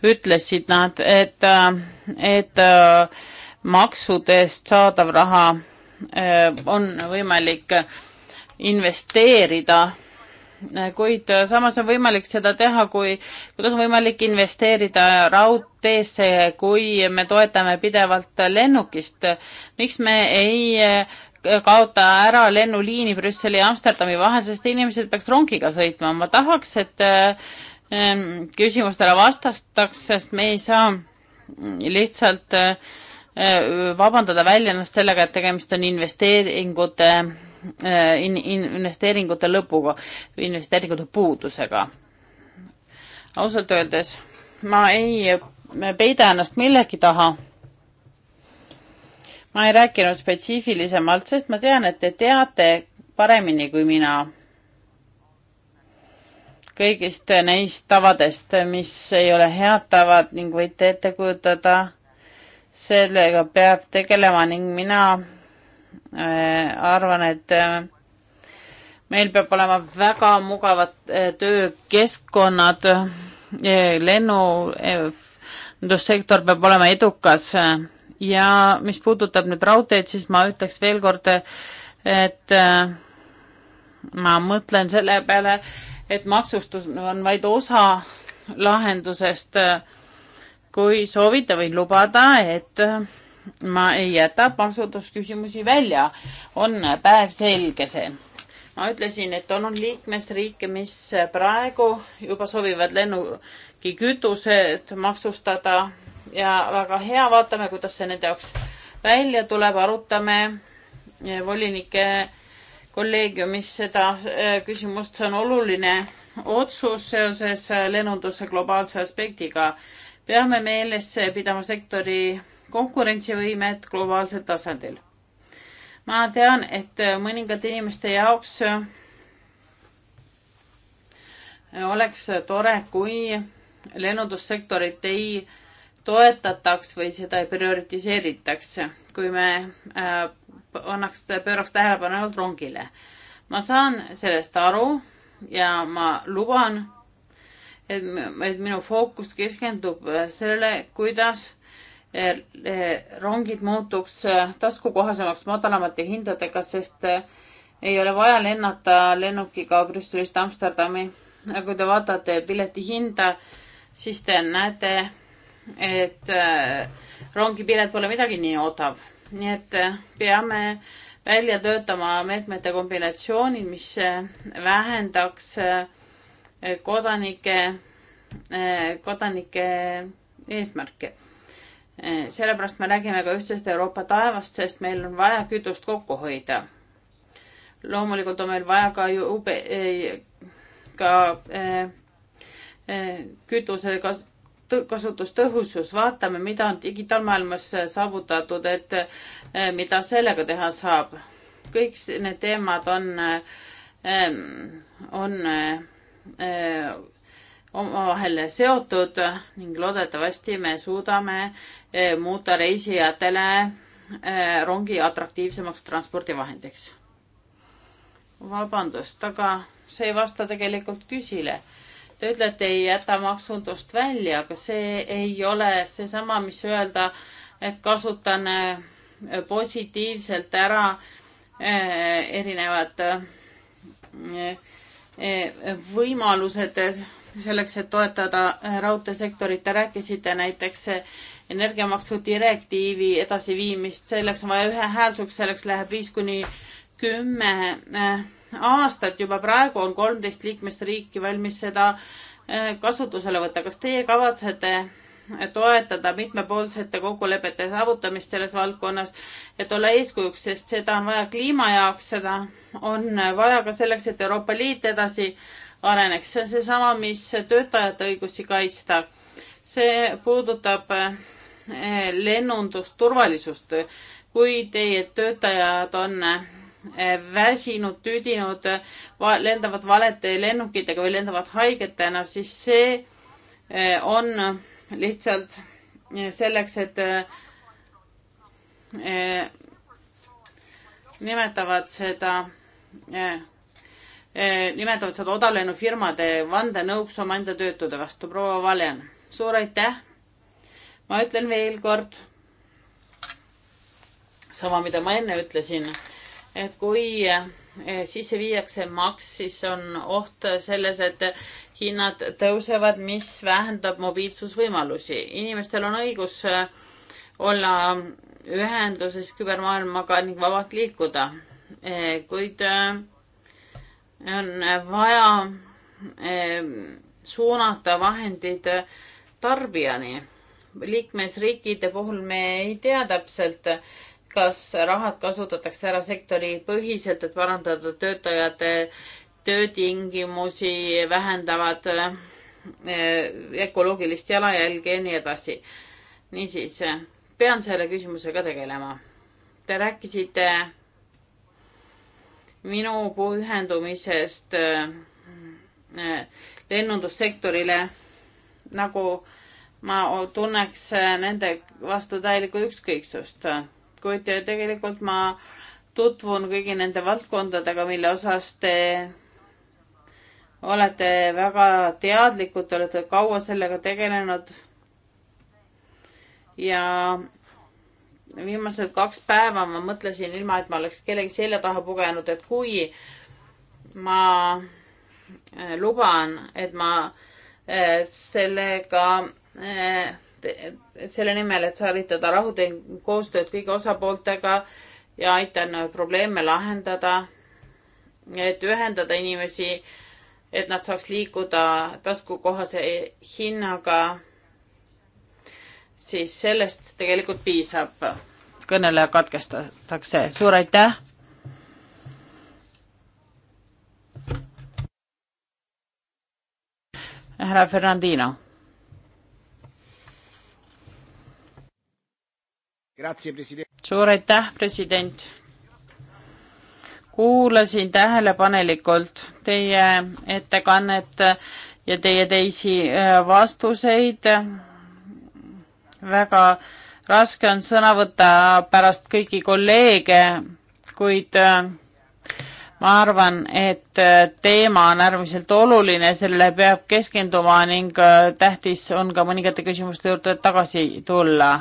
ütlesid nad, et, äh, et äh, maksudest saadav raha äh, on võimalik investeerida, kuid samas on võimalik seda teha, kui, kuidas on võimalik investeerida raudteesse, kui me toetame pidevalt lennukist. miks me ei kaota ära lennuliini Brüsseli ja Amsterdami vahel, sest inimesed peaks rongiga sõitma. ma tahaks, et äh, Ehm, küsimustele vastastaks, sest me ei saa lihtsalt eh, vabandada välja ennast sellega, et tegemist on investeeringute eh, in,, investeeringute lõpuga, investeeringute puudusega. ausalt öeldes ma ei peida ennast millegi taha. ma ei rääkinud spetsiifilisemalt, sest ma tean, et te teate paremini kui mina kõigist neist tavadest, mis ei ole head tavad ning võite ette kujutada, sellega peab tegelema ning mina äh, arvan, et äh, meil peab olema väga mugavad äh, töökeskkonnad, lennundussektor peab olema edukas ja mis puudutab nüüd raudteed, siis ma ütleks veel kord, et ma mõtlen selle peale, et maksustus on vaid osa lahendusest. kui soovite, võin lubada, et ma ei jäta maksutusküsimusi välja, on päevselge see. ma ütlesin, et on, on liikmesriike, mis praegu juba soovivad lennuki kütused maksustada ja väga hea, vaatame, kuidas see nende jaoks välja tuleb, arutame volinike kolleegiumis seda äh, küsimust, see on oluline otsus seoses äh, lennunduse globaalse aspektiga. peame meeles pidama sektori konkurentsivõimet globaalsel tasandil. ma tean, et äh, mõningate inimeste jaoks oleks tore, kui lennundussektorit ei toetataks või seda ei prioritiseeritaks, kui me pannaks, pööraks tähelepanu ainult rongile. ma saan sellest aru ja ma luban, et, et minu fookus keskendub sellele, kuidas eh, eh, rongid muutuks taskukohasemaks madalamate hindadega, sest eh, ei ole vaja lennata lennukiga Brüsselist Amsterdami. kui te vaatate pileti hinda, siis te näete, et rongipilet pole midagi nii odav nii et äh, peame välja töötama meetmete kombinatsioonid, mis äh, vähendaks äh, kodanike, kodanike eesmärke. sellepärast me räägime ka ühtsest Euroopa taevast, sest meil on vaja kütust kokku hoida. loomulikult on meil vaja ka ju ka kütuse kas-, kasutustõhusus, vaatame, mida on digitaalmaailmas saavutatud, et eh, mida sellega teha saab. kõik need teemad on, ehm, on eh, omavahel seotud ning loodetavasti me suudame eh, muuta reisijatele rongi atraktiivsemaks transpordivahendiks. vabandust, aga see ei vasta tegelikult küsile Te ütlete, ei jäta maksundust välja, aga see ei ole seesama, mis öelda, et kasutan äh, positiivselt ära äh, erinevad äh, võimalused selleks, et toetada raudteesektorit. Te rääkisite näiteks energiamaksu direktiivi edasiviimist, selleks on vaja ühehäälsust, selleks läheb viis kuni kümme aastat juba praegu on kolmteist liikmesriiki valmis seda äh, kasutusele võtta. kas teie kavatsete toetada mitmepoolsete kokkulepete saavutamist selles valdkonnas, et olla eeskujuks, sest seda on vaja kliima jaoks, seda on vaja ka selleks, et Euroopa Liit edasi areneks. see on seesama, mis töötajate õigusi kaitsta. see puudutab äh, lennundusturvalisust. kui teie töötajad on äh, Eh, väsinud, tüdinud, lendavad valete lennukitega või lendavad haigetena, siis see eh, on lihtsalt eh, selleks, et nimetavad seda, nimetavad seda odavlennufirmade vandenõuks omaenda töötude vastu. proua Valen, suur aitäh. ma ütlen veel kord sama, mida ma enne ütlesin et kui eh, sisse viiakse maks, siis on oht selles, et hinnad tõusevad, mis vähendab mobiilsusvõimalusi. inimestel on õigus eh, olla ühenduses kübermaailmaga ning vabalt liikuda, eh, kuid on vaja suunata vahendid tarbijani. liikmesriikide puhul me ei tea täpselt, kas rahad kasutatakse ära sektoripõhiselt, et parandada töötajate töötingimusi, vähendavad eh, ökoloogilist jalajälge ja nii edasi. niisiis, pean selle küsimusega tegelema. Te rääkisite minu pühendumisest eh, lennundussektorile nagu ma tunneks nende vastu täielikku ükskõiksust kuid tegelikult ma tutvun kõigi nende valdkondadega, mille osas te olete väga teadlikud, te olete kaua sellega tegelenud. ja viimased kaks päeva ma mõtlesin, ilma et ma oleks kellegi selja taha pugenud, et kui ma eh, luban, et ma eh, sellega eh, selle nimel, et saavutada rahu, teen koostööd kõigi osapooltega ja aitan probleeme lahendada, et ühendada inimesi, et nad saaks liikuda taskukohase hinnaga, siis sellest tegelikult piisab. kõneleja katkestatakse. suur aitäh! härra Fernandino suur aitäh, president! kuulasin tähelepanelikult teie ettekannet ja teie teisi äh, vastuseid. väga raske on sõna võtta pärast kõiki kolleege, kuid äh, ma arvan, et äh, teema on äärmiselt oluline, sellele peab keskenduma ning tähtis on ka mõningate küsimuste juurde tagasi tulla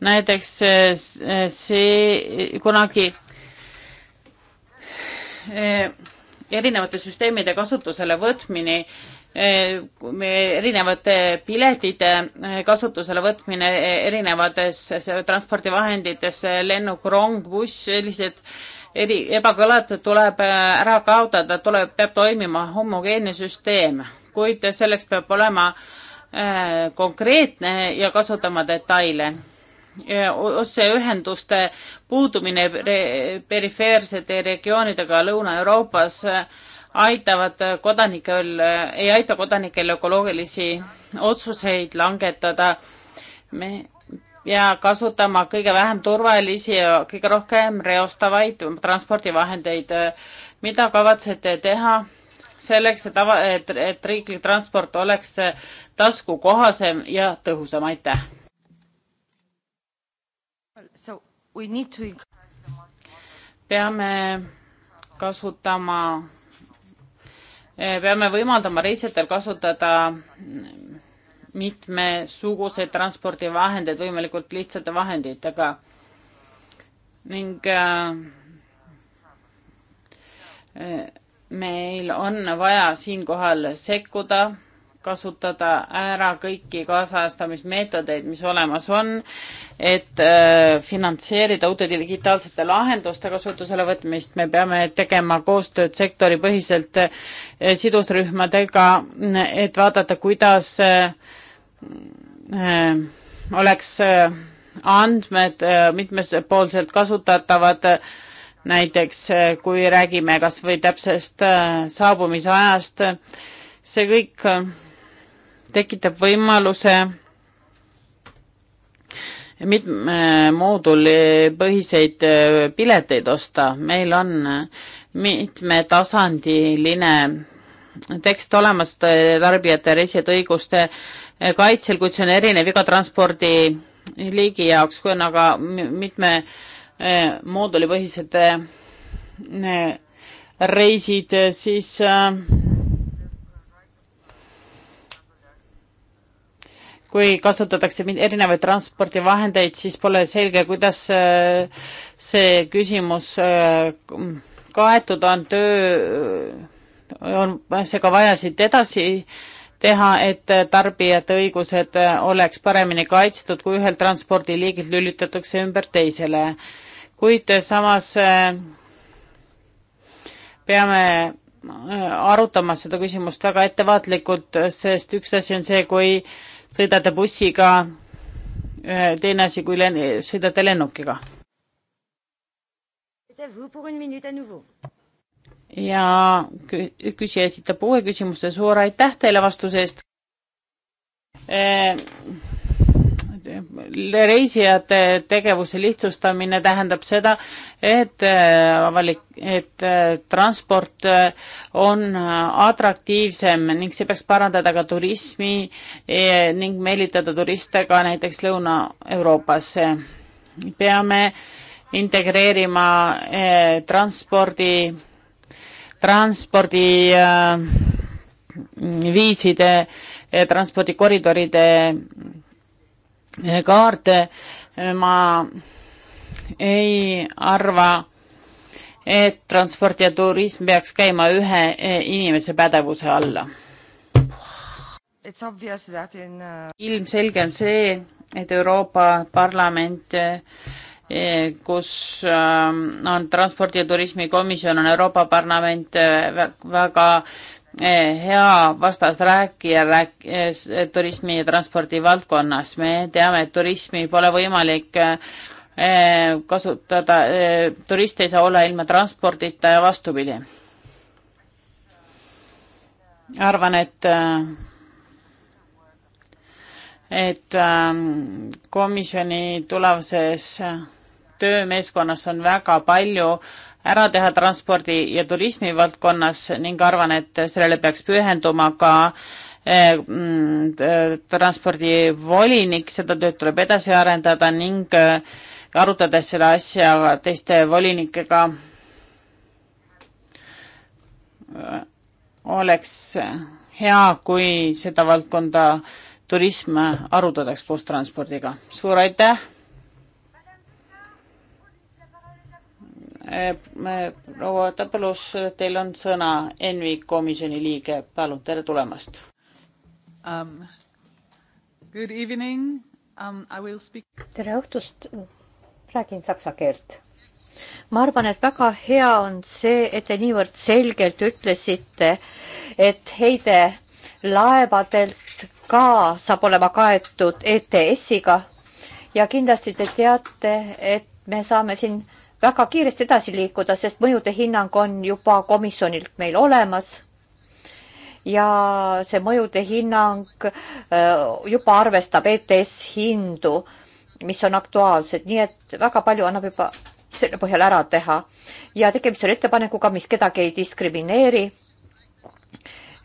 näiteks eh, eh, see kunagi eh, erinevate süsteemide kasutusele võtmine, erinevate piletite kasutusele võtmine erinevates transpordivahendites, lennuk, rong, buss, sellised eri, ebakõlad tuleb ära kaotada, tuleb, peab toimima homogeenne süsteem, kuid selleks peab olema konkreetne ja kasutama detaile otseühenduste puudumine perifeersete regioonidega Lõuna-Euroopas äh, aitavad kodanikel, äh, ei aita kodanikel ökoloogilisi otsuseid langetada. me ja kasutama kõige vähem turvalisi ja kõige rohkem reostavaid transpordivahendeid. mida kavatsete teha selleks, et ava, et, et riiklik transport oleks taskukohasem ja tõhusam, aitäh! peame kasutama, peame võimaldama reisijatel kasutada mitmesuguseid transpordivahendeid võimalikult lihtsate vahenditega ning äh, meil on vaja siinkohal sekkuda kasutada ära kõiki kaasajastamismeetodeid, mis olemas on, et äh, finantseerida uute digitaalsete lahenduste kasutusele võtmist, me peame tegema koostööd sektoripõhiselt äh, sidusrühmadega, et vaadata, kuidas äh, äh oleks äh, andmed äh, mitmepoolselt kasutatavad, näiteks kui räägime kas või täpsest saabumisajast, see kõik tekitab võimaluse mitme mooduli põhiseid äh, pileteid osta. meil on äh, mitmetasandiline tekst olemas äh, tarbijate reisijate õiguste kaitsel, kuid see on erinev iga transpordiliigi jaoks, kui on aga mitme moodulipõhised reisid, siis äh, kui kasutatakse erinevaid transpordivahendeid, siis pole selge, kuidas äh, see küsimus äh, kaetud on, töö äh, on seega vaja siit edasi teha, et tarbijate õigused oleks paremini kaitstud, kui ühelt transpordiliigilt lülitatakse ümber teisele. kuid samas peame arutama seda küsimust väga ettevaatlikult, sest üks asi on see, kui sõidate bussiga, teine asi, kui len-, sõidate lennukiga. ja küsija esitab uue küsimuse, suur aitäh teile vastuse eest. Äh, reisijate tegevuse lihtsustamine tähendab seda, et äh, avalik, et äh, transport äh, on atraktiivsem ning see peaks parandada ka turismi ning meelitada turiste ka näiteks Lõuna-Euroopasse. peame integreerima transpordi, transpordi viiside, transpordikoridoride kaarte. ma ei arva, et transport ja turism peaks käima ühe eh, inimese pädevuse alla. In... Uh, ilmselge on see, et Euroopa Parlament eh, kus ähm, on transpordi- ja turismikomisjon, on Euroopa Parlament eh, väga Eh, hea vastasrääkija rääkis eh, turismi ja transpordi valdkonnas. me teame, et turismi pole võimalik eh, kasutada, turist ei saa olla ilma transpordita ja vastupidi. arvan, et et komisjoni tulevases töömeeskonnas on väga palju äh, ära teha transpordi- ja turismivaldkonnas ning arvan, et sellele peaks pühenduma ka eh, mm, eh, transpordivolinik, seda tööd tuleb edasi arendada ning eh, arutades selle asja teiste volinikega oleks hea, kui seda valdkonda turism arutataks koos transpordiga. suur aitäh! Eh, proua Tapelus, teil on sõna, ENVI komisjoni liige, palun, tere tulemast um,. Good evening um,, I will speak. tere õhtust, räägin saksa keelt ma arvan, et väga hea on see, et te niivõrd selgelt ütlesite, et heide laevadelt ka saab olema kaetud ETS-iga ja kindlasti te teate, et me saame siin väga kiiresti edasi liikuda, sest mõjude hinnang on juba komisjonilt meil olemas. ja see mõjude hinnang äh, juba arvestab ETS hindu, mis on aktuaalsed, nii et väga palju annab juba selle põhjal ära teha. ja tegemist on ettepanekuga, mis kedagi ei diskrimineeri.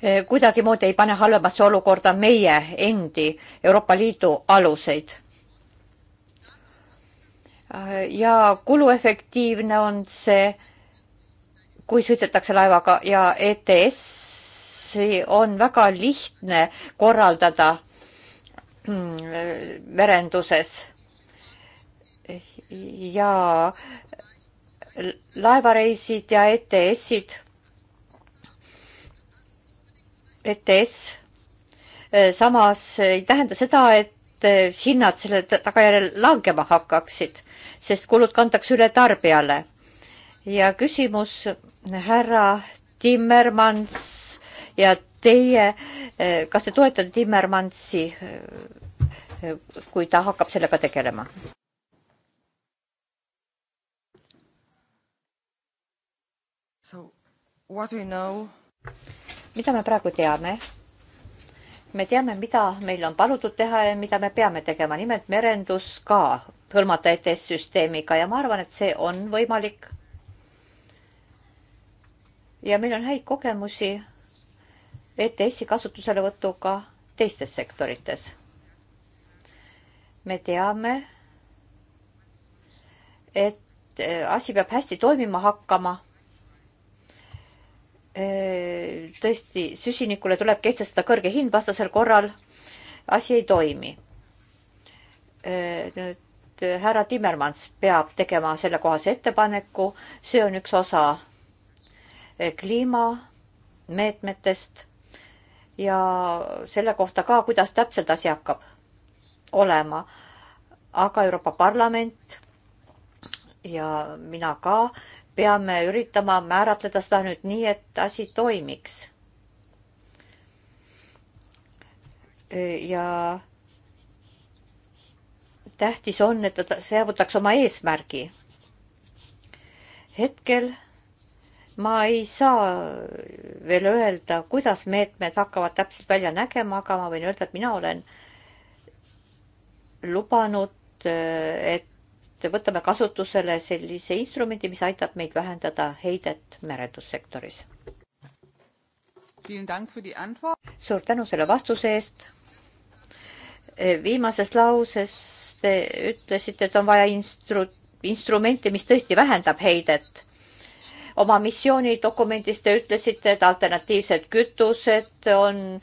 Äh, kuidagimoodi ei pane halvemasse olukorda meie endi Euroopa Liidu aluseid ja kuluefektiivne on see, kui sõidetakse laevaga ja ETS-i on väga lihtne korraldada mm, merenduses. ja laevareisid ja ETS-id, ETS eh, samas ei tähenda seda, et hinnad selle tagajärjel langema hakkaksid sest kulud kantakse üle tarbijale. ja küsimus härra Timmermans ja teie, eh, kas te toetate Timmermansi, eh, kui ta hakkab sellega tegelema? mida me praegu teame? me teame, mida meil on palutud teha ja mida me peame tegema, nimelt merendus ka hõlmata ETS süsteemiga ja ma arvan, et see on võimalik. ja meil on häid kogemusi ETS-i kasutuselevõtuga teistes sektorites. me teame, et eh, asi peab hästi toimima hakkama tõesti, süsinikule tuleb kehtestada kõrge hind, vastasel korral asi ei toimi. nüüd härra Timmermans peab tegema sellekohase ettepaneku, see on üks osa kliimameetmetest ja selle kohta ka, kuidas täpselt asi hakkab olema. aga Euroopa Parlament ja mina ka peame üritama määratleda seda nüüd nii, et asi toimiks. ja tähtis on, et ta saavutaks oma eesmärgi. hetkel ma ei saa veel öelda, kuidas meetmed hakkavad täpselt välja nägema, aga ma võin öelda, et mina olen lubanud, et võtame kasutusele sellise instrumendi, mis aitab meid vähendada heidet merendussektoris. suur tänu selle vastuse eest. viimases lauses te ütlesite, et on vaja instru-, instrumente, mis tõesti vähendab heidet oma missioonidokumendis te ütlesite, et alternatiivsed kütused on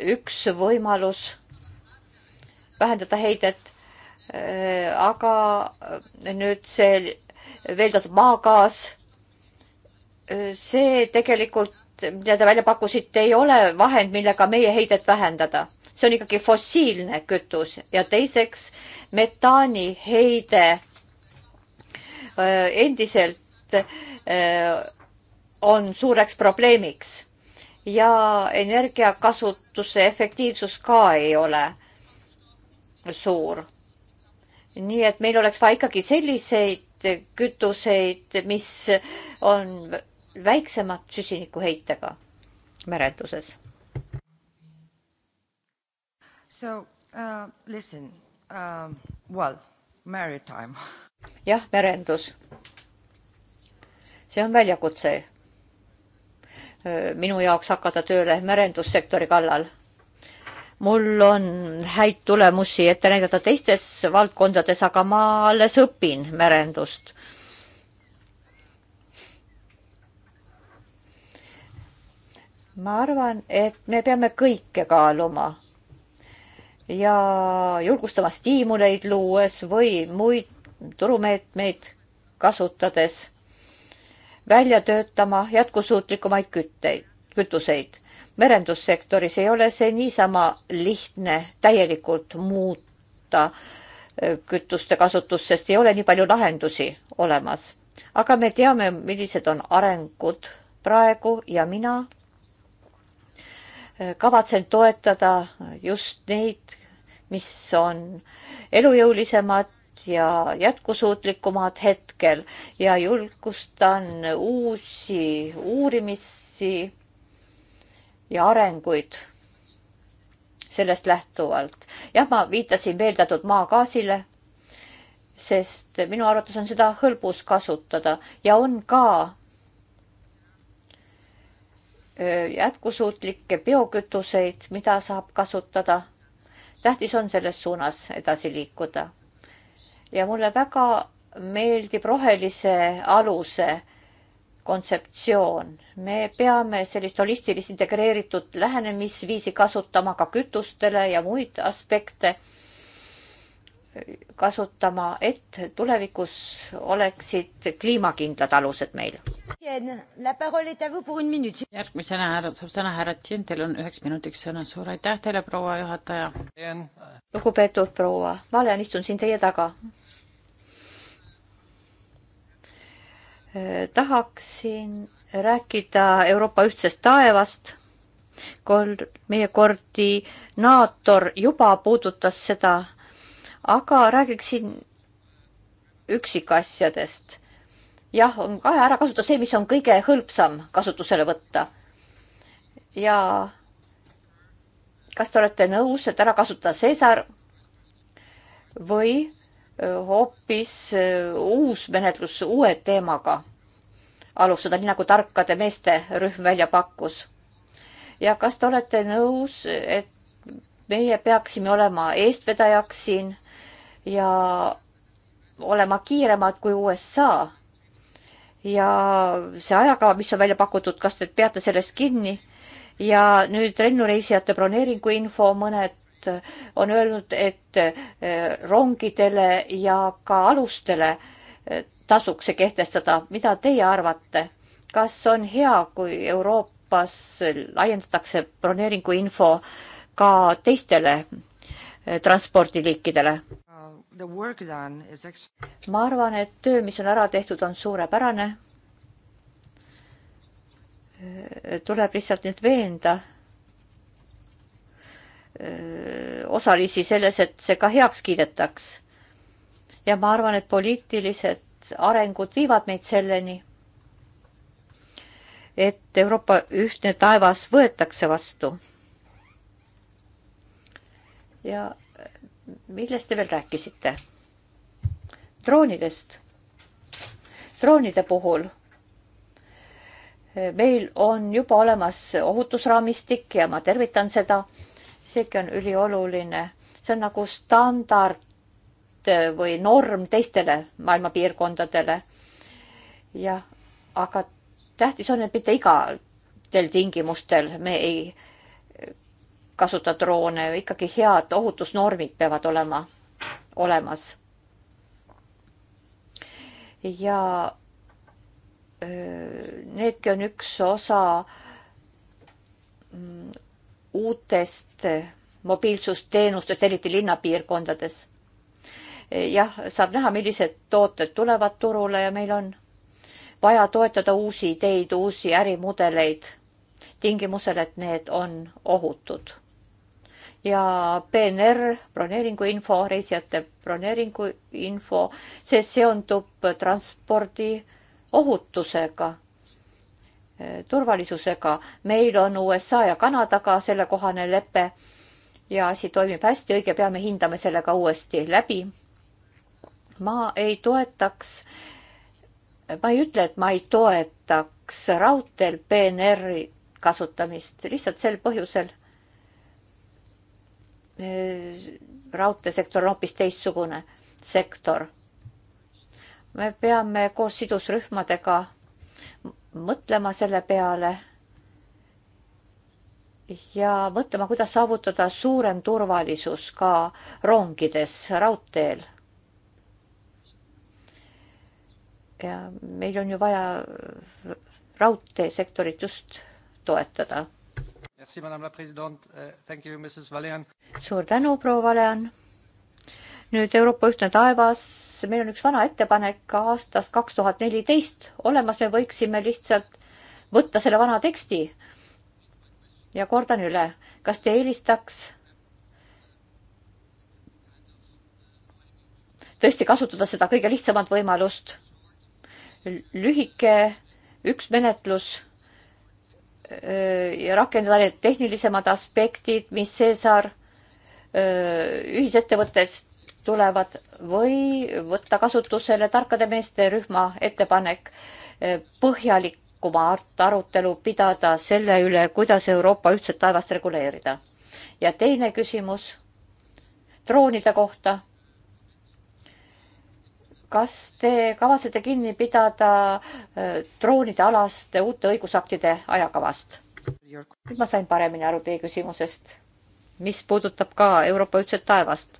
üks võimalus vähendada heidet. Äh, aga äh, nüüd see veeldatud maagaas, äh, see tegelikult, mida te välja pakkusite, ei ole vahend, millega meie heidet vähendada. see on ikkagi fossiilne kütus ja teiseks metaani heide endiselt on suureks probleemiks ja energiakasutuse efektiivsus ka ei ole suur nii et meil oleks vaja ikkagi selliseid kütuseid, mis on väiksema süsinikuheitega merenduses. So uh, listen uh,, well, maritime. jah, merendus. see on väljakutse uh, minu jaoks hakata tööle merendussektori kallal mul on häid tulemusi ette näidata teistes valdkondades, aga ma alles õpin merendust. ma arvan, et me peame kõike kaaluma ja julgustama stiimuleid luues või muid turumeetmeid kasutades välja töötama jätkusuutlikumaid kütteid, kütuseid merendussektoris ei ole see niisama lihtne täielikult muuta äh, kütuste kasutust, sest ei ole nii palju lahendusi olemas. aga me teame, millised on arengud praegu ja mina äh, kavatsen toetada just neid, mis on elujõulisemad ja jätkusuutlikumad hetkel ja julgustan uusi uurimisi ja arenguid sellest lähtuvalt. jah, ma viitasin veeldatud maagaasile, sest minu arvates on seda hõlbus kasutada ja on ka jätkusuutlikke biokütuseid, mida saab kasutada. tähtis on selles suunas edasi liikuda. ja mulle väga meeldib rohelise aluse kontseptsioon. me peame sellist holistilist integreeritud lähenemisviisi kasutama ka kütustele ja muid aspekte kasutama, et tulevikus oleksid kliimakindlad alused meil. järgmisena härra, saab sõna härra Tšin, teil on üheks minutiks sõna. suur aitäh teile, proua juhataja. lugupeetud proua, ma olen, istun siin teie taga Äh, tahaksin rääkida Euroopa ühtsest taevast. kord, meie koordinaator juba puudutas seda, aga räägiksin üksikasjadest. jah, on vaja ära kasutada see, mis on kõige hõlpsam kasutusele võtta. ja kas te olete nõus, et ära kasutada Cäsar või hoopis uus menetlus uue teemaga alustada, nii nagu tarkade meeste rühm välja pakkus. ja kas te olete nõus, et meie peaksime olema eestvedajaks siin ja olema kiiremad kui USA? ja see ajakava, mis on välja pakutud, kas te peate sellest kinni? ja nüüd lennureisijate broneeringu info, mõned on öelnud, et eh, rongidele ja ka alustele eh, tasuks see kehtestada. mida teie arvate, kas on hea, kui Euroopas laiendatakse broneeringu info ka teistele eh, transpordiliikidele? ma arvan, et töö, mis on ära tehtud, on suurepärane. tuleb lihtsalt nüüd veenda osalisi selles, et see ka heaks kiidetaks. ja ma arvan, et poliitilised arengud viivad meid selleni, et Euroopa ühtne taevas võetakse vastu. ja millest te veel rääkisite? droonidest. droonide puhul meil on juba olemas ohutusraamistik ja ma tervitan seda seegi on ülioluline. see on nagu standard äh, või norm teistele maailma piirkondadele. jah, aga tähtis on, et mitte igadel tingimustel me ei kasuta droone, ikkagi head ohutusnormid peavad olema olemas. ja äh, needki on üks osa mm, uutest mobiilsusteenustest, eriti linnapiirkondades. jah, saab näha, millised tooted tulevad turule ja meil on vaja toetada uusi ideid, uusi ärimudeleid tingimusel, et need on ohutud. ja PNR, broneeringu info, reisijate broneeringu info, see seondub transpordi ohutusega turvalisusega. meil on USA ja Kanadaga sellekohane lepe ja asi toimib hästi, õige pea me hindame selle ka uuesti läbi. ma ei toetaks, ma ei ütle, et ma ei toetaks raudteel PNR-i kasutamist lihtsalt sel põhjusel. Äh, raudteesektor on hoopis teistsugune sektor. me peame koos sidusrühmadega mõtlema selle peale ja mõtlema, kuidas saavutada suurem turvalisus ka rongides, raudteel. ja meil on ju vaja raudteesektorit just toetada. Euh, suur tänu, proua Valean nüüd Euroopa ühtne taevas, meil on üks vana ettepanek aastast kaks tuhat neliteist olemas, me võiksime lihtsalt võtta selle vana teksti. ja kordan üle, kas te eelistaks tõesti kasutada seda kõige lihtsamat võimalust? lühike, üks menetlus äh, ja rakendada need tehnilisemad aspektid, mis Cesar äh, ühisettevõttest tulevad või võtta kasutusele tarkade meeste rühma ettepanek eh, põhjalikuma arutelu pidada selle üle, kuidas Euroopa ühtset taevast reguleerida. ja teine küsimus droonide kohta. kas te kavatsete kinni pidada eh, droonide alaste uute õigusaktide ajakavast? nüüd ma sain paremini aru teie küsimusest, mis puudutab ka Euroopa ühtset taevast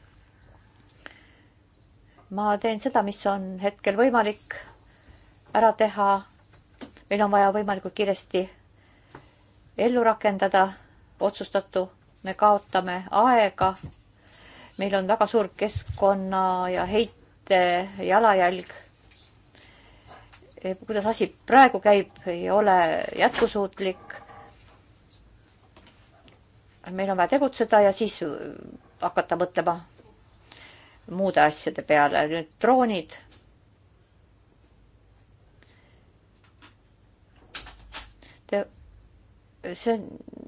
ma teen seda, mis on hetkel võimalik ära teha. meil on vaja võimalikult kiiresti ellu rakendada otsustatu, me kaotame aega. meil on väga suur keskkonna ja heite jalajälg. kuidas asi praegu käib, ei ole jätkusuutlik. meil on vaja tegutseda ja siis hakata mõtlema muude asjade peale. nüüd droonid. Te, see,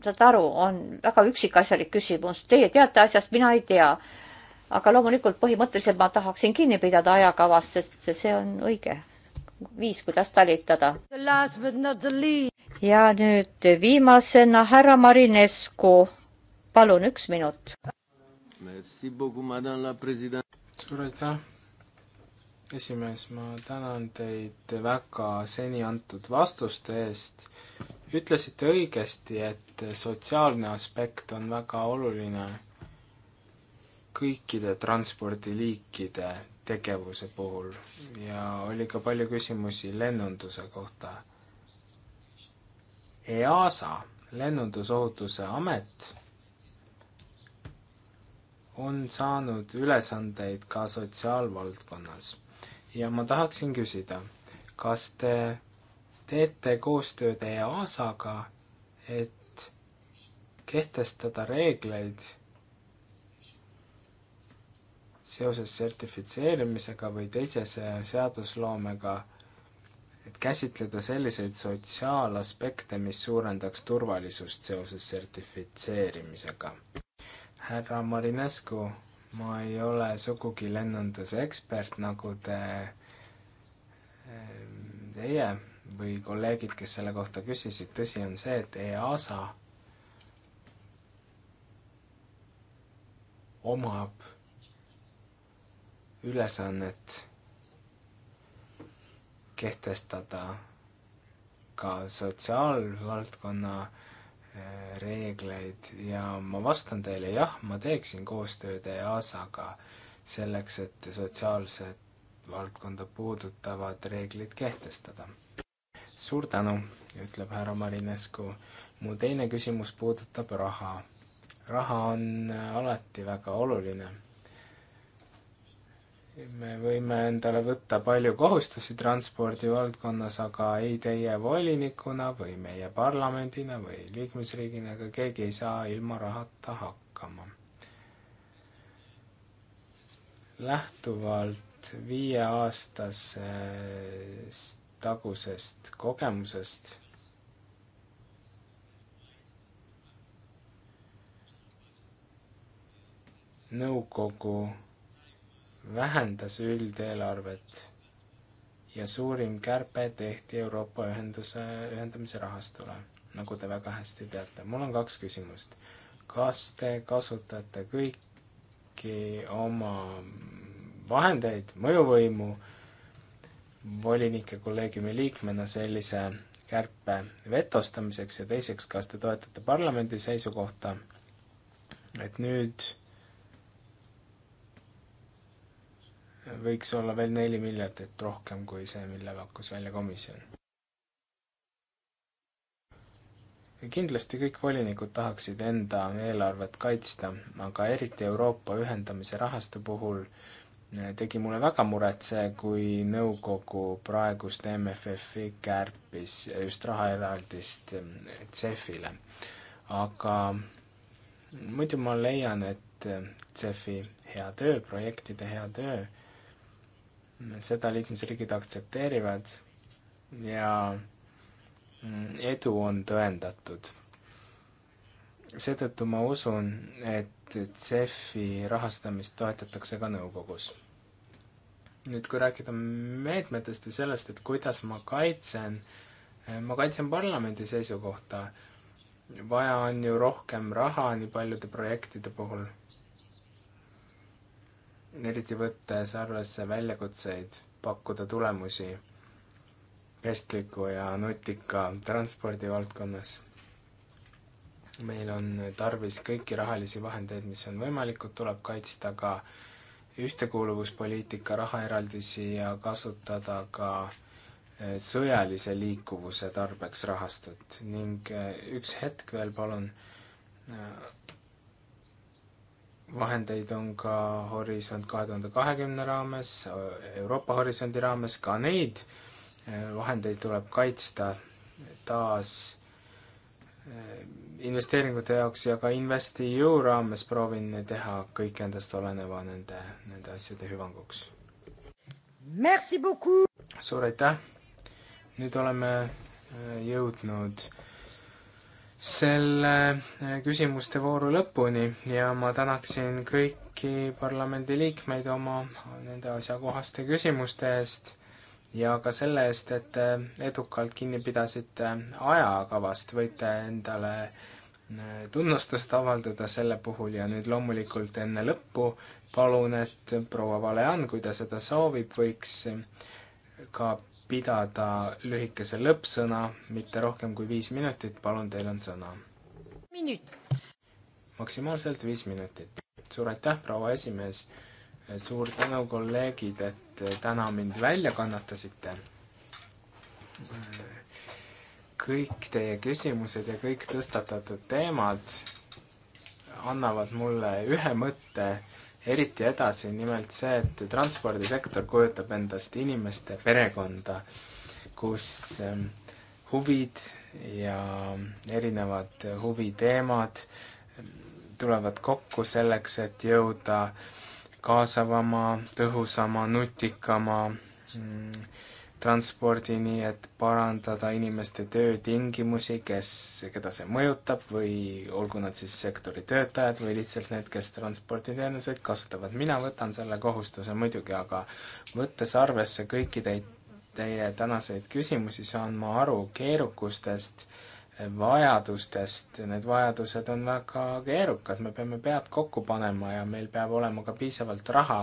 saad aru, on väga üksikasjalik küsimus, teie teate asjast, mina ei tea. aga loomulikult põhimõtteliselt ma tahaksin kinni pidada ajakavast, sest see on õige viis, kuidas talitada. ja nüüd viimasena härra Marinescu, palun üks minut suur aitäh, esimees, ma tänan teid väga seni antud vastuste eest. ütlesite õigesti, et sotsiaalne aspekt on väga oluline kõikide transpordiliikide tegevuse puhul ja oli ka palju küsimusi lennunduse kohta. EASA, Lennundusohutuse Amet on saanud ülesandeid ka sotsiaalvaldkonnas ja ma tahaksin küsida, kas te teete koostööd EASA-ga, et kehtestada reegleid seoses sertifitseerimisega või teise seadusloomega, et käsitleda selliseid sotsiaalaspekte, mis suurendaks turvalisust seoses sertifitseerimisega härra Marinescu, ma ei ole sugugi lennundusekspert, nagu te, ehm, teie või kolleegid, kes selle kohta küsisid, tõsi on see, et EASA omab ülesannet kehtestada ka sotsiaalvaldkonna reegleid ja ma vastan teile, jah, ma teeksin koostööd EASA-ga selleks, et sotsiaalset valdkonda puudutavad reeglid kehtestada. suur tänu, ütleb härra Marinescu. mu teine küsimus puudutab raha. raha on alati väga oluline me võime endale võtta palju kohustusi transpordi valdkonnas, aga ei teie volinikuna või meie parlamendina või liikmesriigina, ega keegi ei saa ilma rahata hakkama. lähtuvalt viieaastasest tagusest kogemusest nõukogu no, vähendas üldeelarvet ja suurim kärpe tehti Euroopa ühenduse, ühendamise rahastule, nagu te väga hästi teate. mul on kaks küsimust. kas te kasutate kõiki oma vahendeid, mõjuvõimu volinike kolleegiumi liikmena sellise kärpe vetostamiseks ja teiseks, kas te toetate parlamendi seisukohta, et nüüd võiks olla veel neli miljardit rohkem kui see, mille pakkus välja komisjon. kindlasti kõik volinikud tahaksid enda eelarvet kaitsta, aga eriti Euroopa ühendamise rahastu puhul eh, tegi mulle väga muret see, kui nõukogu praegust MFF-i kärpis just rahaeraldist eh, CEF-ile. aga muidu ma leian, et eh, CEF-i hea töö, projektide hea töö seda liikmesriigid aktsepteerivad ja mm, edu on tõendatud. seetõttu ma usun, et CEF-i rahastamist toetatakse ka nõukogus. nüüd, kui rääkida meetmetest ja sellest, et kuidas ma kaitsen, ma kaitsen parlamendi seisukohta, vaja on ju rohkem raha nii paljude projektide puhul eriti võttes arvesse väljakutseid pakkuda tulemusi kestliku ja nutika transpordi valdkonnas. meil on tarvis kõiki rahalisi vahendeid, mis on võimalikud, tuleb kaitsta ka ühtekuuluvuspoliitika rahaeraldisi ja kasutada ka eh, sõjalise liikuvuse tarbeks rahastut ning eh, üks hetk veel palun eh, vahendeid on ka Horisont kahe tuhande kahekümne raames, Euroopa Horisondi raames, ka neid eh, vahendeid tuleb kaitsta taas eh, investeeringute jaoks ja ka InvestEU raames proovin teha kõik endast oleneva nende, nende asjade hüvanguks. suur aitäh! nüüd oleme eh, jõudnud selle eh, küsimuste vooru lõpuni ja ma tänaksin kõiki parlamendiliikmeid oma nende asjakohaste küsimuste eest ja ka selle eest, et te edukalt kinni pidasite ajakavast, võite endale eh, tunnustust avaldada selle puhul ja nüüd loomulikult enne lõppu palun, et proua Valean, kui ta seda soovib, võiks ka pidada lühikese lõppsõna, mitte rohkem kui viis minutit, palun, teil on sõna. minut. maksimaalselt viis minutit. suur aitäh, proua esimees. suur tänu, kolleegid, et täna mind välja kannatasite. kõik teie küsimused ja kõik tõstatatud teemad annavad mulle ühe mõtte eriti edasi, nimelt see, et transpordisektor kujutab endast inimeste perekonda, kus ähm, huvid ja erinevad huviteemad ähm, tulevad kokku selleks, et jõuda kaasavama, tõhusama, nutikama mm, transpordini, et parandada inimeste töötingimusi, kes, keda see mõjutab või olgu nad siis sektori töötajad või lihtsalt need, kes transporditeenuseid kasutavad. mina võtan selle kohustuse muidugi, aga võttes arvesse kõiki teid, teie tänaseid küsimusi, saan ma aru keerukustest, vajadustest, need vajadused on väga keerukad, me peame pead kokku panema ja meil peab olema ka piisavalt raha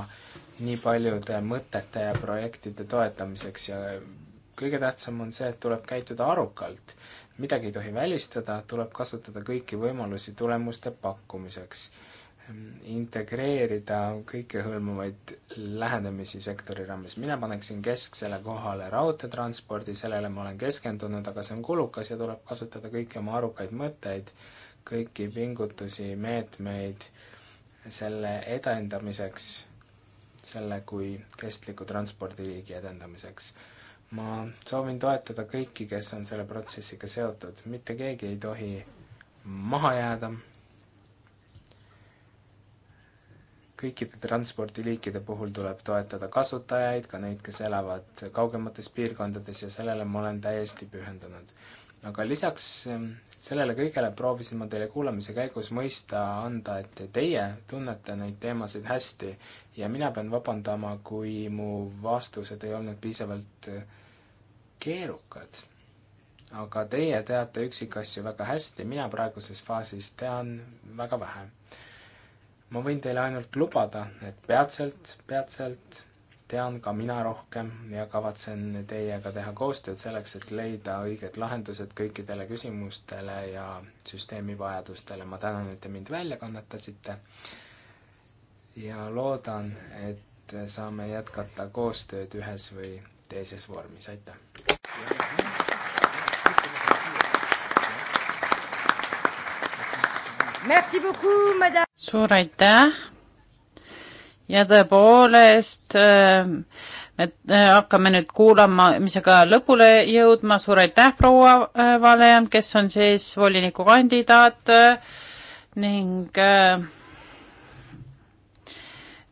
nii paljude mõtete ja projektide toetamiseks ja kõige tähtsam on see, et tuleb käituda arukalt. midagi ei tohi välistada, tuleb kasutada kõiki võimalusi tulemuste pakkumiseks. integreerida kõikehõlmavaid lähenemisi sektori raames. mina paneksin kesksele kohale raudteetranspordi, sellele ma olen keskendunud, aga see on kulukas ja tuleb kasutada kõiki oma arukaid mõtteid, kõiki pingutusi, meetmeid selle edendamiseks selle kui kestliku transpordiliigi edendamiseks. ma soovin toetada kõiki, kes on selle protsessiga seotud, mitte keegi ei tohi maha jääda. kõikide transpordiliikide puhul tuleb toetada kasutajaid, ka neid, kes elavad kaugemates piirkondades ja sellele ma olen täiesti pühendunud aga lisaks sellele kõigele proovisin ma teile kuulamise käigus mõista anda, et teie tunnete neid teemasid hästi ja mina pean vabandama, kui mu vastused ei olnud piisavalt eh, keerukad. aga teie teate üksikasju väga hästi, mina praeguses faasis tean väga vähe. ma võin teile ainult lubada, et peatselt, peatselt tean ka mina rohkem ja kavatsen teiega teha koostööd selleks, et leida õiged lahendused kõikidele küsimustele ja süsteemi vajadustele. ma tänan, et te mind välja kannatasite ja loodan, et saame jätkata koostööd ühes või teises vormis, aitäh! suur aitäh, ja tõepoolest ähm, me äh, hakkame nüüd kuulama, mis aga lõpule jõudma, suur aitäh, proua äh, Valean, kes on siis volinikukandidaat äh, ning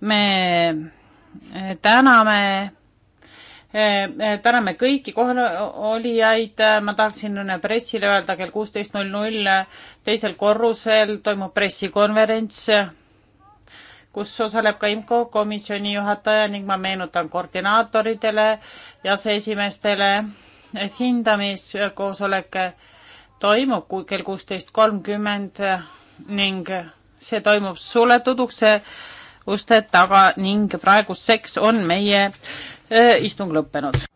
me täname täname kõiki kohalolijaid, ma tahaksin pressile öelda kell kuusteist null null teisel korrusel toimub pressikonverents kus osaleb ka IMCO komisjoni juhataja ning ma meenutan koordinaatoridele ja aseesimeestele, et hindamiskoosolek toimub kell kuusteist kolmkümmend ning see toimub suletud ukse uste taga ning praeguseks on meie äh, istung lõppenud.